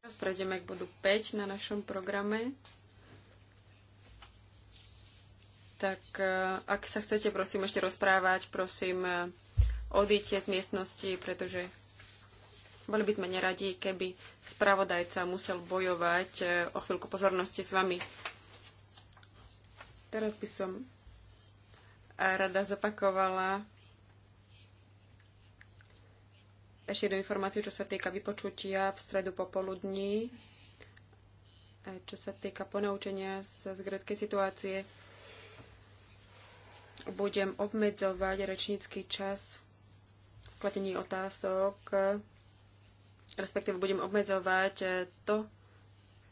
Teraz prejdeme k bodu 5 na našom programe. Tak e, ak sa chcete, prosím, ešte rozprávať, prosím, e, odíďte z miestnosti, pretože boli by sme neradi, keby spravodajca musel bojovať e, o chvíľku pozornosti s vami. Teraz by som rada zapakovala Ešte jednu informáciu, čo sa týka vypočutia v stredu popoludní, čo sa týka ponaučenia z, z greckej situácie. Budem obmedzovať rečnícky čas v platení otázok, respektíve budem obmedzovať eh, to,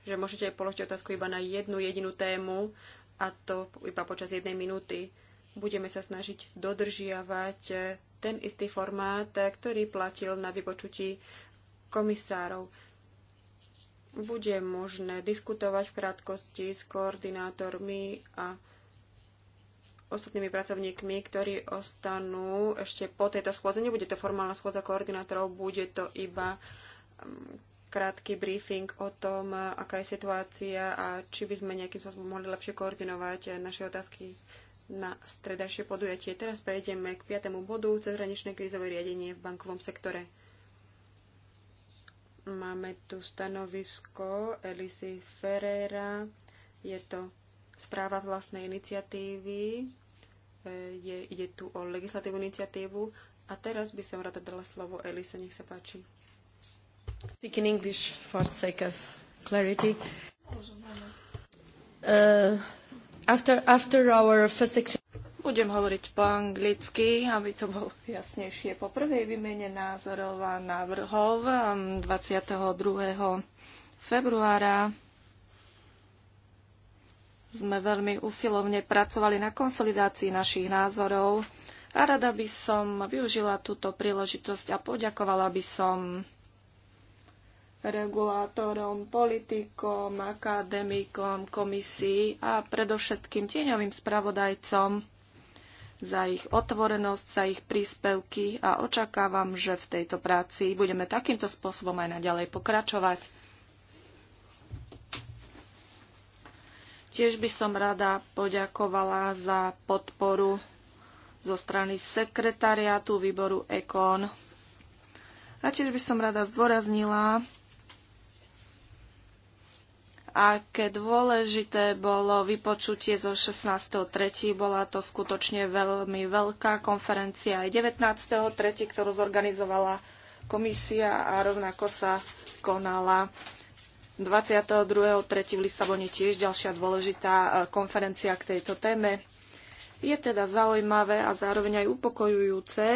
že môžete položiť otázku iba na jednu jedinú tému a to iba počas jednej minúty. Budeme sa snažiť dodržiavať eh, ten istý formát, eh, ktorý platil na vypočutí komisárov. Bude možné diskutovať v krátkosti s koordinátormi a ostatnými pracovníkmi, ktorí ostanú ešte po tejto schôdze. Nebude to formálna schôdza koordinátorov, bude to iba mm, krátky briefing o tom, eh, aká je situácia a či by sme nejakým spôsobom mohli lepšie koordinovať eh, naše otázky na stredajšie podujatie. Teraz prejdeme k piatému bodu, cezhraničné krízové riadenie v bankovom sektore. Máme tu stanovisko Elisy Ferrera. Je to správa vlastnej iniciatívy. E, je, ide tu o legislatívnu iniciatívu. A teraz by som rada dala slovo Elise, nech sa páči. Speak in English for sake of clarity. Uh, After, after our first exchange... Budem hovoriť po anglicky, aby to bolo jasnejšie. Po prvej výmene názorov a návrhov 22. Um, februára sme veľmi usilovne pracovali na konsolidácii našich názorov a rada by som využila túto príležitosť a poďakovala by som regulátorom, politikom, akademikom, komisii a predovšetkým tieňovým spravodajcom za ich otvorenosť, za ich príspevky a očakávam, že v tejto práci budeme takýmto spôsobom aj naďalej pokračovať. Tiež by som rada poďakovala za podporu zo strany sekretariátu výboru EKON. A tiež by som rada zdôraznila, aké dôležité bolo vypočutie zo 16.3. Bola to skutočne veľmi veľká konferencia aj 19.3., ktorú zorganizovala komisia a rovnako sa konala 22.3. v Lisabone tiež ďalšia dôležitá e, konferencia k tejto téme. Je teda zaujímavé a zároveň aj upokojujúce,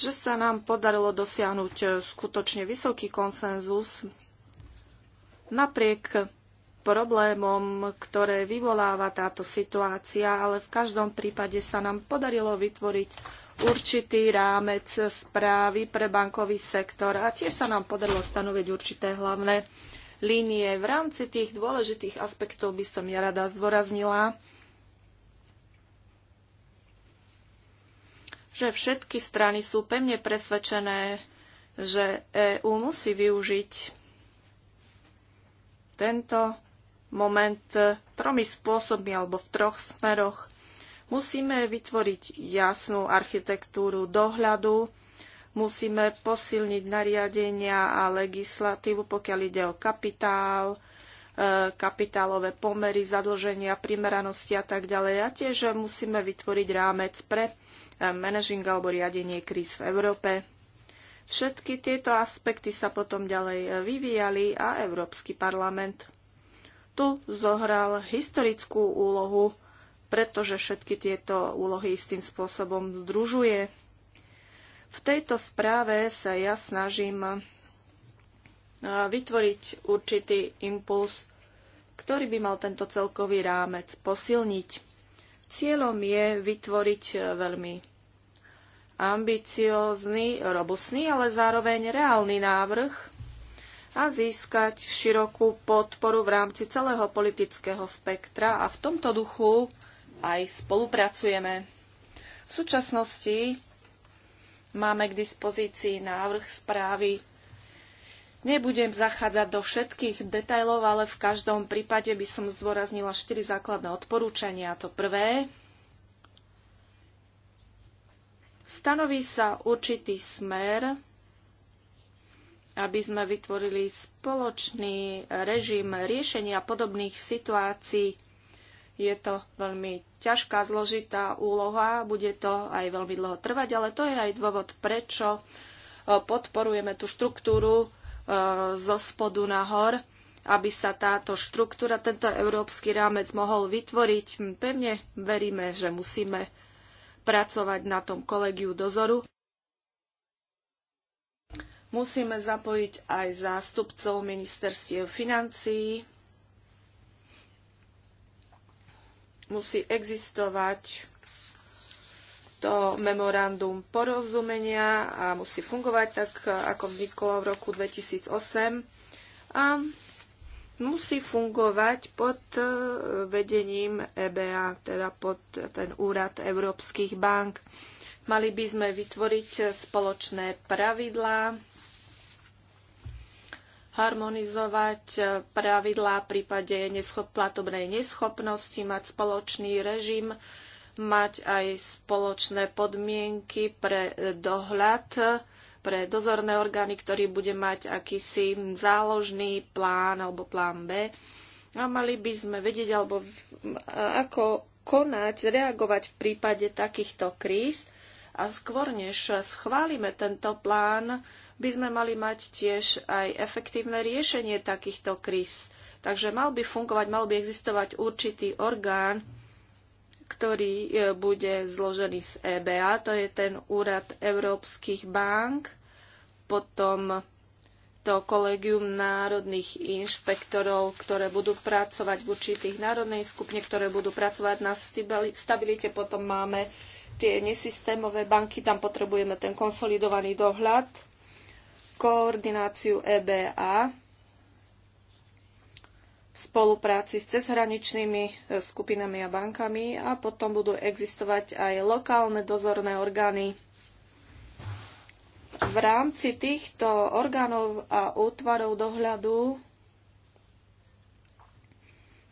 že sa nám podarilo dosiahnuť e, skutočne vysoký konsenzus Napriek problémom, ktoré vyvoláva táto situácia, ale v každom prípade sa nám podarilo vytvoriť určitý rámec správy pre bankový sektor a tiež sa nám podarilo stanoviť určité hlavné línie. V rámci tých dôležitých aspektov by som ja rada zdôraznila, že všetky strany sú pevne presvedčené, že EÚ musí využiť tento moment tromi spôsobmi alebo v troch smeroch. Musíme vytvoriť jasnú architektúru dohľadu, musíme posilniť nariadenia a legislatívu, pokiaľ ide o kapitál, e, kapitálové pomery, zadlženia, primeranosti a tak ďalej. A tiež musíme vytvoriť rámec pre e, managing alebo riadenie kríz v Európe. Všetky tieto aspekty sa potom ďalej vyvíjali a Európsky parlament tu zohral historickú úlohu, pretože všetky tieto úlohy istým spôsobom združuje. V tejto správe sa ja snažím vytvoriť určitý impuls, ktorý by mal tento celkový rámec posilniť. Cieľom je vytvoriť e, veľmi ambiciózny, robustný, ale zároveň reálny návrh a získať širokú podporu v rámci celého politického spektra a v tomto duchu aj spolupracujeme. V súčasnosti máme k dispozícii návrh správy. Nebudem zachádzať do všetkých detajlov, ale v každom prípade by som zdôraznila štyri základné odporúčania. To prvé, Stanoví sa určitý smer, aby sme vytvorili spoločný režim riešenia podobných situácií. Je to veľmi ťažká, zložitá úloha, bude to aj veľmi dlho trvať, ale to je aj dôvod, prečo e, podporujeme tú štruktúru e, zo spodu nahor, aby sa táto štruktúra, tento európsky rámec mohol vytvoriť. Pevne veríme, že musíme pracovať na tom kolegiu dozoru. Musíme zapojiť aj zástupcov ministerstiev financií. Musí existovať to memorandum porozumenia a musí fungovať tak, ako vzniklo v roku 2008. A musí fungovať pod e, vedením EBA, teda pod ten úrad európskych bank. Mali by sme vytvoriť spoločné pravidlá, harmonizovať pravidlá v prípade neschop, platobnej neschopnosti, mať spoločný režim, mať aj spoločné podmienky pre dohľad pre dozorné orgány, ktorý bude mať akýsi záložný plán alebo plán B. A mali by sme vedieť, alebo ako konať, reagovať v prípade takýchto kríz. A skôr než schválime tento plán, by sme mali mať tiež aj efektívne riešenie takýchto kríz. Takže mal by fungovať, mal by existovať určitý orgán, ktorý e, bude zložený z EBA, to je ten úrad európskych bank, potom to kolegium národných inšpektorov, ktoré budú pracovať v určitých národnej skupine, ktoré budú pracovať na stabilite, potom máme tie nesystémové banky, tam potrebujeme ten konsolidovaný dohľad, koordináciu EBA, v spolupráci s cezhraničnými e, skupinami a bankami a potom budú existovať aj lokálne dozorné orgány. V rámci týchto orgánov a útvarov dohľadu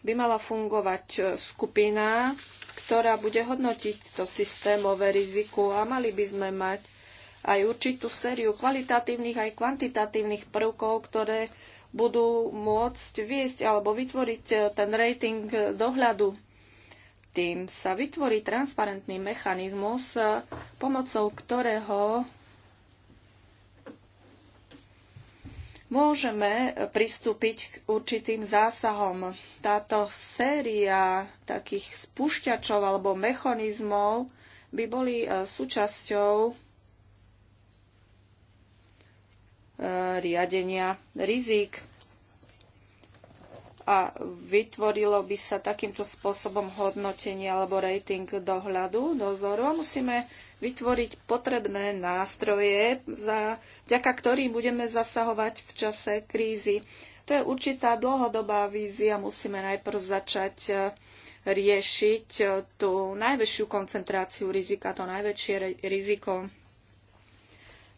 by mala fungovať e, skupina, ktorá bude hodnotiť to systémové riziko a mali by sme mať aj určitú sériu kvalitatívnych aj kvantitatívnych prvkov, ktoré budú môcť viesť alebo vytvoriť e, ten rating e, dohľadu. Tým sa vytvorí transparentný mechanizmus, e, pomocou ktorého môžeme pristúpiť k určitým zásahom. Táto séria takých spúšťačov alebo mechanizmov by boli súčasťou riadenia rizik a vytvorilo by sa takýmto spôsobom hodnotenie alebo rating dohľadu, dozoru. a Musíme vytvoriť potrebné nástroje, za, vďaka ktorým budeme zasahovať v čase krízy. To je určitá dlhodobá vízia. Musíme najprv začať e, riešiť e, tú najväčšiu koncentráciu rizika, to najväčšie riziko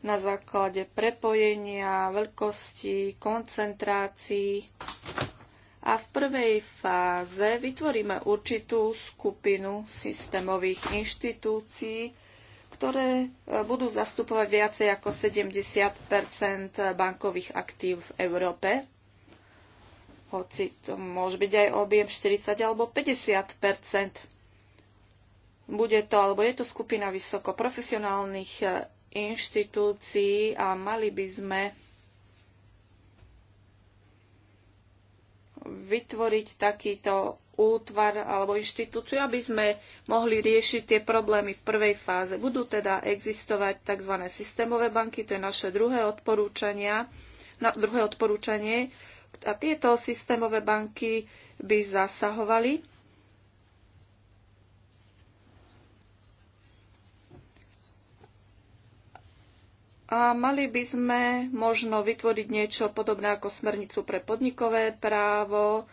na základe prepojenia, veľkosti, koncentrácií. A v prvej fáze vytvoríme určitú skupinu systémových inštitúcií, ktoré e, budú zastupovať viacej ako 70 bankových aktív v Európe, hoci to môže byť aj objem 40 alebo 50 Bude to, alebo je to skupina vysokoprofesionálnych e, inštitúcií a mali by sme vytvoriť takýto útvar alebo inštitúciu, aby sme mohli riešiť tie problémy v prvej fáze. Budú teda existovať tzv. systémové banky, to je naše druhé, odporúčania, na, druhé odporúčanie. A tieto systémové banky by zasahovali a mali by sme možno vytvoriť niečo podobné ako smernicu pre podnikové právo.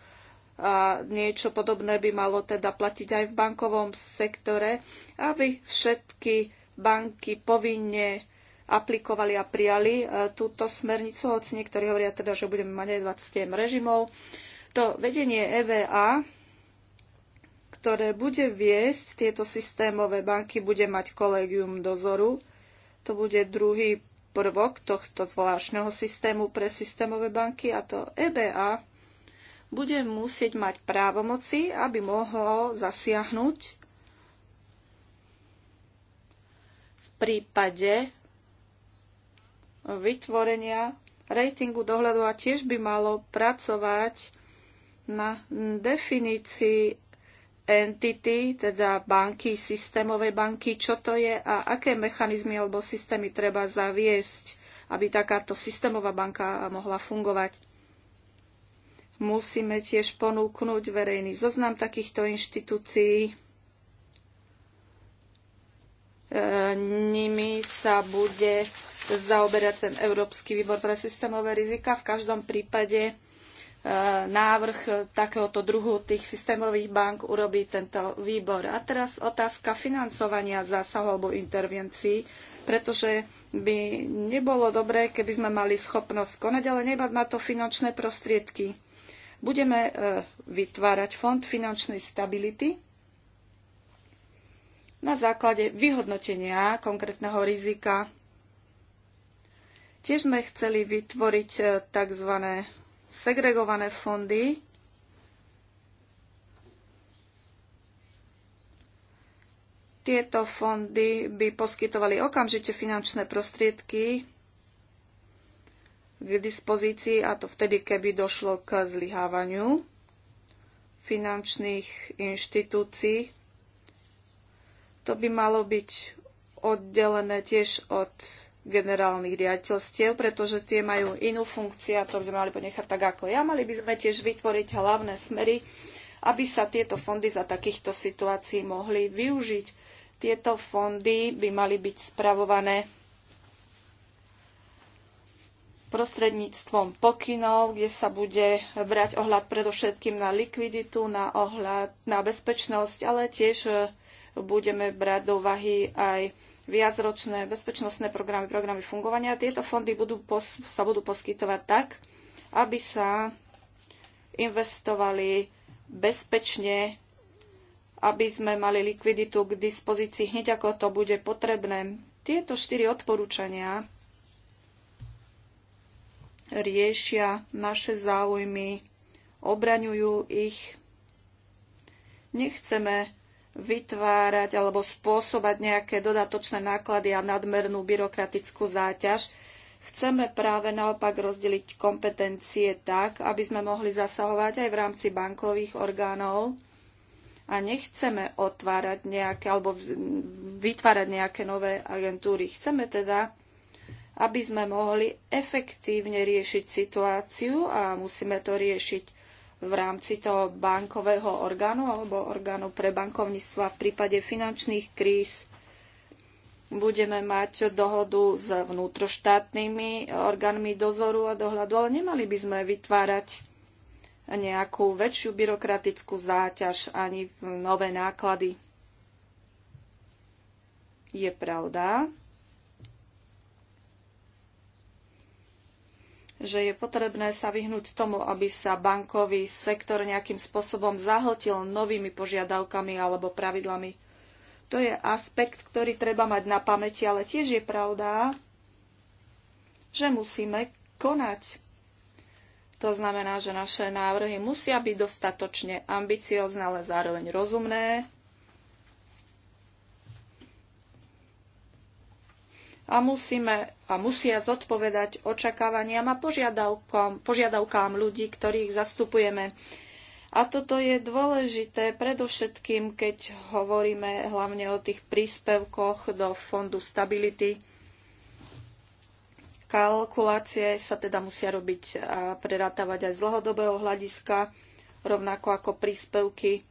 A niečo podobné by malo teda platiť aj v bankovom sektore, aby všetky banky povinne aplikovali a prijali e, túto smernicu, hoci niektorí hovoria teda, že budeme mať aj 20 režimov. To vedenie EVA, ktoré bude viesť tieto systémové banky, bude mať kolegium dozoru, to bude druhý prvok tohto zvláštneho systému pre systémové banky a to EBA bude musieť mať právomoci, aby mohlo zasiahnuť v prípade vytvorenia ratingu dohľadu a tiež by malo pracovať na definícii entity, teda banky, systémové banky, čo to je a aké mechanizmy alebo systémy treba zaviesť, aby takáto systémová banka mohla fungovať. Musíme tiež ponúknuť verejný zoznam takýchto inštitúcií. E, nimi sa bude zaoberať ten Európsky výbor pre systémové rizika. V každom prípade E, návrh takéhoto druhu tých systémových bank urobí tento výbor. A teraz otázka financovania zásahov alebo intervencií, pretože by nebolo dobré, keby sme mali schopnosť konať, ale nebať na to finančné prostriedky. Budeme e, vytvárať fond finančnej stability, na základe vyhodnotenia konkrétneho rizika. Tiež sme chceli vytvoriť e, tzv segregované fondy, tieto fondy by poskytovali okamžite finančné prostriedky k dispozícii a to vtedy, keby došlo k zlyhávaniu finančných inštitúcií. To by malo byť oddelené tiež od generálnych riaditeľstiev, pretože tie majú inú funkciu, ktorú sme mali ponechať tak ako ja. Mali by sme tiež vytvoriť hlavné smery, aby sa tieto fondy za takýchto situácií mohli využiť. Tieto fondy by mali byť spravované prostredníctvom pokynov, kde sa bude brať ohľad predovšetkým na likviditu, na ohľad na bezpečnosť, ale tiež eh, budeme brať do úvahy aj viacročné bezpečnostné programy, programy fungovania. Tieto fondy budú pos- sa budú poskytovať tak, aby sa investovali bezpečne, aby sme mali likviditu k dispozícii hneď ako to bude potrebné. Tieto štyri odporúčania riešia naše záujmy, obraňujú ich. Nechceme vytvárať alebo spôsobať nejaké dodatočné náklady a nadmernú byrokratickú záťaž. Chceme práve naopak rozdeliť kompetencie tak, aby sme mohli zasahovať aj v rámci bankových orgánov a nechceme otvárať nejaké alebo vytvárať nejaké nové agentúry. Chceme teda, aby sme mohli efektívne riešiť situáciu a musíme to riešiť v rámci toho bankového orgánu alebo orgánu pre bankovníctva v prípade finančných kríz. Budeme mať dohodu s vnútroštátnymi orgánmi dozoru a dohľadu, ale nemali by sme vytvárať nejakú väčšiu byrokratickú záťaž ani nové náklady. Je pravda, že je potrebné sa vyhnúť tomu, aby sa bankový sektor nejakým spôsobom zahltil novými požiadavkami alebo pravidlami. To je aspekt, ktorý treba mať na pamäti, ale tiež je pravda, že musíme konať. To znamená, že naše návrhy musia byť dostatočne ambiciozne, ale zároveň rozumné, a, musíme, a musia zodpovedať očakávaniam a požiadavkám, požiadavkám ľudí, ktorých zastupujeme. A toto je dôležité predovšetkým, keď hovoríme hlavne o tých príspevkoch do Fondu Stability. Kalkulácie sa teda musia robiť a prerátavať aj z dlhodobého hľadiska, rovnako ako príspevky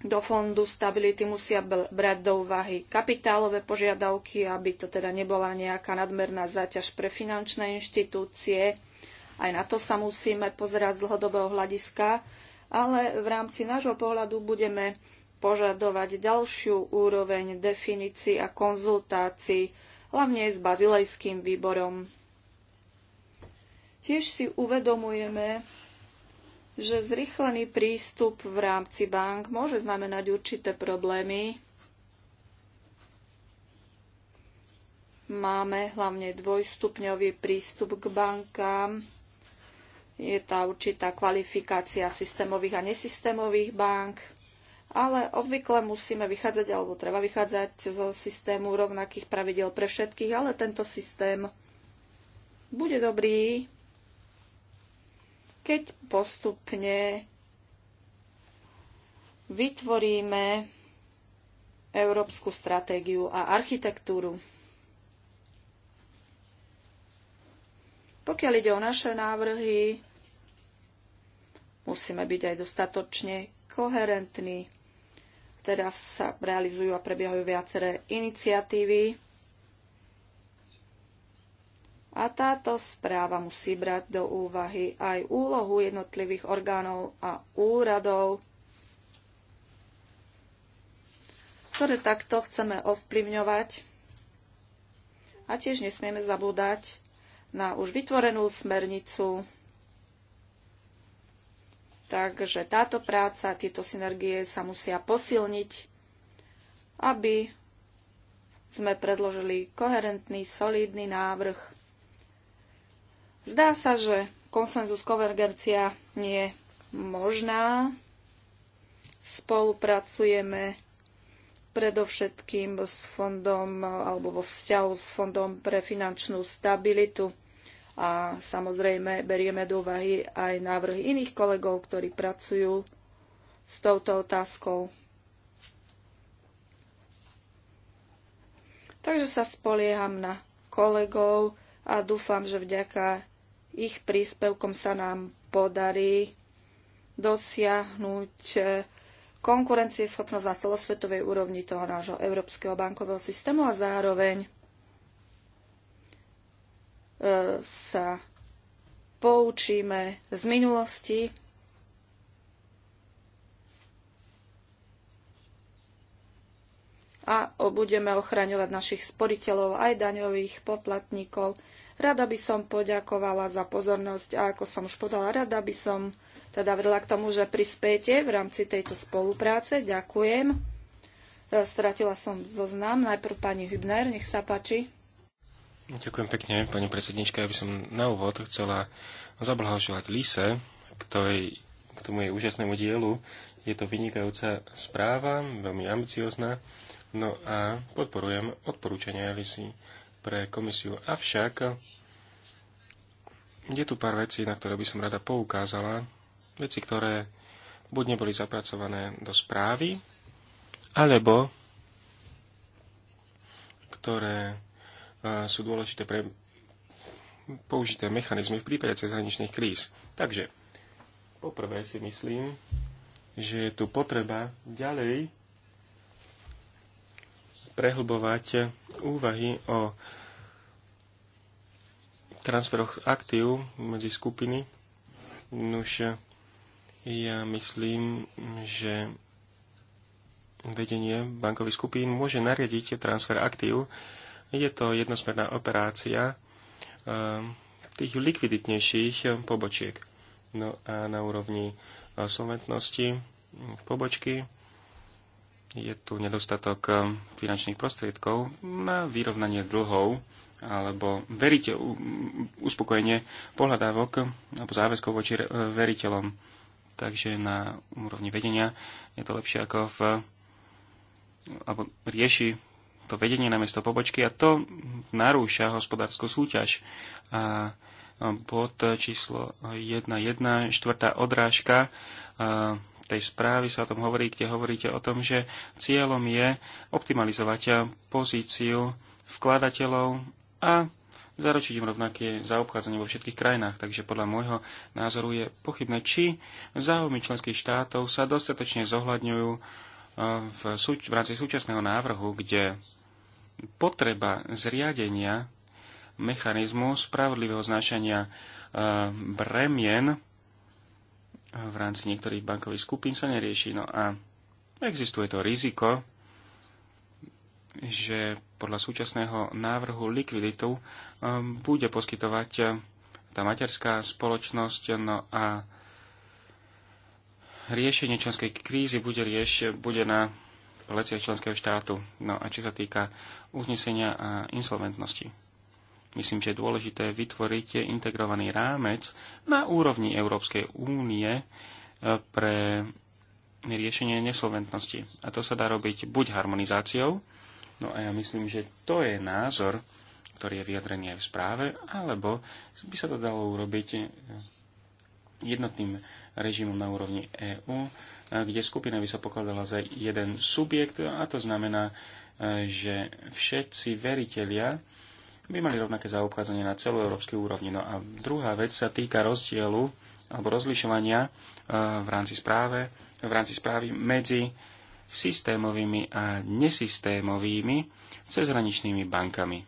do fondu stability musia brať do úvahy kapitálové požiadavky, aby to teda nebola nejaká nadmerná záťaž pre finančné inštitúcie. Aj na to sa musíme pozerať z dlhodobého hľadiska, ale v rámci nášho pohľadu budeme požadovať ďalšiu úroveň definícií a konzultácií, hlavne s bazilejským výborom. Tiež si uvedomujeme, že zrychlený prístup v rámci bank môže znamenať určité problémy. Máme hlavne dvojstupňový prístup k bankám. Je tá určitá kvalifikácia systémových a nesystémových bank. Ale obvykle musíme vychádzať, alebo treba vychádzať zo systému rovnakých pravidel pre všetkých, ale tento systém bude dobrý, keď postupne vytvoríme európsku stratégiu a architektúru. Pokiaľ ide o naše návrhy, musíme byť aj dostatočne koherentní. Teraz sa realizujú a prebiehajú viaceré iniciatívy a táto správa musí brať do úvahy aj úlohu jednotlivých orgánov a úradov, ktoré takto chceme ovplyvňovať. A tiež nesmieme zabúdať na už vytvorenú smernicu. Takže táto práca, tieto synergie sa musia posilniť, aby sme predložili koherentný, solidný návrh Zdá sa, že konsenzus konvergencia nie je možná. Spolupracujeme predovšetkým s fondom alebo vo vzťahu s fondom pre finančnú stabilitu a samozrejme berieme do úvahy aj návrhy iných kolegov, ktorí pracujú s touto otázkou. Takže sa spolieham na kolegov a dúfam, že vďaka ich príspevkom sa nám podarí dosiahnuť eh, konkurencieschopnosť na celosvetovej úrovni toho nášho európskeho bankového systému a zároveň eh, sa poučíme z minulosti a budeme ochraňovať našich sporiteľov aj daňových poplatníkov. Rada by som poďakovala za pozornosť a ako som už podala, rada by som teda vedela k tomu, že prispiete v rámci tejto spolupráce. Ďakujem. E, stratila som zoznam. Najprv pani Hübner, nech sa páči. Ďakujem pekne, pani predsednička. Ja by som na úvod chcela zablahoželať Lise, ktorej, k tomu jej úžasnému dielu. Je to vynikajúca správa, veľmi ambiciozná No a podporujem odporúčania Elisy pre komisiu. Avšak je tu pár vecí, na ktoré by som rada poukázala. Veci, ktoré buď neboli zapracované do správy, alebo ktoré e, sú dôležité pre použité mechanizmy v prípade cezhraničných kríz. Takže, poprvé si myslím, že je tu potreba ďalej prehlbovať úvahy o transferoch aktív medzi skupiny. Nuž, ja myslím, že vedenie bankových skupín môže nariadiť transfer aktív. Je to jednosmerná operácia ehm, tých likviditnejších pobočiek. No a na úrovni solventnosti pobočky je tu nedostatok eh, finančných prostriedkov na vyrovnanie dlhov alebo verite, uspokojenie pohľadávok alebo záväzkov voči eh, veriteľom. Takže na úrovni vedenia je to lepšie ako v alebo rieši to vedenie na mesto pobočky a to narúša hospodárskú súťaž. A eh, bod číslo 1.1, štvrtá odrážka tej správy sa o tom hovorí, kde hovoríte o tom, že cieľom je optimalizovať pozíciu vkladateľov a zaručiť im rovnaké zaobchádzanie vo všetkých krajinách. Takže podľa môjho názoru je pochybné, či záujmy členských štátov sa dostatočne zohľadňujú e, v, súč- v rámci súčasného návrhu, kde potreba zriadenia mechanizmu spravodlivého znášania e, bremien v rámci niektorých bankových skupín sa nerieši. No a existuje to riziko, že podľa súčasného návrhu likviditu um, bude poskytovať um, tá materská spoločnosť no a riešenie členskej krízy bude, rieš, bude na pleciach členského štátu. No a či sa týka uznesenia a insolventnosti. Myslím, že je dôležité vytvoriť integrovaný rámec na úrovni Európskej únie e, pre riešenie nesolventnosti. A to sa dá robiť buď harmonizáciou, no a ja myslím, že to je názor, ktorý je vyjadrený aj v správe, alebo by sa to dalo urobiť e, jednotným režimom na úrovni EÚ, e, kde skupina by sa pokladala za jeden subjekt a to znamená, že všetci veriteľia by mali rovnaké zaobchádzanie na celú európsky úrovni. No a druhá vec sa týka rozdielu alebo rozlišovania e, v rámci, správe, v rámci správy medzi systémovými a nesystémovými cezhraničnými bankami.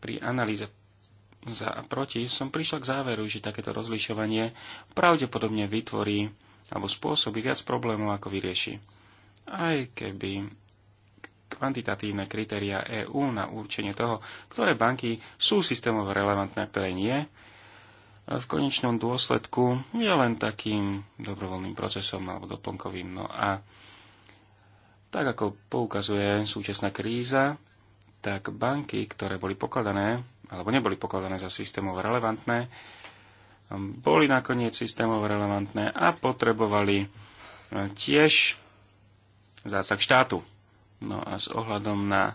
Pri analýze za a proti som prišiel k záveru, že takéto rozlišovanie pravdepodobne vytvorí alebo spôsobí viac problémov, ako vyrieši. Aj keby kvantitatívne kritéria EÚ na určenie toho, ktoré banky sú systémovo relevantné a ktoré nie, v konečnom dôsledku je len takým dobrovoľným procesom alebo doplnkovým. No a tak ako poukazuje súčasná kríza, tak banky, ktoré boli pokladané alebo neboli pokladané za systémovo relevantné, boli nakoniec systémovo relevantné a potrebovali tiež zásah štátu. No a s ohľadom na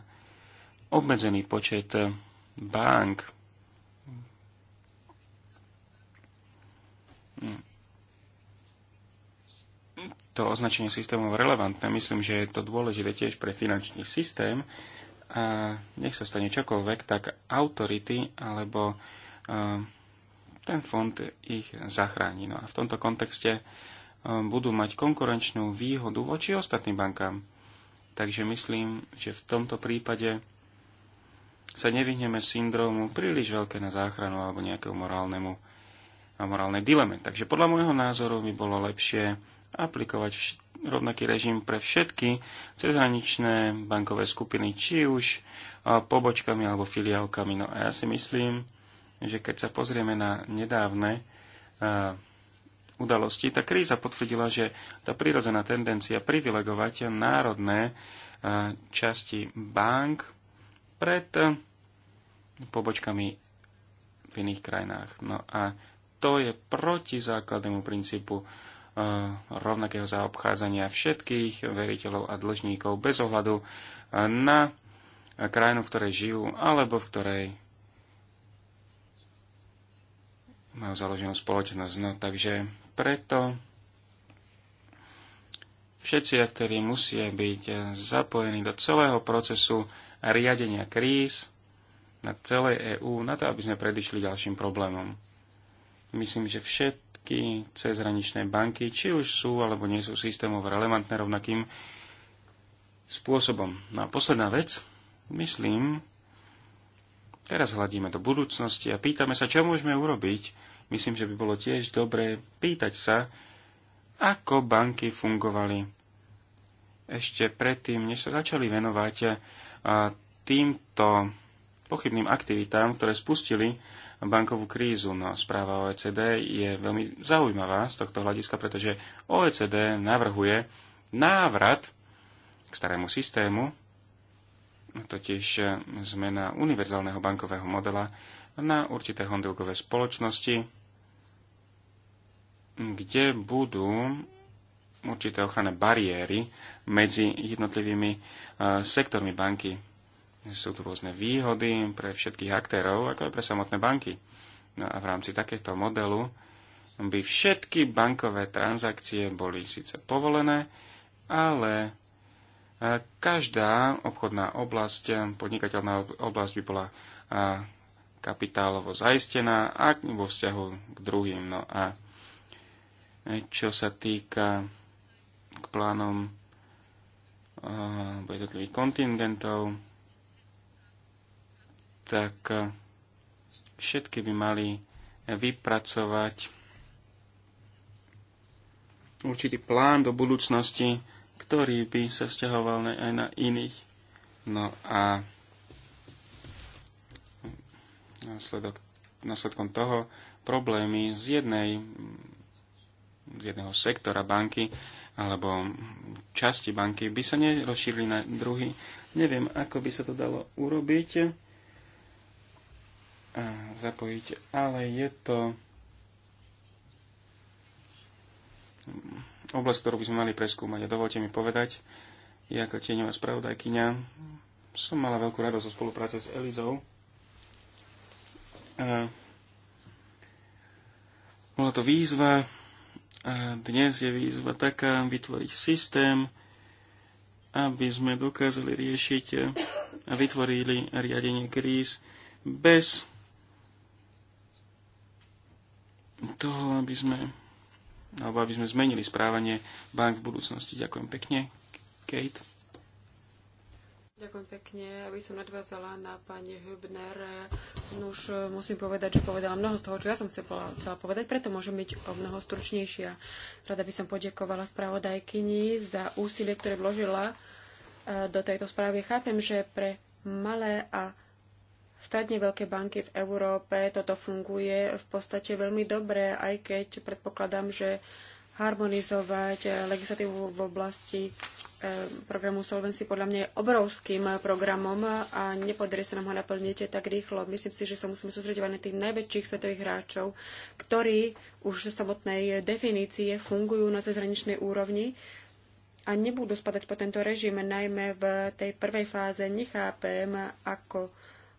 obmedzený počet bank, to označenie systémov relevantné. Myslím, že je to dôležité tiež pre finančný systém. A nech sa stane čokoľvek, tak autority alebo e, ten fond ich zachráni. No a v tomto kontexte e, budú mať konkurenčnú výhodu voči ostatným bankám. Takže myslím, že v tomto prípade sa nevyhneme syndromu príliš veľké na záchranu alebo nejakému morálnemu a morálne dileme. Takže podľa môjho názoru by bolo lepšie aplikovať rovnaký režim pre všetky cezhraničné bankové skupiny, či už pobočkami alebo filiálkami. No a ja si myslím, že keď sa pozrieme na nedávne udalosti, tá kríza potvrdila, že tá prírodzená tendencia privilegovať národné e, časti bank pred e, pobočkami v iných krajinách. No a to je proti základnému princípu e, rovnakého zaobchádzania všetkých veriteľov a dlžníkov bez ohľadu na krajinu, v ktorej žijú alebo v ktorej majú založenú spoločnosť. No takže preto všetci aktéri musia byť zapojení do celého procesu riadenia kríz na celej EÚ, na to, aby sme predišli ďalším problémom. Myslím, že všetky cezhraničné banky, či už sú alebo nie sú systémov relevantné rovnakým spôsobom. No a posledná vec, myslím, teraz hľadíme do budúcnosti a pýtame sa, čo môžeme urobiť, myslím, že by bolo tiež dobré pýtať sa, ako banky fungovali ešte predtým, než sa začali venovať týmto pochybným aktivitám, ktoré spustili bankovú krízu. No, správa OECD je veľmi zaujímavá z tohto hľadiska, pretože OECD navrhuje návrat k starému systému, totiž e, zmena univerzálneho bankového modela na určité hondilgové spoločnosti, kde budú určité ochranné bariéry medzi jednotlivými e, sektormi banky. Sú tu rôzne výhody pre všetkých aktérov, ako aj pre samotné banky. No a v rámci takéto modelu by všetky bankové transakcie boli síce povolené, ale e, každá obchodná oblasť, podnikateľná oblasť by bola e, kapitálovo zaistená a vo vzťahu k druhým. No a čo sa týka k plánom eh, jednotlivých kontingentov, tak eh, všetky by mali vypracovať určitý plán do budúcnosti, ktorý by sa vzťahoval aj na iných. No a následok, následkom toho problémy z jednej z jedného sektora banky alebo časti banky by sa nerozšírili na druhý. Neviem, ako by sa to dalo urobiť a zapojiť, ale je to oblasť, ktorú by sme mali preskúmať. A dovolte mi povedať, ja ako tieňová spravodajkyňa som mala veľkú radosť o spolupráce s Elizou. A bola to výzva, a dnes je výzva taká vytvoriť systém, aby sme dokázali riešiť a vytvorili riadenie kríz bez toho, aby sme alebo aby sme zmenili správanie bank v budúcnosti. Ďakujem pekne, Kate. Ďakujem pekne. Aby som nadviazala na pani Hübner, už musím povedať, že povedala mnoho z toho, čo ja som chcela povedať, preto môžem byť o mnoho stručnejšia. Rada by som podiekovala spravodajkyni za úsilie, ktoré vložila e, do tejto správy. Chápem, že pre malé a stredne veľké banky v Európe toto funguje v podstate veľmi dobre, aj keď predpokladám, že harmonizovať e, legislatívu v oblasti Eh, programu Solvency podľa mňa je obrovským programom a nepodarí sa nám ho naplniť tak rýchlo. Myslím si, že sa musíme sústredovať na tých najväčších svetových hráčov, ktorí už v samotnej definície fungujú na cezhraničnej úrovni a nebudú spadať po tento režim, najmä v tej prvej fáze nechápem, ako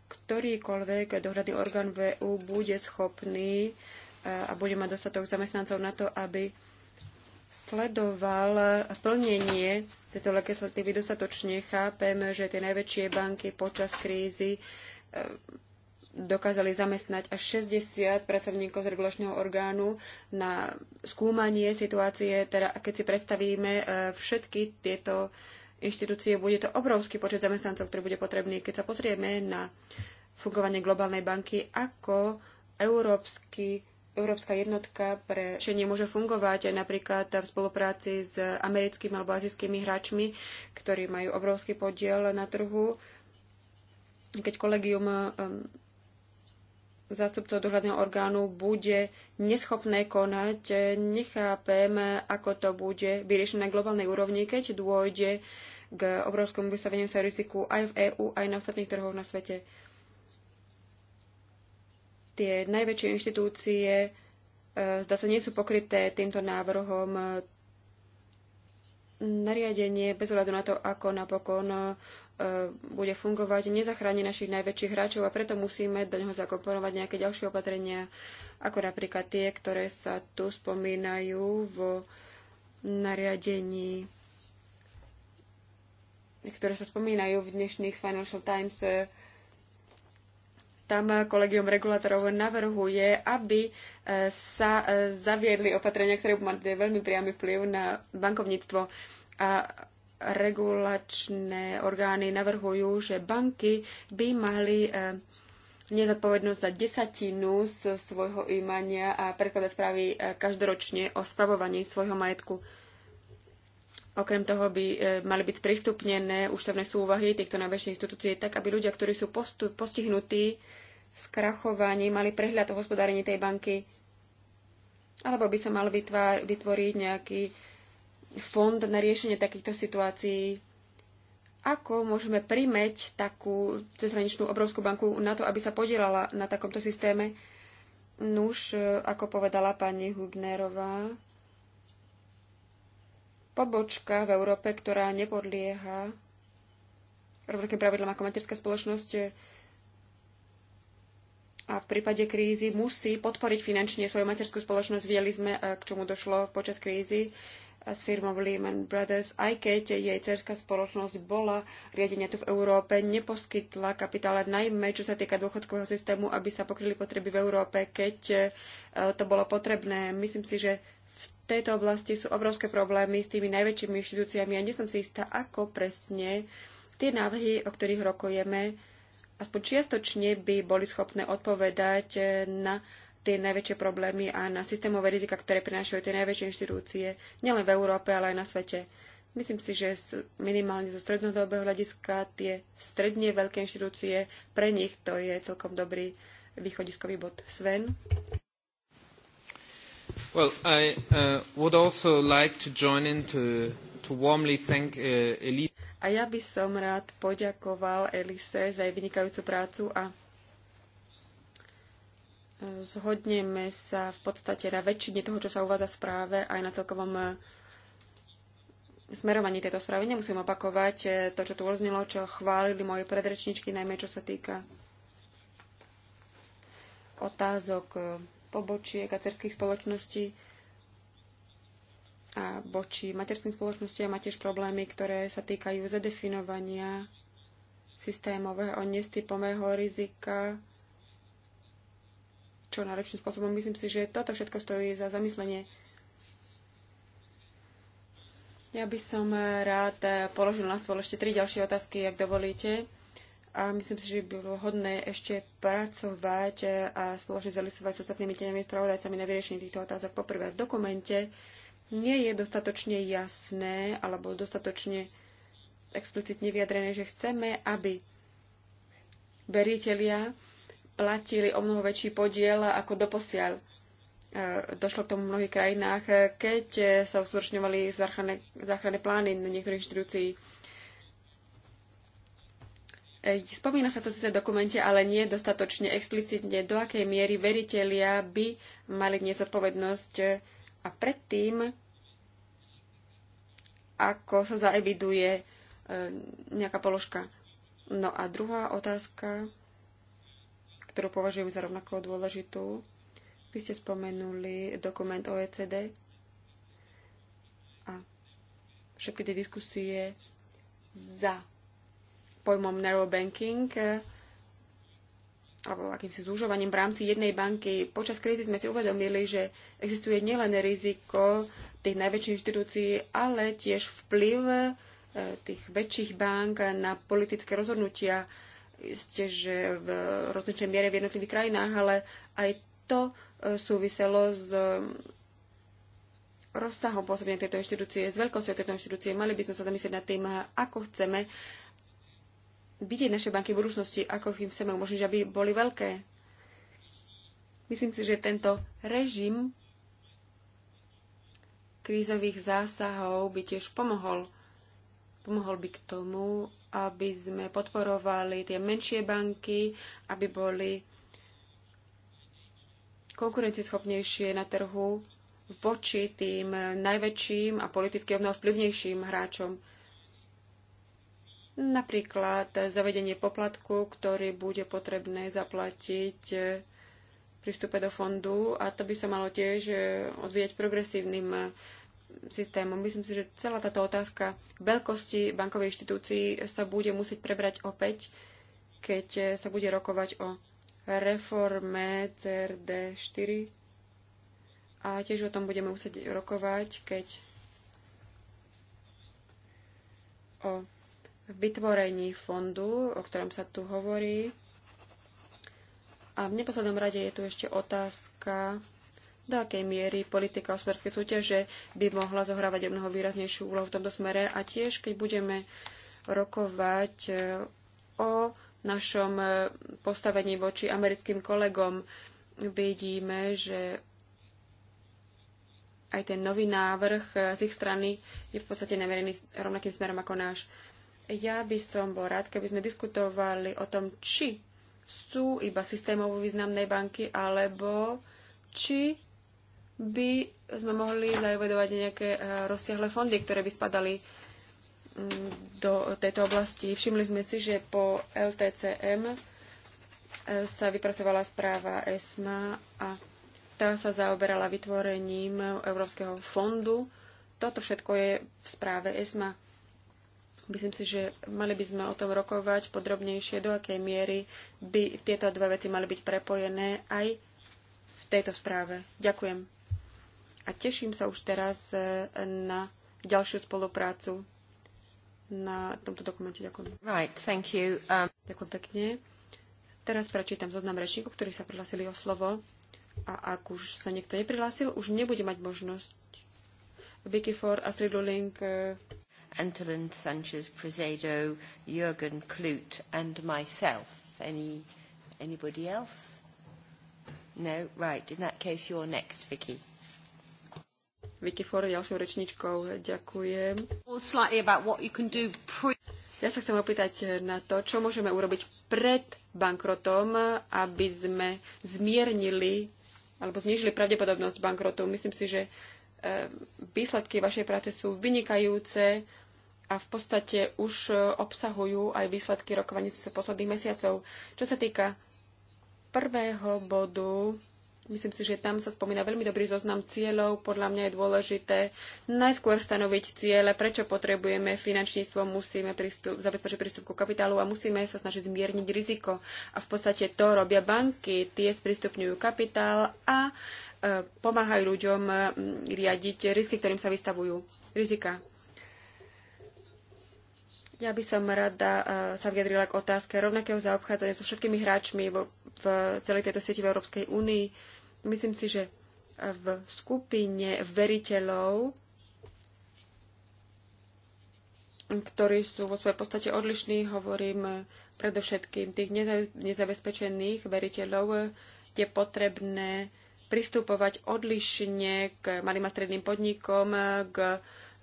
ktorýkoľvek dohľadný orgán VU bude schopný eh, a bude mať dostatok zamestnancov na to, aby sledoval plnenie tejto legislatívy dostatočne. Chápem, že tie najväčšie banky počas krízy e, dokázali zamestnať až 60 pracovníkov z regulačného orgánu na skúmanie situácie. Teda, keď si predstavíme e, všetky tieto inštitúcie, bude to obrovský počet zamestnancov, ktorý bude potrebný. Keď sa pozrieme na fungovanie globálnej banky, ako európsky Európska jednotka pre šenie môže fungovať aj napríklad v spolupráci s americkými alebo azijskými hráčmi, ktorí majú obrovský podiel na trhu. Keď kolegium um, zástupcov dohľadného orgánu bude neschopné konať, nechápem, ako to bude vyriešené na globálnej úrovni, keď dôjde k obrovskému vystaveniu sa riziku aj v EÚ, aj na ostatných trhoch na svete. Tie najväčšie inštitúcie e, zdá sa nie sú pokryté týmto návrhom. Nariadenie bez hľadu na to, ako napokon e, bude fungovať, nezachráni našich najväčších hráčov a preto musíme do neho zakomponovať nejaké ďalšie opatrenia, ako napríklad tie, ktoré sa tu spomínajú v nariadení, ktoré sa spomínajú v dnešných Financial Times tam kolegium regulátorov navrhuje, aby e, sa e, zaviedli opatrenia, ktoré budú mať veľmi priamy vplyv na bankovníctvo. A regulačné orgány navrhujú, že banky by mali e, nezodpovednosť za desatinu z svojho imania a prekladať správy každoročne o spravovaní svojho majetku. Okrem toho by e, mali byť sprístupnené ústavné súvahy týchto najväčších inštitúcií tak, aby ľudia, ktorí sú postihnutí skrachovaním, mali prehľad o hospodárení tej banky. Alebo by sa mal vytvár, vytvoriť nejaký fond na riešenie takýchto situácií. Ako môžeme primeť takú cezhraničnú obrovskú banku na to, aby sa podielala na takomto systéme? Nuž, e, ako povedala pani Hubnerová, pobočka v Európe, ktorá nepodlieha rovnakým pravidlom ako materská spoločnosť a v prípade krízy musí podporiť finančne svoju materskú spoločnosť. Videli sme, e, k čomu došlo počas krízy e, s firmou Lehman Brothers, aj keď jej cerská spoločnosť bola riadenia tu v Európe, neposkytla kapitále najmä čo sa týka dôchodkového systému, aby sa pokryli potreby v Európe, keď e, to bolo potrebné. Myslím si, že tejto oblasti sú obrovské problémy s tými najväčšími inštitúciami a ja nie som si istá, ako presne tie návrhy, o ktorých rokujeme, aspoň čiastočne by boli schopné odpovedať eh, na tie najväčšie problémy a na systémové rizika, ktoré prinášajú tie najväčšie inštitúcie, nielen v Európe, ale aj na svete. Myslím si, že minimálne zo strednodobého hľadiska tie stredne veľké inštitúcie, pre nich to je celkom dobrý východiskový bod. Sven? Well, I uh, would also like to join in to, to warmly thank uh, Elise. A ja by som rád poďakoval Elise za jej vynikajúcu prácu a e, zhodneme sa v podstate na väčšine toho, čo sa uvádza v správe, aj na celkovom e, smerovaní tejto správy. Nemusím opakovať e, to, čo tu oznilo, čo chválili moje predrečničky, najmä čo sa týka otázok pobočiek a cerských spoločností a voči materským spoločnostiam má tiež problémy, ktoré sa týkajú zadefinovania systémového nestypového rizika čo najlepším spôsobom. Myslím si, že toto všetko stojí za zamyslenie. Ja by som rád položil na stôl ešte tri ďalšie otázky, ak dovolíte a myslím si, že by bolo hodné ešte pracovať a spoločne zalisovať s ostatnými tenami spravodajcami na vyriešenie týchto otázok. Poprvé, v dokumente nie je dostatočne jasné alebo dostatočne explicitne vyjadrené, že chceme, aby veriteľia platili o mnoho väčší podiel ako doposiaľ. E, došlo k tomu v mnohých krajinách, keď sa uskutočňovali záchranné, plány na niektorých inštitúcií E, spomína sa to síce v dokumente, ale nie dostatočne explicitne, do akej miery veritelia by mali dnes a predtým, ako sa zaeviduje e, nejaká položka. No a druhá otázka, ktorú považujem za rovnako dôležitú, vy ste spomenuli dokument OECD a všetky tie diskusie za pojmom narrow banking e, alebo akýmsi zúžovaním v rámci jednej banky. Počas krízy sme si uvedomili, že existuje nielen riziko tých najväčších inštitúcií, ale tiež vplyv e, tých väčších bank na politické rozhodnutia ste, že v rozličnej miere v jednotlivých krajinách, ale aj to e, súviselo s rozsahom pôsobenia tejto inštitúcie, s veľkosťou tejto inštitúcie. Mali by sme sa zamyslieť nad tým, ako chceme vidieť naše banky v budúcnosti, ako im chceme umožniť, aby boli veľké. Myslím si, že tento režim krízových zásahov by tiež pomohol. Pomohol by k tomu, aby sme podporovali tie menšie banky, aby boli konkurencieschopnejšie na trhu voči tým najväčším a politicky vplyvnejším hráčom. Napríklad zavedenie poplatku, ktorý bude potrebné zaplatiť e, prístupe do fondu a to by sa malo tiež e, odvíjať progresívnym e, systémom. Myslím si, že celá táto otázka veľkosti bankovej inštitúcii sa bude musieť prebrať opäť, keď sa bude rokovať o reforme CRD4 a tiež o tom budeme musieť rokovať, keď o v vytvorení fondu, o ktorom sa tu hovorí. A v neposlednom rade je tu ešte otázka, do akej miery politika hospodárskej súťaže by mohla zohrávať o mnoho výraznejšiu úlohu v tomto smere. A tiež, keď budeme rokovať e, o našom e, postavení voči americkým kolegom, vidíme, že aj ten nový návrh e, z ich strany je v podstate namerený rovnakým smerom ako náš. Ja by som bol rád, keby sme diskutovali o tom, či sú iba systémovo významné banky, alebo či by sme mohli zajovedovať nejaké eh, rozsiahle fondy, ktoré by spadali mm, do tejto oblasti. Všimli sme si, že po LTCM eh, sa vypracovala správa ESMA a tá sa zaoberala vytvorením Európskeho fondu. Toto všetko je v správe ESMA. Myslím si, že mali by sme o tom rokovať podrobnejšie, do akej miery by tieto dve veci mali byť prepojené aj v tejto správe. Ďakujem. A teším sa už teraz e, na ďalšiu spoluprácu na tomto dokumente. Ďakujem. Right, thank you. Um... Ďakujem pekne. Teraz prečítam zoznam rečníkov, ktorí sa prihlásili o slovo. A ak už sa niekto neprihlásil, už nebude mať možnosť. Vicky Ford, Astrid Luling, e, Antolin Sanchez Prezedo, Jürgen Klute, and myself. Any, anybody else? No? Right. In that case, you're next, Vicky. Vicky Ford, ďalšou rečničkou. Ďakujem. Ja sa chcem opýtať na to, čo môžeme urobiť pred bankrotom, aby sme zmiernili alebo znižili pravdepodobnosť bankrotu. Myslím si, že eh, výsledky vašej práce sú vynikajúce a v podstate už e, obsahujú aj výsledky rokovaní z posledných mesiacov. Čo sa týka prvého bodu, myslím si, že tam sa spomína veľmi dobrý zoznam cieľov. Podľa mňa je dôležité najskôr stanoviť ciele, prečo potrebujeme finančníctvo, musíme prístup, zabezpečiť prístup ku kapitálu a musíme sa snažiť zmierniť riziko. A v podstate to robia banky, tie sprístupňujú kapitál a e, pomáhajú ľuďom riadiť risky, ktorým sa vystavujú. Rizika. Ja by som rada eh, sa vyjadrila k otázke rovnakého zaobchádzania so všetkými hráčmi vo, v celej tejto sieti v Európskej únii. Myslím si, že v skupine veriteľov, ktorí sú vo svojej podstate odlišní, hovorím predovšetkým tých nezabezpečených veriteľov, je potrebné pristupovať odlišne k malým a stredným podnikom, k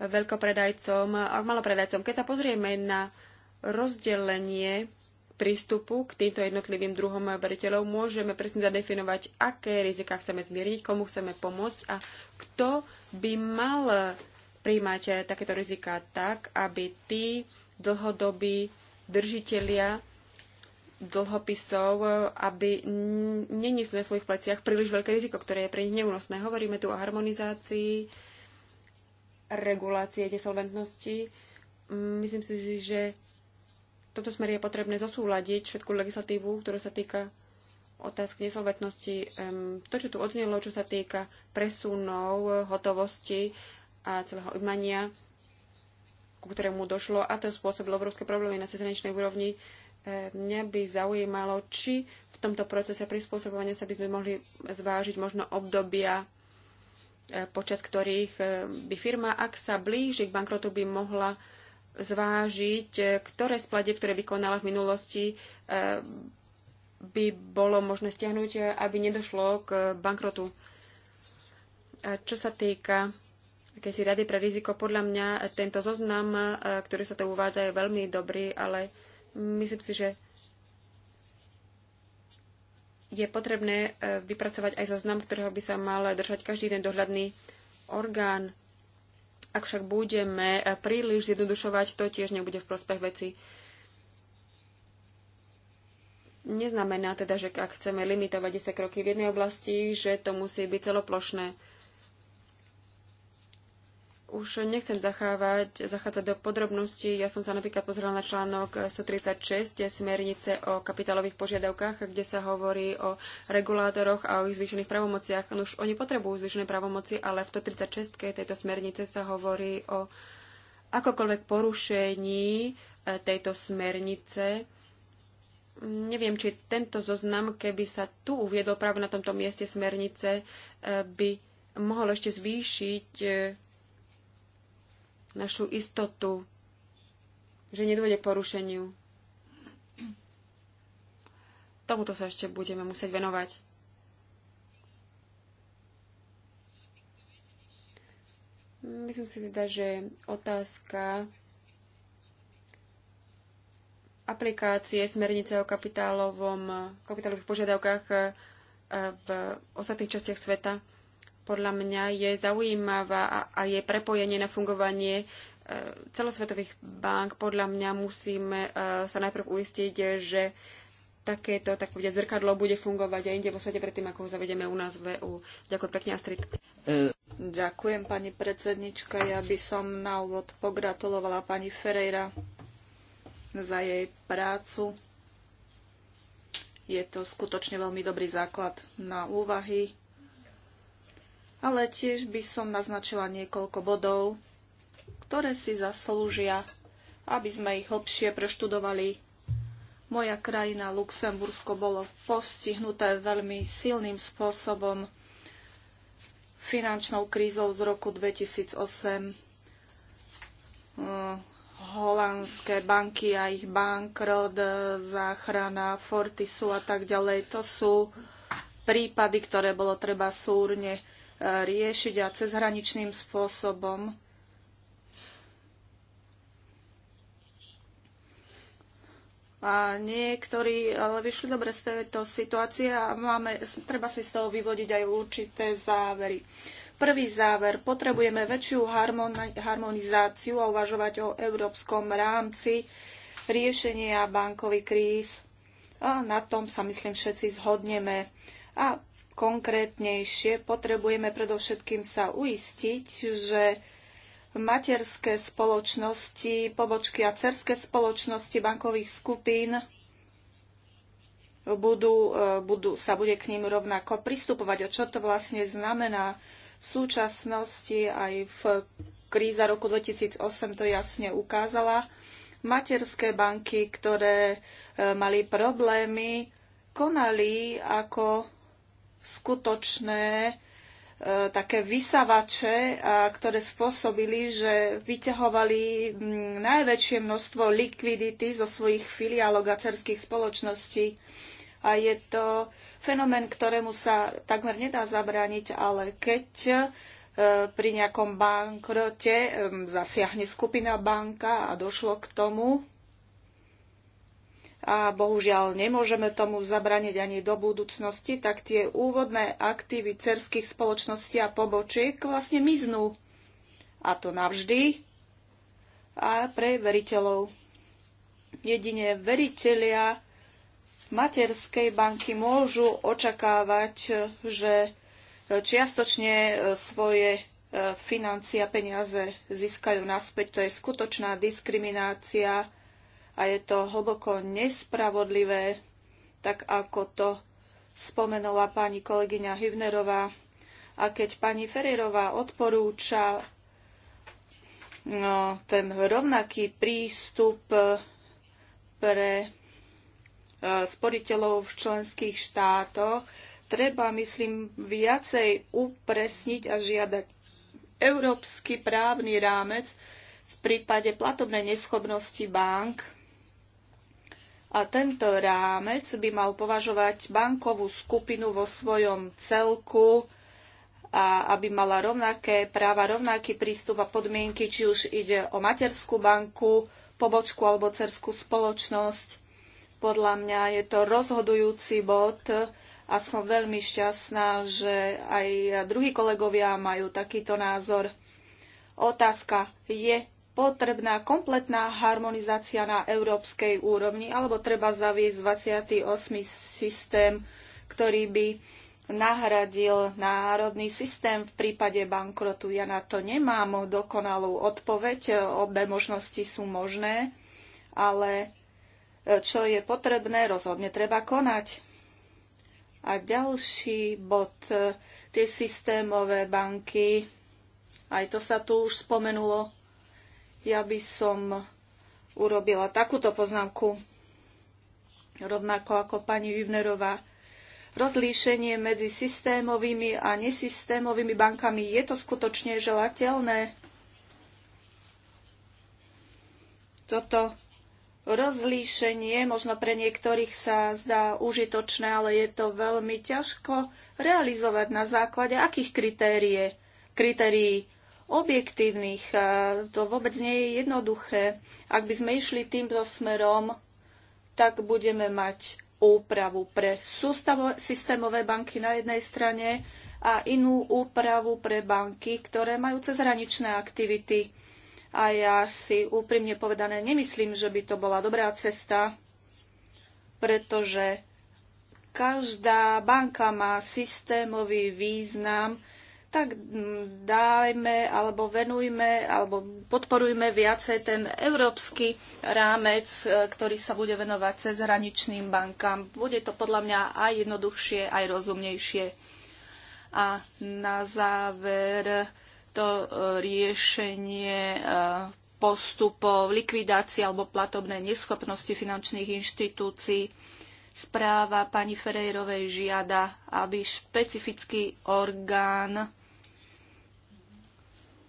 veľkopredajcom a malopredajcom. Keď sa pozrieme na rozdelenie prístupu k týmto jednotlivým druhom veriteľov, môžeme presne zadefinovať, aké rizika chceme zmieriť, komu chceme pomôcť a kto by mal príjmať takéto rizika tak, aby tí dlhodobí držitelia dlhopisov, aby neniesli na svojich pleciach príliš veľké riziko, ktoré je pre nich neúnosné. Hovoríme tu o harmonizácii, regulácie solventnosti. Myslím si, že v tomto smere je potrebné zosúľadiť všetku legislatívu, ktorá sa týka otázky nesolventnosti. To, čo tu odznelo, čo sa týka presunov, hotovosti a celého imania, ku ktorému došlo a to spôsobilo obrovské problémy na cezhraničnej úrovni. Mňa by zaujímalo, či v tomto procese prispôsobovania sa by sme mohli zvážiť možno obdobia počas ktorých e, by firma, ak sa blíži k bankrotu, by mohla zvážiť, e, ktoré z ktoré vykonala v minulosti, e, by bolo možné stiahnuť, aby nedošlo k bankrotu. Čo sa týka akési rady pre riziko, podľa mňa tento zoznam, ktorý sa to uvádza, je veľmi dobrý, ale myslím si, že je potrebné e, vypracovať aj zoznam, ktorého by sa mal držať každý jeden dohľadný orgán. Ak však budeme e, príliš zjednodušovať, to tiež nebude v prospech veci. Neznamená teda, že ak chceme limitovať 10 kroky v jednej oblasti, že to musí byť celoplošné. Už nechcem zachávať, zachádzať do podrobností. Ja som sa napríklad pozrela na článok 136 smernice o kapitálových požiadavkách, kde sa hovorí o regulátoroch a o ich zvýšených pravomociach. No už oni potrebujú zvýšené pravomoci, ale v 136 tejto smernice sa hovorí o akokoľvek porušení e, tejto smernice. Neviem, či tento zoznam, keby sa tu uviedol práve na tomto mieste smernice, e, by mohol ešte zvýšiť e, našu istotu, že nedôjde k porušeniu. Tomuto sa ešte budeme musieť venovať. Myslím si teda, že otázka aplikácie smernice o kapitálovom, kapitálových požiadavkách eh, v ostatných častiach sveta podľa mňa je zaujímavá a, a je prepojenie na fungovanie e, celosvetových bank. Podľa mňa musíme e, sa najprv uistiť, že takéto, tak bude, zrkadlo bude fungovať aj inde vo svete predtým, ako ho zavedeme u nás v EU. Ďakujem pekne, Astrid. E, Ďakujem, pani predsednička. Ja by som na úvod pogratulovala pani Ferreira za jej prácu. Je to skutočne veľmi dobrý základ na úvahy ale tiež by som naznačila niekoľko bodov, ktoré si zaslúžia, aby sme ich hlbšie preštudovali. Moja krajina Luxembursko bolo postihnuté veľmi silným spôsobom finančnou krízou z roku 2008. Eh, holandské banky a ich bankrod, eh, záchrana Fortisu a tak ďalej, to sú prípady, ktoré bolo treba súrne riešiť a cezhraničným spôsobom. A niektorí ale vyšli dobre z tejto situácie a máme, treba si z toho vyvodiť aj určité závery. Prvý záver. Potrebujeme väčšiu harmonizáciu a uvažovať o európskom rámci riešenia bankových kríz. A na tom sa, myslím, všetci zhodneme. A konkrétnejšie, potrebujeme predovšetkým sa uistiť, že materské spoločnosti, pobočky a cerské spoločnosti bankových skupín budú, e, budú, sa bude k ním rovnako pristupovať. A čo to vlastne znamená v súčasnosti aj v kríza roku 2008 to jasne ukázala. Materské banky, ktoré e, mali problémy, konali ako skutočné e, také vysavače, e, ktoré spôsobili, že vyťahovali najväčšie množstvo likvidity zo svojich filiálok a cerských spoločností. A je to fenomén, ktorému sa takmer nedá zabrániť, ale keď e, pri nejakom bankrote zasiahne skupina banka a došlo k tomu, a bohužiaľ nemôžeme tomu zabraniť ani do budúcnosti, tak tie úvodné aktívy cerských spoločností a pobočiek vlastne miznú. A to navždy a pre veriteľov. Jedine veriteľia materskej banky môžu očakávať, že čiastočne e, svoje e, financie a peniaze získajú naspäť. To je skutočná diskriminácia a je to hlboko nespravodlivé, tak ako to spomenula pani kolegyňa Hivnerová. A keď pani Ferrerová odporúča no, ten rovnaký prístup eh, pre eh, sporiteľov v členských štátoch, treba, myslím, viacej upresniť a žiadať európsky právny rámec v prípade platobnej neschopnosti bank a tento rámec by mal považovať bankovú skupinu vo svojom celku a aby mala rovnaké práva, rovnaký prístup a podmienky, či už ide o materskú banku, pobočku alebo cerskú spoločnosť. Podľa mňa je to rozhodujúci bod a som veľmi šťastná, že aj druhí kolegovia majú takýto názor. Otázka je, potrebná kompletná harmonizácia na európskej úrovni, alebo treba zaviesť 28. systém, ktorý by nahradil národný systém v prípade bankrotu. Ja na to nemám dokonalú odpoveď. Obe možnosti sú možné, ale čo je potrebné, rozhodne treba konať. A ďalší bod, tie systémové banky, aj to sa tu už spomenulo, ja by som urobila takúto poznámku, rovnako ako pani Hübnerová. Rozlíšenie medzi systémovými a nesystémovými bankami, je to skutočne želateľné? Toto rozlíšenie možno pre niektorých sa zdá užitočné, ale je to veľmi ťažko realizovať na základe akých kritérií objektívnych. To vôbec nie je jednoduché. Ak by sme išli týmto smerom, tak budeme mať úpravu pre sústavo, systémové banky na jednej strane a inú úpravu pre banky, ktoré majú cezhraničné aktivity. A ja si úprimne povedané nemyslím, že by to bola dobrá cesta, pretože každá banka má systémový význam, tak mm, dajme alebo venujme alebo podporujme viacej ten európsky rámec, e, ktorý sa bude venovať cez hraničným bankám. Bude to podľa mňa aj jednoduchšie, aj rozumnejšie. A na záver to e, riešenie e, postupov, likvidácie alebo platobnej neschopnosti finančných inštitúcií správa pani Ferejrovej žiada, aby špecifický orgán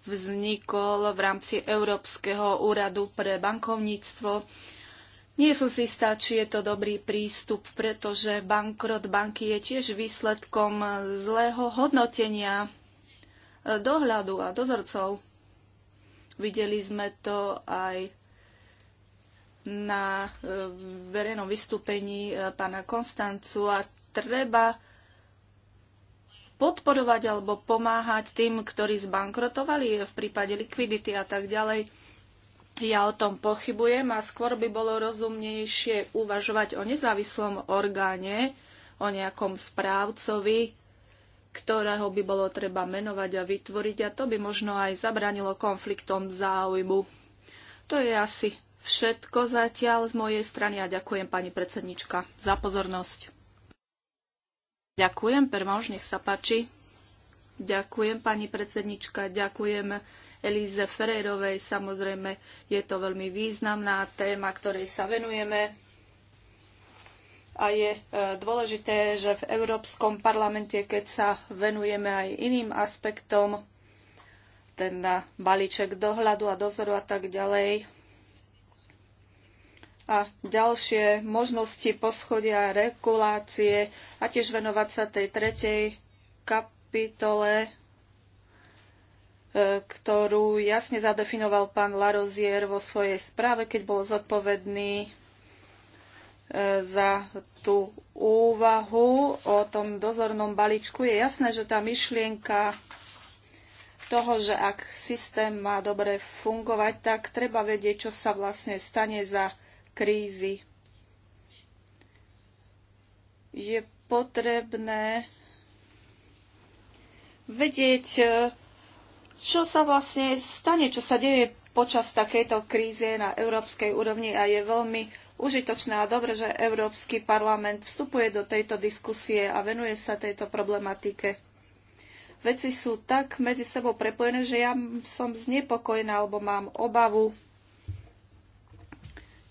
vznikol v rámci Európskeho úradu pre bankovníctvo. Nie som si istá, či je to dobrý prístup, pretože bankrot banky je tiež výsledkom zlého hodnotenia e, dohľadu a dozorcov. Videli sme to aj na e, verejnom vystúpení e, pána Konstancu a treba podporovať alebo pomáhať tým, ktorí zbankrotovali v prípade likvidity a tak ďalej. Ja o tom pochybujem a skôr by bolo rozumnejšie uvažovať o nezávislom orgáne, o nejakom správcovi, ktorého by bolo treba menovať a vytvoriť a to by možno aj zabranilo konfliktom záujmu. To je asi všetko zatiaľ z mojej strany a ďakujem pani predsednička za pozornosť. Ďakujem, Permauž, nech sa páči. Ďakujem, pani predsednička, ďakujem Elize Ferrerovej. Samozrejme, je to veľmi významná téma, ktorej sa venujeme. A je e, dôležité, že v Európskom parlamente, keď sa venujeme aj iným aspektom, ten balíček dohľadu a dozoru a tak ďalej, a ďalšie možnosti poschodia regulácie a tiež venovať sa tej tretej kapitole, e, ktorú jasne zadefinoval pán Larozier vo svojej správe, keď bol zodpovedný e, za tú úvahu o tom dozornom balíčku. Je jasné, že tá myšlienka toho, že ak systém má dobre fungovať, tak treba vedieť, čo sa vlastne stane za krízy. Je potrebné vedieť, čo sa vlastne stane, čo sa deje počas takejto krízy na európskej úrovni a je veľmi užitočné a dobre, že Európsky parlament vstupuje do tejto diskusie a venuje sa tejto problematike. Veci sú tak medzi sebou prepojené, že ja som znepokojená alebo mám obavu,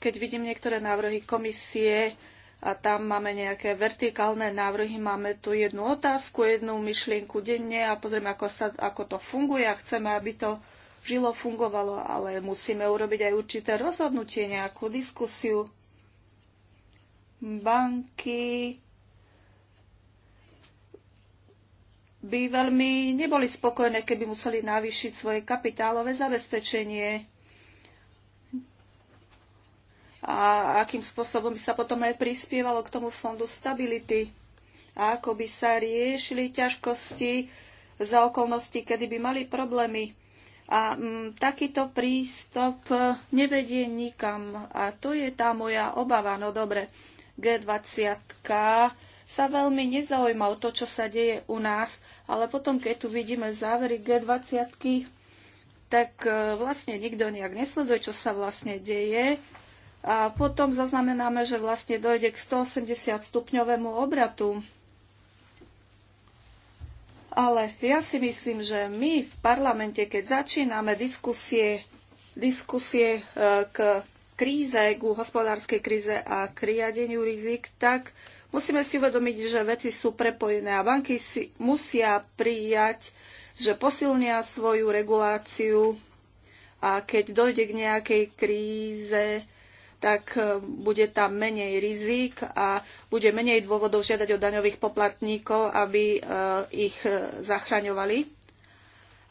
keď vidím niektoré návrhy komisie a tam máme nejaké vertikálne návrhy, máme tu jednu otázku, jednu myšlienku denne a pozrieme, ako, sa, ako to funguje a chceme, aby to žilo, fungovalo, ale musíme urobiť aj určité rozhodnutie, nejakú diskusiu. Banky, by veľmi neboli spokojné, keby museli navýšiť svoje kapitálové zabezpečenie a akým spôsobom by sa potom aj prispievalo k tomu fondu stability a ako by sa riešili ťažkosti za okolnosti, kedy by mali problémy. A m, mm, takýto prístup nevedie nikam. A to je tá moja obava. No dobre, G20 sa veľmi nezaujíma o to, čo sa deje u nás, ale potom, keď tu vidíme závery G20, tak e, vlastne nikto nejak nesleduje, čo sa vlastne deje a potom zaznamenáme, že vlastne dojde k 180 stupňovému obratu. Ale ja si myslím, že my v parlamente, keď začíname diskusie, diskusie e, k kríze, k hospodárskej kríze a k riadeniu rizik, tak musíme si uvedomiť, že veci sú prepojené a banky si musia prijať, že posilnia svoju reguláciu a keď dojde k nejakej kríze, tak e, bude tam menej rizik a bude menej dôvodov žiadať od daňových poplatníkov, aby e, ich e, zachraňovali.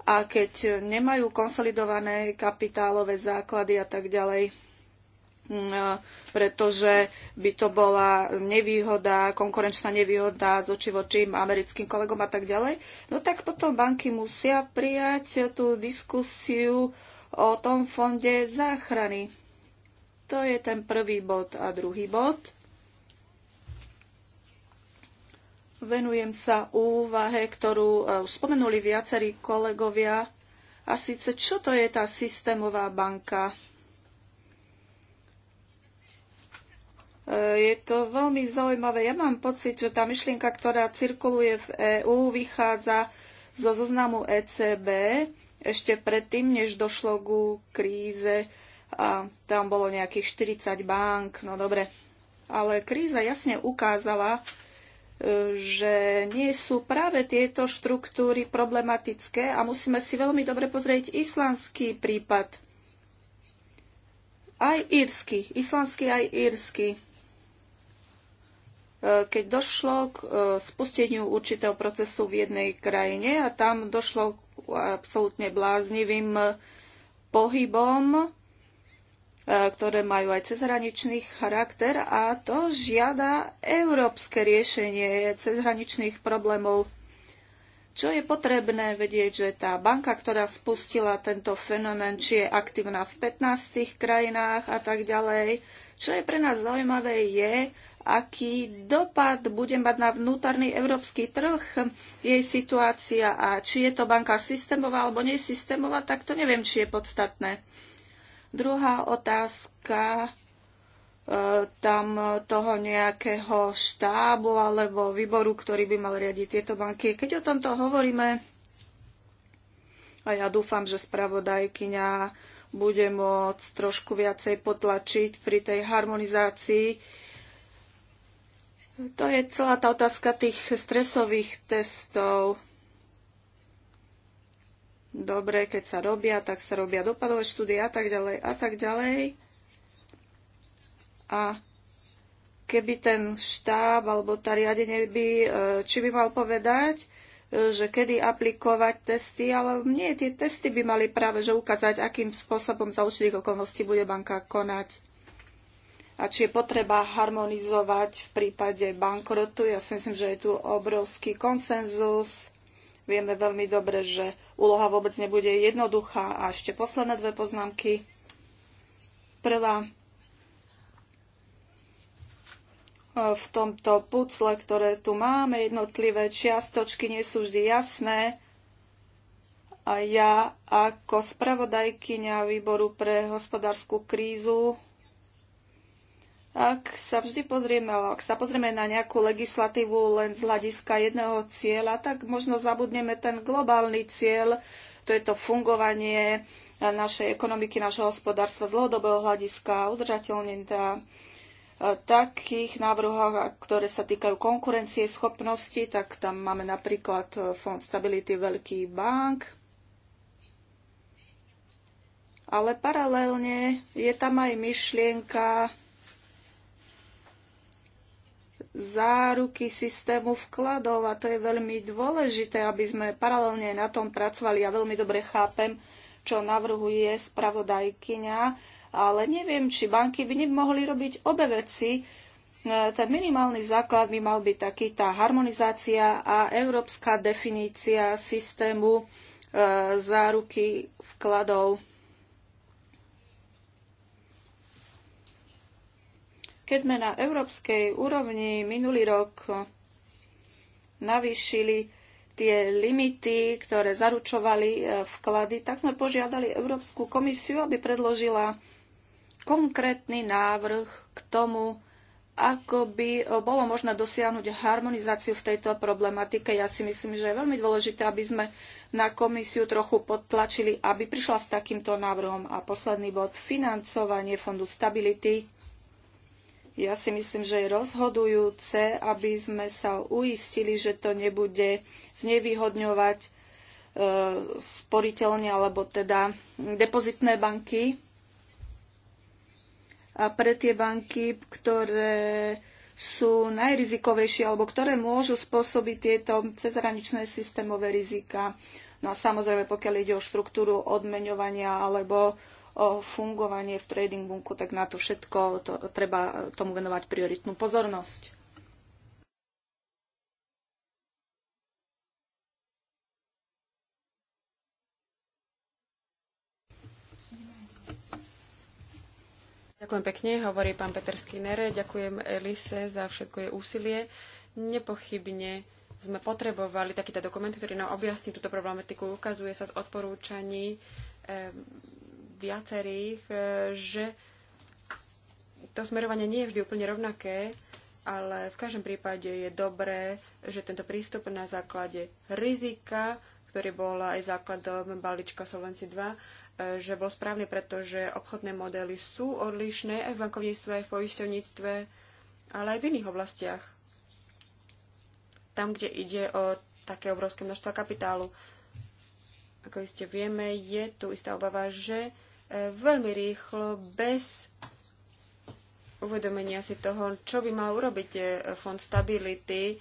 A keď nemajú konsolidované kapitálové základy a tak ďalej, pretože by to bola nevýhoda, konkurenčná nevýhoda z oči vočím americkým kolegom a tak ďalej, no tak potom banky musia prijať tú diskusiu o tom fonde záchrany to je ten prvý bod a druhý bod. Venujem sa úvahe, ktorú e, už spomenuli viacerí kolegovia, a síce čo to je tá systémová banka. E, je to veľmi zaujímavé. Ja mám pocit, že tá myšlienka, ktorá cirkuluje v EÚ, vychádza zo zoznamu ECB ešte predtým, než došlo ku kríze a tam bolo nejakých 40 bank, no dobre. Ale kríza jasne ukázala, e, že nie sú práve tieto štruktúry problematické a musíme si veľmi dobre pozrieť islandský prípad. Aj írsky, islandský aj írsky. E, keď došlo k e, spusteniu určitého procesu v jednej krajine a tam došlo k absolútne bláznivým pohybom E, ktoré majú aj cezhraničný charakter a to žiada európske riešenie cezhraničných problémov. Čo je potrebné vedieť, že tá banka, ktorá spustila tento fenomén, či je aktívna v 15 krajinách a tak ďalej. Čo je pre nás zaujímavé je, aký dopad bude mať na vnútorný európsky trh jej situácia a či je to banka systémová alebo nesystémová, tak to neviem, či je podstatné. Druhá otázka, e, tam toho nejakého štábu alebo výboru, ktorý by mal riadiť tieto banky. Keď o tomto hovoríme, a ja dúfam, že spravodajkyňa bude môcť trošku viacej potlačiť pri tej harmonizácii, to je celá tá otázka tých stresových testov dobre, keď sa robia, tak sa robia dopadové štúdie a tak ďalej a tak ďalej. A keby ten štáb alebo tá riadenie by, e, či by mal povedať, e, že kedy aplikovať testy, ale nie, tie testy by mali práve že ukázať, akým spôsobom za určitých okolností bude banka konať a či je potreba harmonizovať v prípade bankrotu. Ja si myslím, že je tu obrovský konsenzus Vieme veľmi dobre, že úloha vôbec nebude jednoduchá. A ešte posledné dve poznámky. Prvá. E, v tomto pucle, ktoré tu máme, jednotlivé čiastočky nie sú vždy jasné. A ja ako spravodajkyňa výboru pre hospodárskú krízu ak sa vždy pozrieme, ak sa pozrieme na nejakú legislatívu len z hľadiska jedného cieľa, tak možno zabudneme ten globálny cieľ, to je to fungovanie našej ekonomiky, našho hospodárstva z dlhodobého hľadiska, udržateľne na eh, takých návrhoch, ktoré sa týkajú konkurencie schopnosti, tak tam máme napríklad eh, Fond stability veľký bank, ale paralelne je tam aj myšlienka záruky systému vkladov a to je veľmi dôležité, aby sme paralelne na tom pracovali. Ja veľmi dobre chápem, čo navrhuje spravodajkyňa, ale neviem, či banky by nemohli robiť obe veci. E, ten minimálny základ by mal byť taký tá harmonizácia a európska definícia systému e, záruky vkladov. Keď sme na európskej úrovni minulý rok navýšili tie limity, ktoré zaručovali e, vklady, tak sme požiadali Európsku komisiu, aby predložila konkrétny návrh k tomu, ako by bolo možné dosiahnuť harmonizáciu v tejto problematike. Ja si myslím, že je veľmi dôležité, aby sme na komisiu trochu podtlačili, aby prišla s takýmto návrhom. A posledný bod, financovanie Fondu stability ja si myslím, že je rozhodujúce, aby sme sa uistili, že to nebude znevýhodňovať e, sporiteľne alebo teda depozitné banky. A pre tie banky, ktoré sú najrizikovejšie alebo ktoré môžu spôsobiť tieto cezhraničné systémové rizika. No a samozrejme, pokiaľ ide o štruktúru odmeňovania alebo o fungovanie v trading bunku, tak na to všetko to, treba tomu venovať prioritnú pozornosť. Ďakujem pekne, hovorí pán Peter Skinner. Ďakujem Elise za všetko jej úsilie. Nepochybne sme potrebovali takýto dokument, ktorý nám objasní túto problematiku. Ukazuje sa z odporúčaní viacerých, e, že to smerovanie nie je vždy úplne rovnaké, ale v každom prípade je dobré, že tento prístup na základe rizika, ktorý bol aj základom balíčka Solvency 2, e, že bol správny, pretože obchodné modely sú odlišné aj v bankovníctve, aj v poisťovníctve, ale aj v iných oblastiach. Tam, kde ide o také obrovské množstvo kapitálu. Ako iste vieme, je tu istá obava, že veľmi rýchlo, bez uvedomenia si toho, čo by mal urobiť eh, fond stability.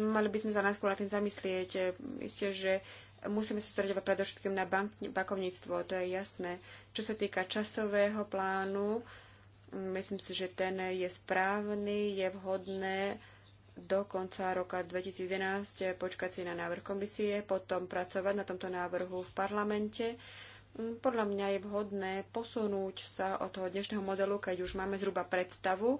Mali by sme sa najskôr na tým zamyslieť. Isté, že musíme sa sústredovať predovšetkým na bank, bankovníctvo, to je jasné. Čo sa týka časového plánu, myslím si, že ten je správny, je vhodné do konca roka 2011 počkať si na návrh komisie, potom pracovať na tomto návrhu v parlamente Mm, podľa mňa je vhodné posunúť sa od toho dnešného modelu, keď už máme zhruba predstavu,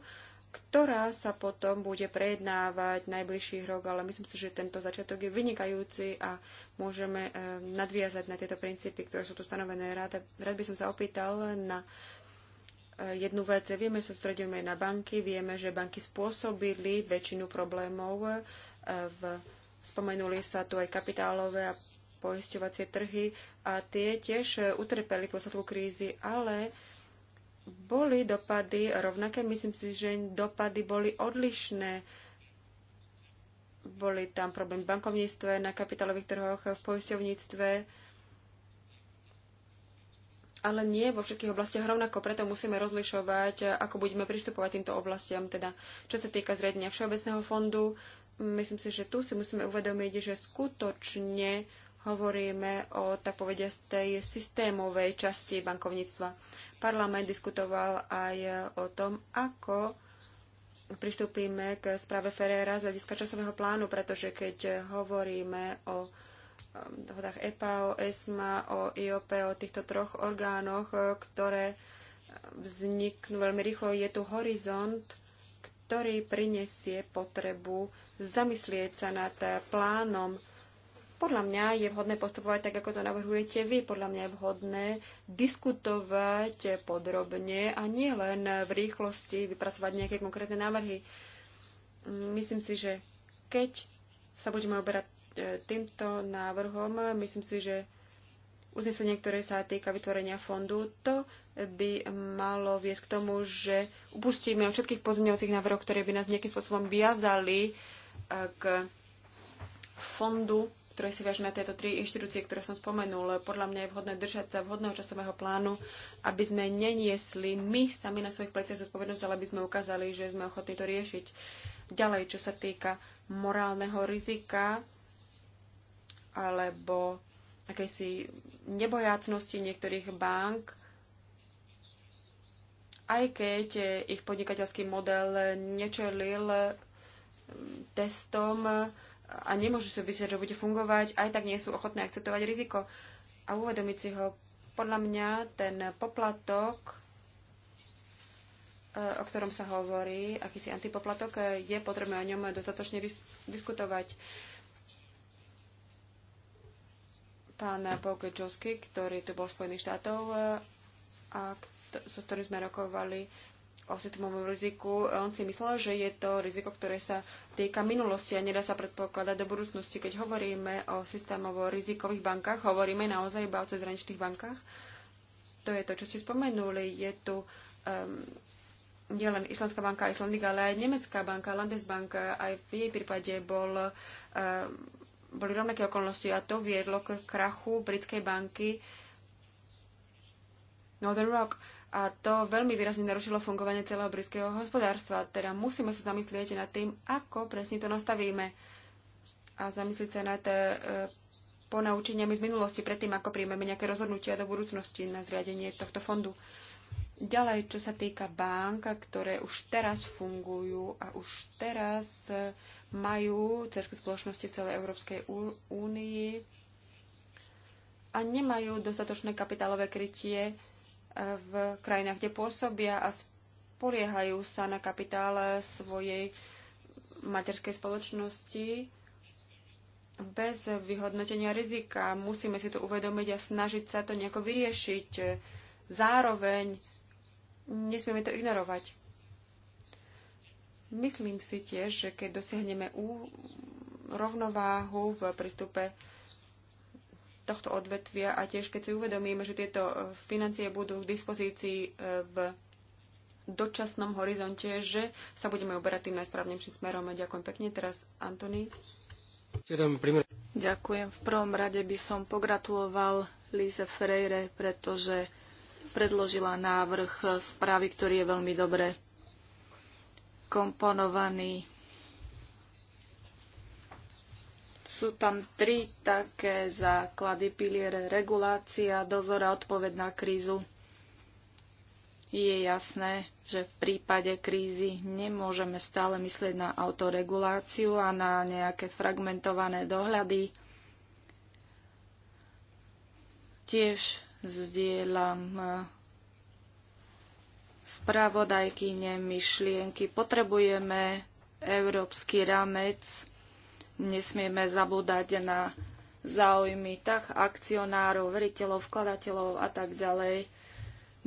ktorá sa potom bude prejednávať najbližší rok, ale myslím si, že tento začiatok je vynikajúci a môžeme eh, nadviazať na tieto princípy, ktoré sú tu stanovené. Rád, rád by som sa opýtal na eh, jednu vec. Vieme, sa stredujeme na banky, vieme, že banky spôsobili väčšinu problémov eh, v Spomenuli sa tu aj kapitálové a poisťovacie trhy a tie tiež e, utrpeli v dôsledku krízy, ale boli dopady rovnaké. Myslím si, že dopady boli odlišné. Boli tam problém v bankovníctve, na kapitálových trhoch, v poisťovníctve, ale nie vo všetkých oblastiach rovnako. Preto musíme rozlišovať, e, ako budeme pristupovať týmto oblastiam. Teda, čo sa týka zriadenia Všeobecného fondu, myslím si, že tu si musíme uvedomiť, že skutočne hovoríme o, tak povediať, tej systémovej časti bankovníctva. Parlament diskutoval aj o tom, ako pristúpime k správe Ferrera z hľadiska časového plánu, pretože keď hovoríme o um, dohodách EPA, o ESMA, o IOP, o týchto troch orgánoch, ktoré vzniknú veľmi rýchlo, je tu horizont, ktorý prinesie potrebu zamyslieť sa nad plánom podľa mňa je vhodné postupovať tak, ako to navrhujete vy. Podľa mňa je vhodné diskutovať podrobne a nie len v rýchlosti vypracovať nejaké konkrétne návrhy. Myslím si, že keď sa budeme oberať e, týmto návrhom, myslím si, že uznesenie, ktoré sa týka vytvorenia fondu, to by malo viesť k tomu, že upustíme od všetkých pozmeňovacích návrhov, ktoré by nás nejakým spôsobom viazali e, k fondu ktoré si vážia na tieto tri inštitúcie, ktoré som spomenul. Podľa mňa je vhodné držať sa vhodného časového plánu, aby sme neniesli my sami na svojich pleciach zodpovednosť, ale aby sme ukázali, že sme ochotní to riešiť. Ďalej, čo sa týka morálneho rizika alebo akejsi nebojácnosti niektorých bank, aj keď ich podnikateľský model nečelil testom, a nemôžu si myslieť, že bude fungovať, aj tak nie sú ochotné akceptovať riziko a uvedomiť si ho. Podľa mňa ten poplatok, e, o ktorom sa hovorí, akýsi antipoplatok, e, je potrebné o ňom dostatočne diskutovať. Pán Kličovský, ktorý tu bol v Spojených štátov e, a so ktorým sme rokovali o systémovom riziku, on si myslel, že je to riziko, ktoré sa týka minulosti a nedá sa predpokladať do budúcnosti. Keď hovoríme o systémovo rizikových bankách, hovoríme naozaj iba o cezhraničných bankách. To je to, čo ste spomenuli. Je tu um, ehm, nie len Islandská banka Islandik, ale aj Nemecká banka, Landesbank, aj v jej prípade bol, um, boli rovnaké okolnosti a to viedlo k krachu britskej banky Northern Rock. Um, a to veľmi výrazne narušilo fungovanie celého britského hospodárstva. Teda musíme sa zamyslieť nad tým, ako presne to nastavíme a zamyslieť sa nad e, ponaučeniami z minulosti predtým, ako príjmeme nejaké rozhodnutia do budúcnosti na zriadenie tohto fondu. Ďalej, čo sa týka bank, ktoré už teraz fungujú a už teraz e, majú cerské spoločnosti v celej Európskej únii a nemajú dostatočné kapitálové krytie, v krajinách, kde pôsobia a spoliehajú sa na kapitál svojej materskej spoločnosti bez vyhodnotenia rizika. Musíme si to uvedomiť a snažiť sa to nejako vyriešiť. Zároveň nesmieme to ignorovať. Myslím si tiež, že keď dosiahneme rovnováhu v prístupe tohto odvetvia a tiež keď si uvedomíme, že tieto e, financie budú k dispozícii e, v dočasnom horizonte, že sa budeme uberať tým najsprávnejším smerom. Ďakujem pekne. Teraz Antony. Ďakujem. V prvom rade by som pogratuloval Lise Freire, pretože predložila návrh správy, ktorý je veľmi dobre komponovaný Sú tam tri také základy piliere regulácia, dozor a odpoved na krízu. Je jasné, že v prípade krízy nemôžeme stále myslieť na autoreguláciu a na nejaké fragmentované dohľady. Tiež zdieľam eh, spravodajkyne myšlienky. Potrebujeme európsky ramec Nesmieme zabúdať na záujmy tak akcionárov, veriteľov, vkladateľov a tak ďalej.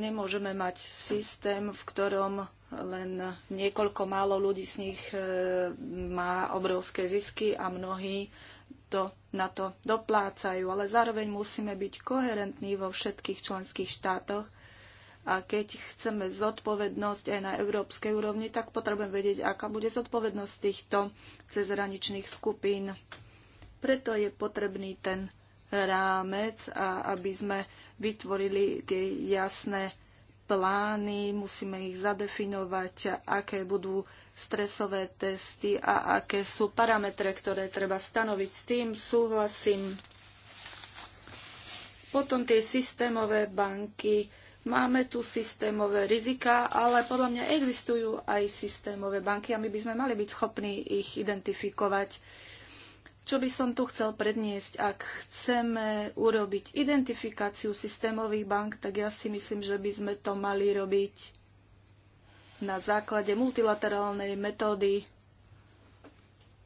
Nemôžeme mať systém, v ktorom len niekoľko málo ľudí z nich e, má obrovské zisky a mnohí to, na to doplácajú. Ale zároveň musíme byť koherentní vo všetkých členských štátoch a keď chceme zodpovednosť aj na európskej úrovni, tak potrebujeme vedieť, aká bude zodpovednosť týchto cezhraničných skupín. Preto je potrebný ten rámec a aby sme vytvorili tie jasné plány, musíme ich zadefinovať, aké budú stresové testy a aké sú parametre, ktoré treba stanoviť. S tým súhlasím. Potom tie systémové banky, Máme tu systémové rizika, ale podľa mňa existujú aj systémové banky a my by sme mali byť schopní ich identifikovať. Čo by som tu chcel predniesť? Ak chceme urobiť identifikáciu systémových bank, tak ja si myslím, že by sme to mali robiť na základe multilaterálnej metódy.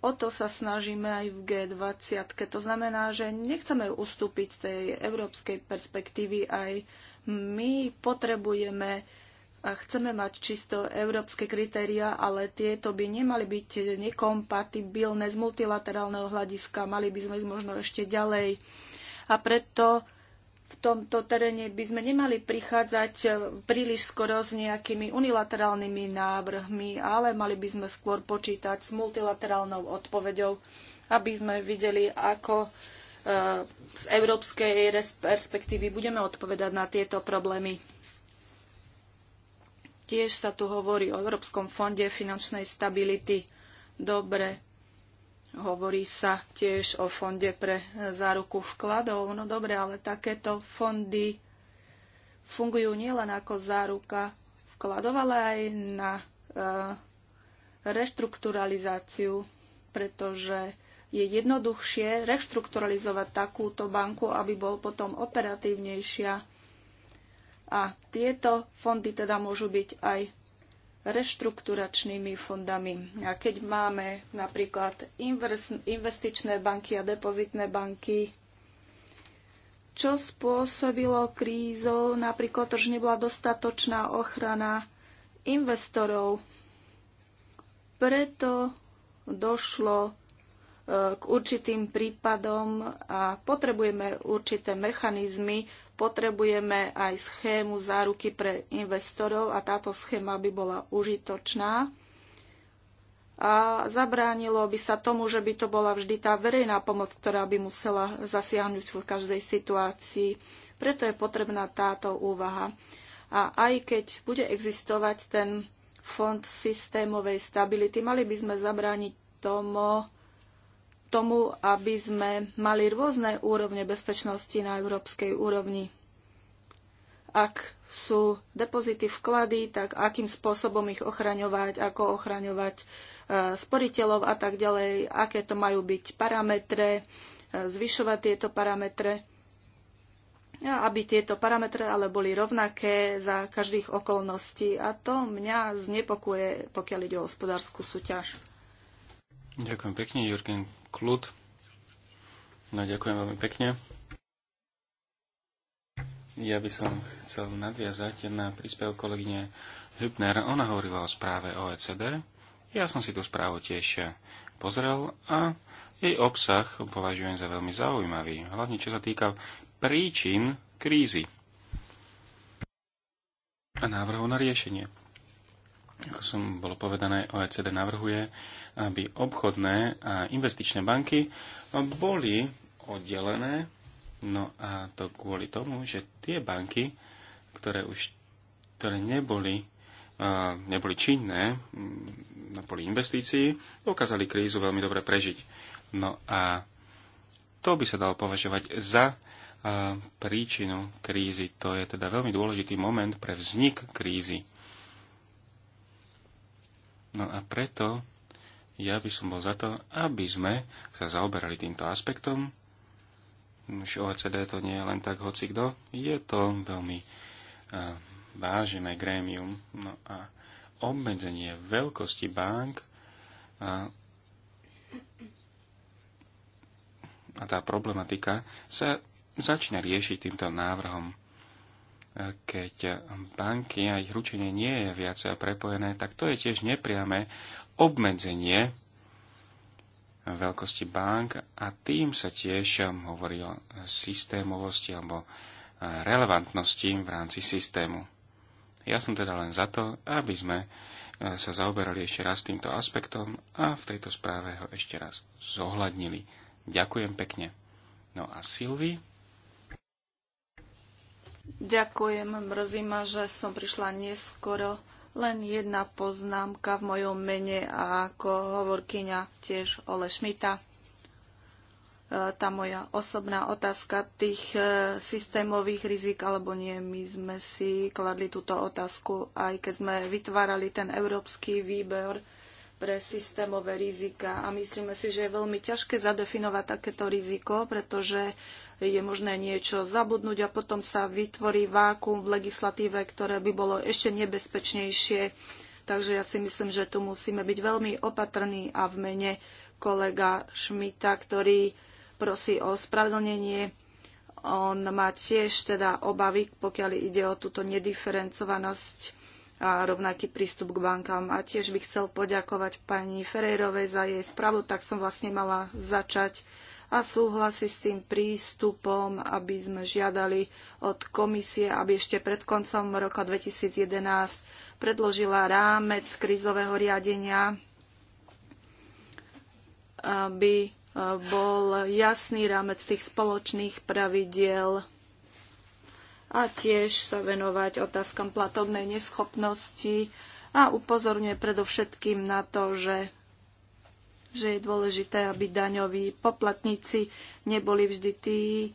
O to sa snažíme aj v G20. To znamená, že nechceme ustúpiť z tej európskej perspektívy aj my potrebujeme a chceme mať čisto európske kritéria, ale tieto by nemali byť nekompatibilné z multilaterálneho hľadiska. Mali by sme ísť možno ešte ďalej. A preto v tomto teréne by sme nemali prichádzať príliš skoro s nejakými unilaterálnymi návrhmi, ale mali by sme skôr počítať s multilaterálnou odpoveďou, aby sme videli, ako z európskej perspektívy budeme odpovedať na tieto problémy. Tiež sa tu hovorí o Európskom fonde finančnej stability. Dobre, hovorí sa tiež o fonde pre záruku vkladov. No dobre, ale takéto fondy fungujú nielen ako záruka vkladov, ale aj na eh, reštrukturalizáciu, pretože je jednoduchšie reštrukturalizovať takúto banku, aby bol potom operatívnejšia. A tieto fondy teda môžu byť aj reštrukturačnými fondami. A keď máme napríklad investičné banky a depozitné banky, čo spôsobilo krízou, napríklad to, že nebola dostatočná ochrana investorov. Preto došlo k určitým prípadom a potrebujeme určité mechanizmy, potrebujeme aj schému záruky pre investorov a táto schéma by bola užitočná. A zabránilo by sa tomu, že by to bola vždy tá verejná pomoc, ktorá by musela zasiahnuť v každej situácii. Preto je potrebná táto úvaha. A aj keď bude existovať ten fond systémovej stability, mali by sme zabrániť tomu, tomu, aby sme mali rôzne úrovne bezpečnosti na európskej úrovni. Ak sú depozity vklady, tak akým spôsobom ich ochraňovať, ako ochraňovať e, sporiteľov a tak ďalej, aké to majú byť parametre, e, zvyšovať tieto parametre, aby tieto parametre ale boli rovnaké za každých okolností. A to mňa znepokuje, pokiaľ ide o hospodárskú súťaž. Ďakujem pekne, Jurgen kľud. No, ďakujem veľmi pekne. Ja by som chcel nadviazať na príspev kolegyne Hübner. Ona hovorila o správe OECD. Ja som si tú správu tiež pozrel a jej obsah považujem za veľmi zaujímavý, hlavne čo sa týka príčin krízy a návrhov na riešenie. Ako som bolo povedané, OECD navrhuje, aby obchodné a investičné banky boli oddelené. No a to kvôli tomu, že tie banky, ktoré už ktoré neboli, neboli činné mm, na poli investícií, dokázali krízu veľmi dobre prežiť. No a to by sa dalo považovať za príčinu krízy. To je teda veľmi dôležitý moment pre vznik krízy. No a preto ja by som bol za to, aby sme sa zaoberali týmto aspektom. Už OECD to nie je len tak hocikdo. Je to veľmi uh, vážené grémium. No a obmedzenie veľkosti bank a, a tá problematika sa začína riešiť týmto návrhom keď banky a ich ručenie nie je viac prepojené, tak to je tiež nepriame obmedzenie veľkosti bank a tým sa tiež hovorí o systémovosti alebo relevantnosti v rámci systému. Ja som teda len za to, aby sme sa zaoberali ešte raz týmto aspektom a v tejto správe ho ešte raz zohľadnili. Ďakujem pekne. No a Sylvie? Ďakujem, mrzí ma, že som prišla neskoro. Len jedna poznámka v mojom mene a ako hovorkyňa tiež Ole Šmita. E, tá moja osobná otázka tých e, systémových rizik alebo nie, my sme si kladli túto otázku, aj keď sme vytvárali ten európsky výber pre systémové rizika. A myslíme si, že je veľmi ťažké zadefinovať takéto riziko, pretože je možné niečo zabudnúť a potom sa vytvorí vákum v legislatíve, ktoré by bolo ešte nebezpečnejšie. Takže ja si myslím, že tu musíme byť veľmi opatrní a v mene kolega Šmita, ktorý prosí o spravedlnenie. On má tiež teda obavy, pokiaľ ide o túto nediferencovanosť a rovnaký prístup k bankám. A tiež by chcel poďakovať pani Ferejrovej za jej spravu, tak som vlastne mala začať a súhlasí s tým prístupom, aby sme žiadali od komisie, aby ešte pred koncom roka 2011 predložila rámec krizového riadenia, aby e, bol jasný rámec tých spoločných pravidiel a tiež sa venovať otázkam platobnej neschopnosti a upozorňuje predovšetkým na to, že že je dôležité, aby daňoví poplatníci neboli vždy tí, e,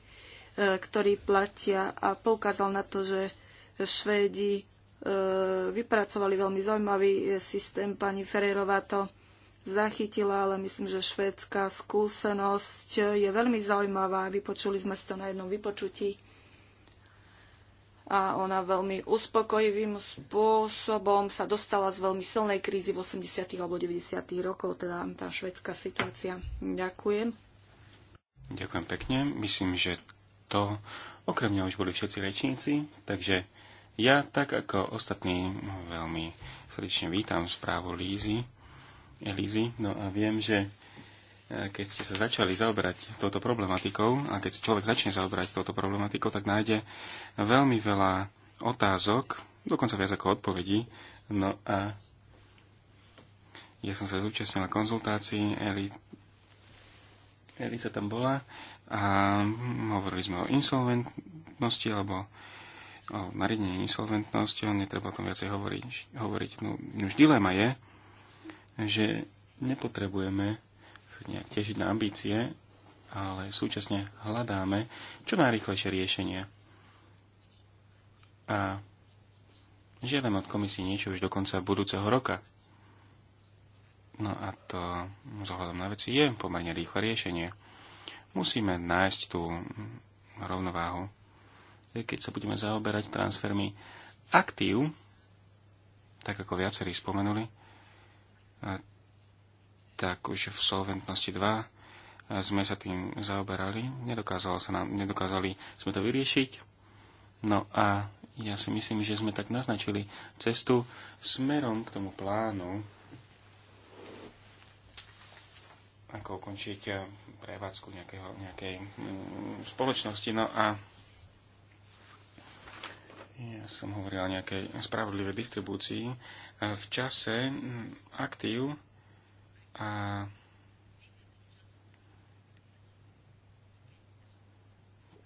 ktorí platia a poukázal na to, že Švédi e, vypracovali veľmi zaujímavý e, systém. Pani Ferrerová to zachytila, ale myslím, že švédská skúsenosť je veľmi zaujímavá. Vypočuli sme si to na jednom vypočutí a ona veľmi uspokojivým spôsobom sa dostala z veľmi silnej krízy v 80. alebo 90. rokov, teda tá švedská situácia. Ďakujem. Ďakujem pekne. Myslím, že to okrem mňa už boli všetci rečníci, takže ja tak ako ostatní veľmi srdečne vítam správu Lízy, Elízy, no a viem, že keď ste sa začali zaoberať touto problematikou a keď človek začne zaoberať touto problematikou, tak nájde veľmi veľa otázok, dokonca viac ako odpovedí. No a ja som sa zúčastnila konzultácii, Eli, Eli sa tam bola a hovorili sme o insolventnosti alebo o nariadení insolventnosti, netreba o tom viacej hovoriť. hovoriť. No, už dilema je, že nepotrebujeme nejak tešiť na ambície, ale súčasne hľadáme čo najrychlejšie riešenie. A žiadame od komisie niečo už do konca budúceho roka. No a to ohľadom na veci je pomerne rýchle riešenie. Musíme nájsť tú rovnováhu. Keď sa budeme zaoberať transfermi aktív, tak ako viacerí spomenuli, tak už v Solventnosti 2 sme sa tým zaoberali. Nedokázalo sa nám, nedokázali sme to vyriešiť. No a ja si myslím, že sme tak naznačili cestu smerom k tomu plánu, ako ukončiť prevádzku nejakého, nejakej mm, spoločnosti. No a ja som hovoril o nejakej spravodlivej distribúcii v čase mm, aktív a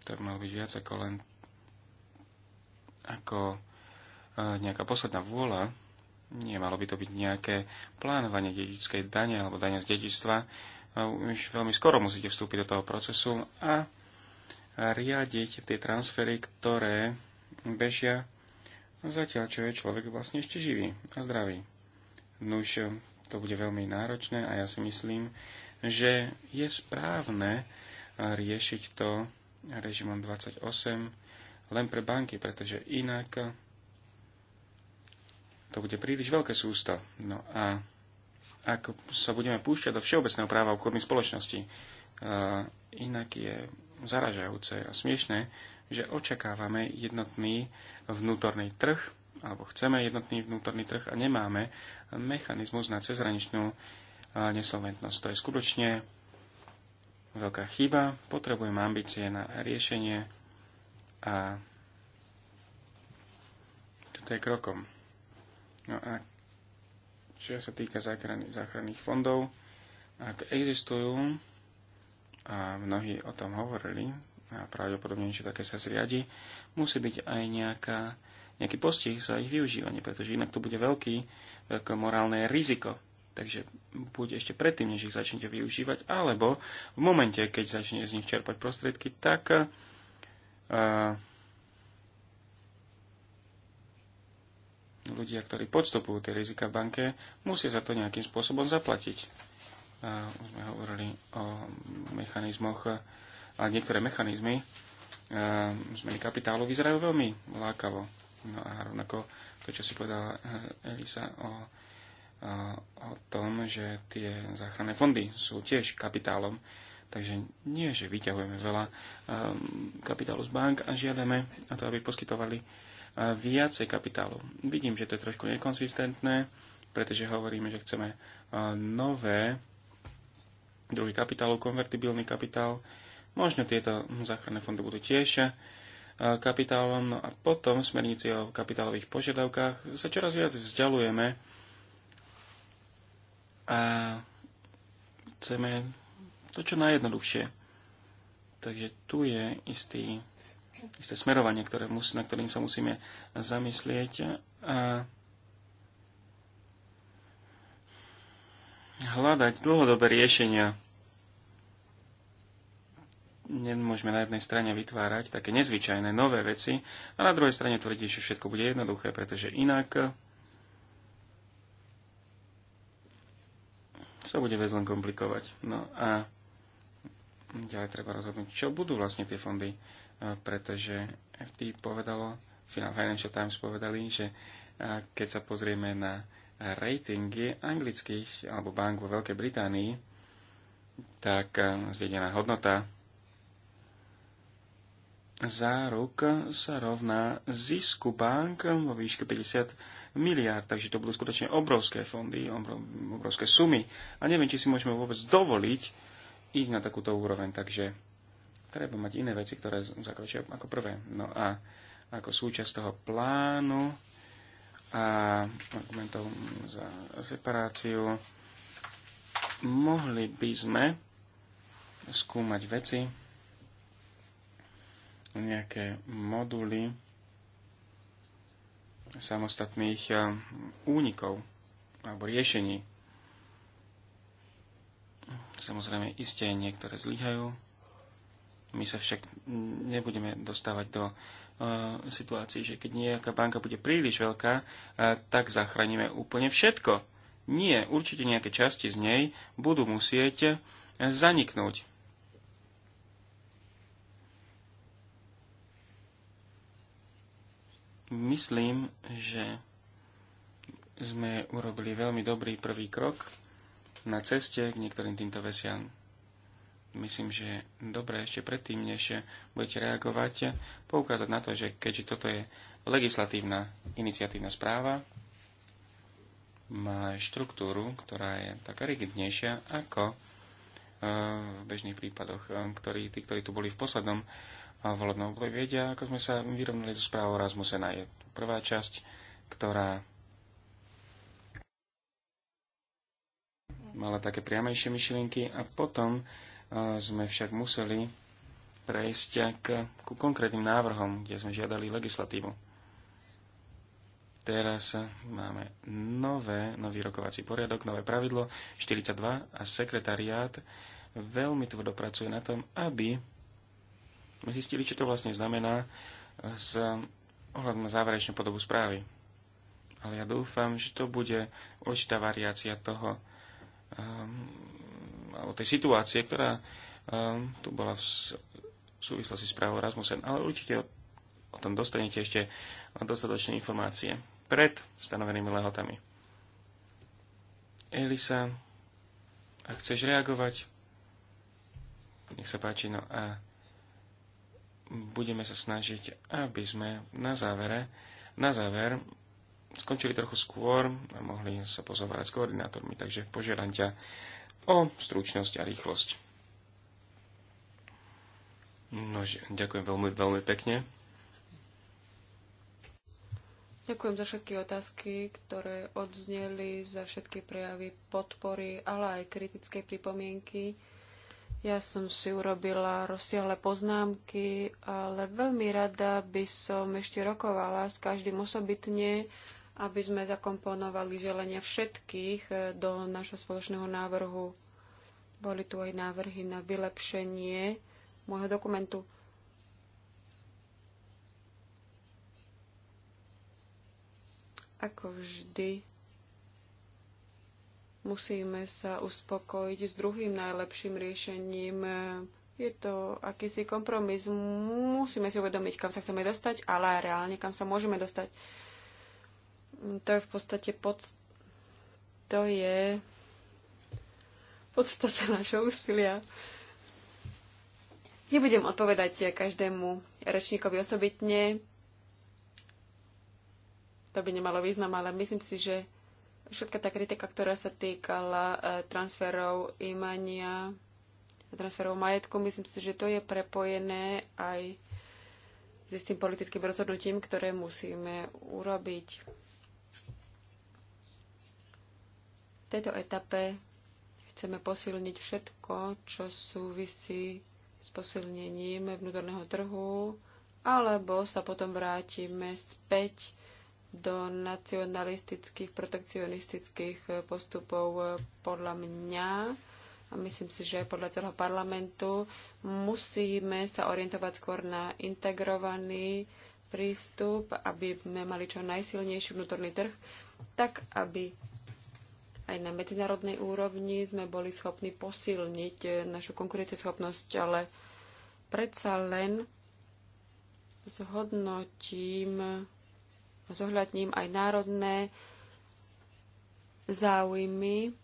to by malo byť viac ako len ako e, nejaká posledná vôľa. Nie, malo by to byť nejaké plánovanie dedičskej dane alebo dane z dedičstva. Už veľmi skoro musíte vstúpiť do toho procesu a riadiť tie transfery, ktoré bežia zatiaľ, čo je človek vlastne ešte živý a zdravý. Nuž, to bude veľmi náročné a ja si myslím, že je správne eh, riešiť to režimom 28 len pre banky, pretože inak eh, to bude príliš veľké sústo. No a ak sa budeme púšťať do všeobecného práva obchodných spoločnosti, eh, inak je zaražajúce a smiešné, že očakávame jednotný vnútorný trh, alebo chceme jednotný vnútorný trh a nemáme mechanizmus na cezhraničnú nesolventnosť. To je skutočne veľká chyba. Potrebujeme ambície na riešenie a toto je krokom. No a čo sa týka záchrany, záchranných fondov, ak existujú, a mnohí o tom hovorili, a pravdepodobne niečo také sa zriadi, musí byť aj nejaká nejaký postih za ich využívanie, pretože inak to bude veľký, veľké morálne riziko. Takže buď ešte predtým, než ich začnete využívať, alebo v momente, keď začnete z nich čerpať prostriedky, tak uh, ľudia, ktorí podstupujú tie rizika v banke, musia za to nejakým spôsobom zaplatiť. Uh, už sme hovorili o mechanizmoch, a niektoré mechanizmy uh, zmeny kapitálu vyzerajú veľmi lákavo No a rovnako to, čo si povedala eh, Elisa o, eh, o tom, že tie záchranné fondy sú tiež kapitálom, takže nie, že vyťahujeme veľa ehm, kapitálu z bank a žiadame na to, aby poskytovali eh, viacej kapitálu. Vidím, že to je trošku nekonsistentné, pretože hovoríme, že chceme nové druhý kapitálu, konvertibilný kapitál. Možno tieto záchranné fondy budú tiež kapitálom no a potom v smernici o kapitálových požiadavkách sa čoraz viac vzdialujeme a chceme to čo najjednoduchšie. Takže tu je istý, isté smerovanie, ktoré mus, na ktorým sa musíme zamyslieť a hľadať dlhodobé riešenia nemôžeme na jednej strane vytvárať také nezvyčajné nové veci a na druhej strane tvrdiť, že všetko bude jednoduché, pretože inak sa bude vec len komplikovať. No a ďalej treba rozhodnúť, čo budú vlastne tie fondy, e, pretože FT povedalo, Financial Times povedali, že e, keď sa pozrieme na ratingy anglických alebo bank vo Veľkej Británii, tak e, zdedená hodnota záruk sa rovná zisku bank vo výške 50 miliard, takže to budú skutočne obrovské fondy, obrovské sumy. A neviem, či si môžeme vôbec dovoliť ísť na takúto úroveň, takže treba mať iné veci, ktoré zakročia ako prvé. No a ako súčasť toho plánu a argumentov za separáciu mohli by sme skúmať veci, nejaké moduly samostatných eh, únikov alebo riešení. Samozrejme, isté niektoré zlyhajú. My sa však nebudeme dostávať do eh, situácií, že keď nejaká banka bude príliš veľká, eh, tak zachránime úplne všetko. Nie, určite nejaké časti z nej budú musieť zaniknúť. Myslím, že sme urobili veľmi dobrý prvý krok na ceste k niektorým týmto vesiam. Myslím, že dobre ešte predtým, než budete reagovať, poukázať na to, že keďže toto je legislatívna iniciatívna správa, má štruktúru, ktorá je taká rigidnejšia ako eh, v bežných prípadoch, eh, ktorí, tí, ktorí tu boli v poslednom volebné období vedia, ako sme sa vyrovnali so správou Rasmusena. Je tu prvá časť, ktorá mala také priamejšie myšlienky a potom e, sme však museli prejsť k, ku konkrétnym návrhom, kde sme žiadali legislatívu. Teraz máme nové, nový rokovací poriadok, nové pravidlo 42 a sekretariát veľmi tvrdo pracuje na tom, aby sme zistili, čo to vlastne znamená e, s ohľadom na záverečnú podobu správy. Ale ja dúfam, že to bude určitá variácia toho, ehm, alebo tej situácie, ktorá ehm, tu bola v súvislosti s právou Rasmussen. Ale určite o, o tom dostanete ešte dostatočné informácie pred stanovenými lehotami. Elisa, ak chceš reagovať, nech sa páči, no a budeme sa snažiť, aby sme na, závere, na záver skončili trochu skôr a mohli sa pozovať s koordinátormi, takže požiadam ťa o stručnosť a rýchlosť. No, ďakujem veľmi, veľmi pekne. Ďakujem za všetky otázky, ktoré odzneli, za všetky prejavy podpory, ale aj kritické pripomienky. Ja som si urobila rozsiahle poznámky, ale veľmi rada by som ešte rokovala s každým osobitne, aby sme zakomponovali želenia všetkých e, do našho spoločného návrhu. Boli tu aj návrhy na vylepšenie môjho dokumentu. Ako vždy, Musíme sa uspokojiť s druhým najlepším riešením. Je to akýsi kompromis. Musíme si uvedomiť, kam sa chceme dostať, ale aj reálne, kam sa môžeme dostať. To je v podstate pod... To je podstate našho úsilia. Nebudem odpovedať každému rečníkovi osobitne. To by nemalo význam, ale myslím si, že všetka tá kritika, ktorá sa týkala e, transferov imania, transferov majetku, myslím si, že to je prepojené aj s istým politickým rozhodnutím, ktoré musíme urobiť. V tejto etape chceme posilniť všetko, čo súvisí s posilnením vnútorného trhu, alebo sa potom vrátime späť do nacionalistických, protekcionistických eh, postupov eh, podľa mňa a myslím si, že podľa celého parlamentu musíme sa orientovať skôr na integrovaný prístup, aby sme mali čo najsilnejší vnútorný trh, tak aby aj na medzinárodnej úrovni sme boli schopní posilniť eh, našu konkurencieschopnosť, ale predsa len zhodnotím zohľadním aj národné záujmy.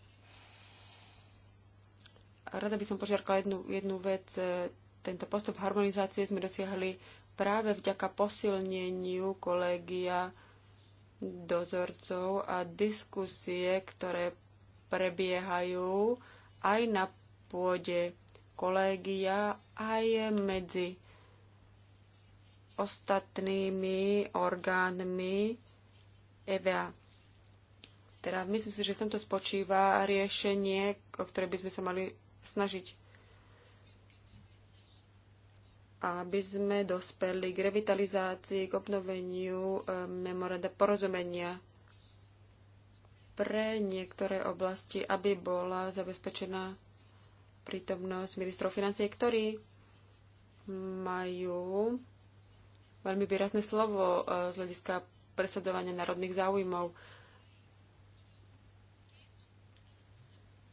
Rada by som požiarkala jednu, jednu vec. E, tento postup harmonizácie sme dosiahli práve vďaka posilneniu kolegia dozorcov a diskusie, ktoré prebiehajú aj na pôde kolégia, aj medzi ostatnými orgánmi EVA. Teda myslím si, že v tomto spočíva riešenie, o ktoré by sme sa mali snažiť aby sme dospeli k revitalizácii, k obnoveniu e, memoranda porozumenia pre niektoré oblasti, aby bola zabezpečená prítomnosť ministrov financie, ktorí majú veľmi výrazné slovo e, z hľadiska presadovania národných záujmov.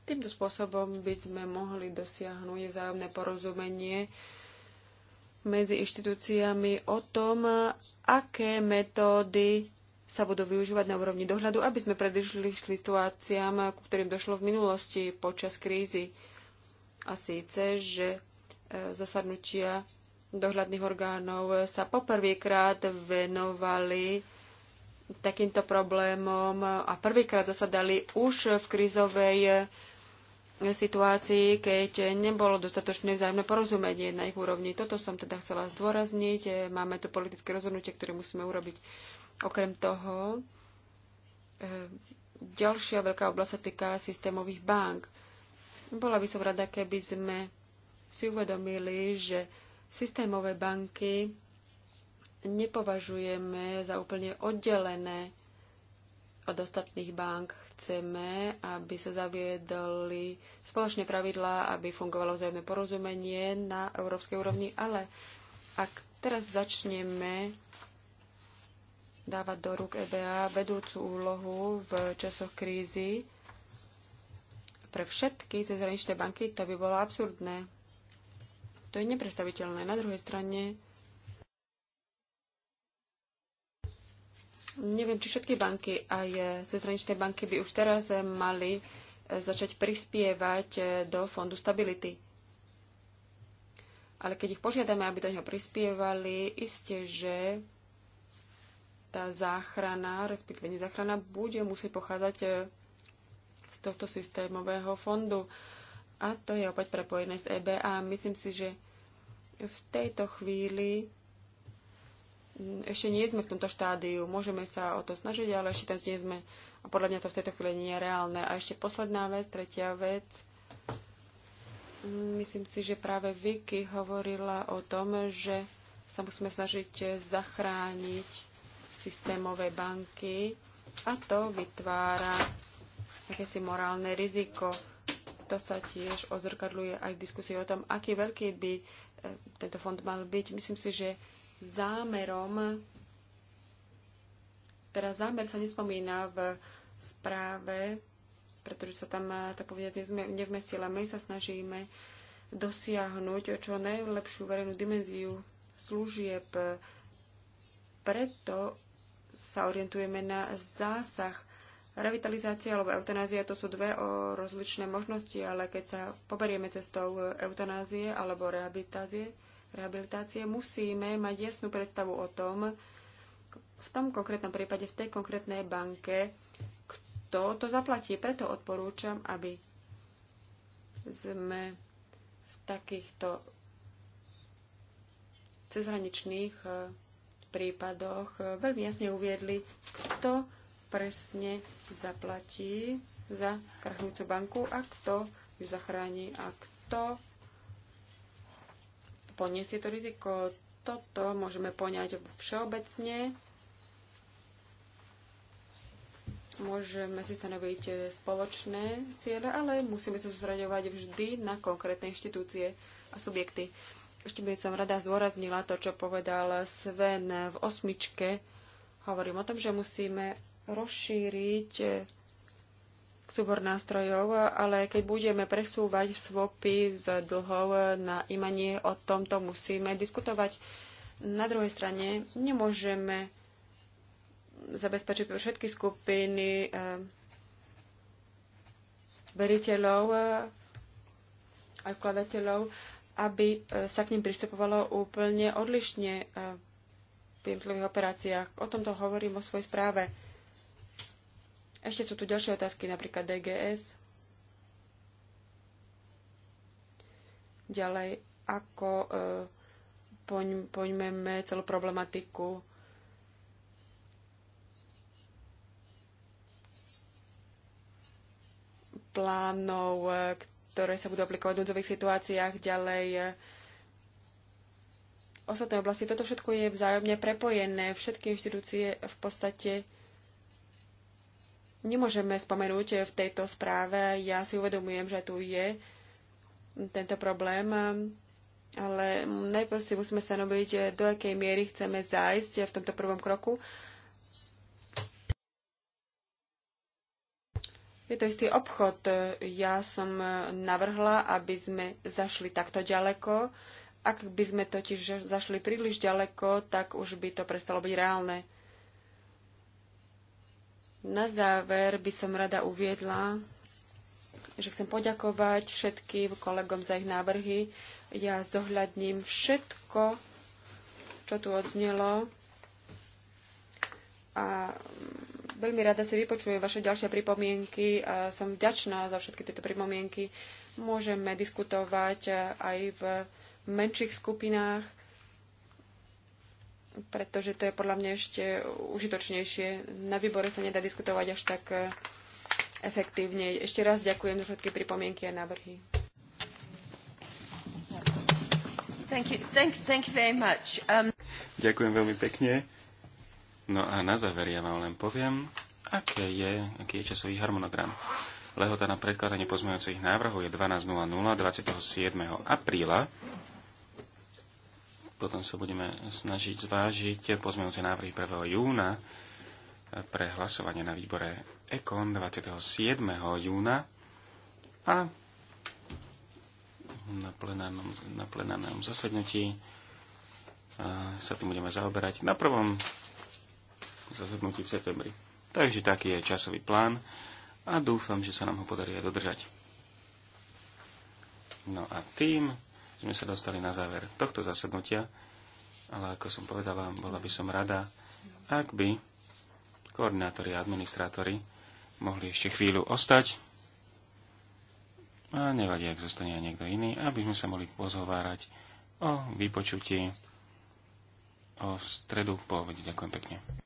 Týmto spôsobom by sme mohli dosiahnuť vzájomné porozumenie medzi inštitúciami o tom, aké metódy sa budú využívať na úrovni dohľadu, aby sme predišli situáciám, ku ktorým došlo v minulosti počas krízy. A síce, že e, zasadnutia dohľadných orgánov sa poprvýkrát venovali takýmto problémom a prvýkrát zasadali už v krizovej situácii, keď nebolo dostatočné vzájomné porozumenie na ich úrovni. Toto som teda chcela zdôrazniť. Máme tu politické rozhodnutie, ktoré musíme urobiť. Okrem toho, eh, ďalšia veľká oblasť sa týka systémových bank. Bola by som rada, keby sme si uvedomili, že Systémové banky nepovažujeme za úplne oddelené od ostatných bank. Chceme, aby sa zaviedli spoločné pravidlá, aby fungovalo vzájomné porozumenie na európskej úrovni, ale ak teraz začneme dávať do rúk EBA vedúcu úlohu v časoch krízy pre všetky cezhraničné banky, to by bolo absurdné. To je neprestaviteľné. Na druhej strane neviem, či všetky banky, aj cezhraničné banky by už teraz mali e, začať prispievať e, do fondu stability. Ale keď ich požiadame, aby do neho prispievali, isté, že tá záchrana, respektíve nezáchrana, bude musieť pochádzať e, z tohto systémového fondu. A to je opäť prepojené s EB a myslím si, že v tejto chvíli mm, ešte nie sme v tomto štádiu. Môžeme sa o to snažiť, ale ešte teraz nie sme. A podľa mňa to v tejto chvíli nie je reálne. A ešte posledná vec, tretia vec. Myslím si, že práve Vicky hovorila o tom, že sa musíme snažiť zachrániť systémové banky a to vytvára akési morálne riziko to sa tiež odzrkadluje aj v diskusii o tom, aký veľký by e, tento fond mal byť. Myslím si, že zámerom, teda zámer sa nespomína v správe, pretože sa tam, e, tak povediať, nevmestila. My sa snažíme dosiahnuť čo najlepšiu verejnú dimenziu služieb. Preto sa orientujeme na zásah Revitalizácia alebo eutanázia to sú dve o rozličné možnosti, ale keď sa poberieme cestou e, eutanázie alebo rehabilitácie, rehabilitácie, musíme mať jasnú predstavu o tom, v tom konkrétnom prípade, v tej konkrétnej banke, kto to zaplatí. Preto odporúčam, aby sme v takýchto cezhraničných e, prípadoch e, veľmi jasne uviedli, kto presne zaplatí za krachnúcu banku a kto ju zachráni a kto poniesie to riziko. Toto môžeme poňať všeobecne. Môžeme si stanoviť spoločné ciele, ale musíme sa zraďovať vždy na konkrétne inštitúcie a subjekty. Ešte by som rada zvoraznila to, čo povedal Sven v osmičke. Hovorím o tom, že musíme rozšíriť eh, súbor nástrojov, ale keď budeme presúvať svopy z dlhov na imanie, o tomto musíme diskutovať. Na druhej strane nemôžeme zabezpečiť pre všetky skupiny eh, veriteľov eh, a vkladateľov, aby sa k ním pristupovalo úplne odlišne v jednotlivých operáciách. O tomto hovorím vo svojej správe. Ešte sú tu ďalšie otázky, napríklad DGS. Ďalej, ako e, poň, poňmeme celú problematiku plánov, e, ktoré sa budú aplikovať v núdzových situáciách ďalej. E, ostatné oblasti, toto všetko je vzájomne prepojené. Všetky inštitúcie v podstate nemôžeme spomenúť v tejto správe. Ja si uvedomujem, že tu je tento problém, ale najprv si musíme stanoviť, do akej miery chceme zájsť v tomto prvom kroku. Je to istý obchod. Ja som navrhla, aby sme zašli takto ďaleko. Ak by sme totiž zašli príliš ďaleko, tak už by to prestalo byť reálne. Na záver by som rada uviedla, že chcem poďakovať všetkým kolegom za ich návrhy. Ja zohľadním všetko, čo tu odznelo a mm, veľmi rada si vypočujem vaše ďalšie pripomienky a som vďačná za všetky tieto pripomienky. Môžeme diskutovať eh, aj v menších skupinách pretože to je podľa mňa ešte užitočnejšie. Na výbore sa nedá diskutovať až tak e, efektívne. Ešte raz ďakujem za všetky pripomienky a návrhy. Thank you, thank, thank you very much. Um... Ďakujem veľmi pekne. No a na záver ja vám len poviem, aké je, aký je časový harmonogram. Lehota na predkladanie pozmeňujúcich návrhov je 12.00 27. apríla potom sa budeme snažiť zvážiť pozmeňujúce návrhy 1. júna pre hlasovanie na výbore EKON 27. júna a na plenárnom, na plenárnom zasadnutí sa tým budeme zaoberať na prvom zasadnutí v septembri. Takže taký je časový plán a dúfam, že sa nám ho podarí aj dodržať. No a tým sme sa dostali na záver tohto zasadnutia, ale ako som povedala, bola by som rada, ak by koordinátori a administrátori mohli ešte chvíľu ostať a nevadí, ak zostane aj niekto iný, aby sme sa mohli pozhovárať o vypočutí o stredu po obede. Ďakujem pekne.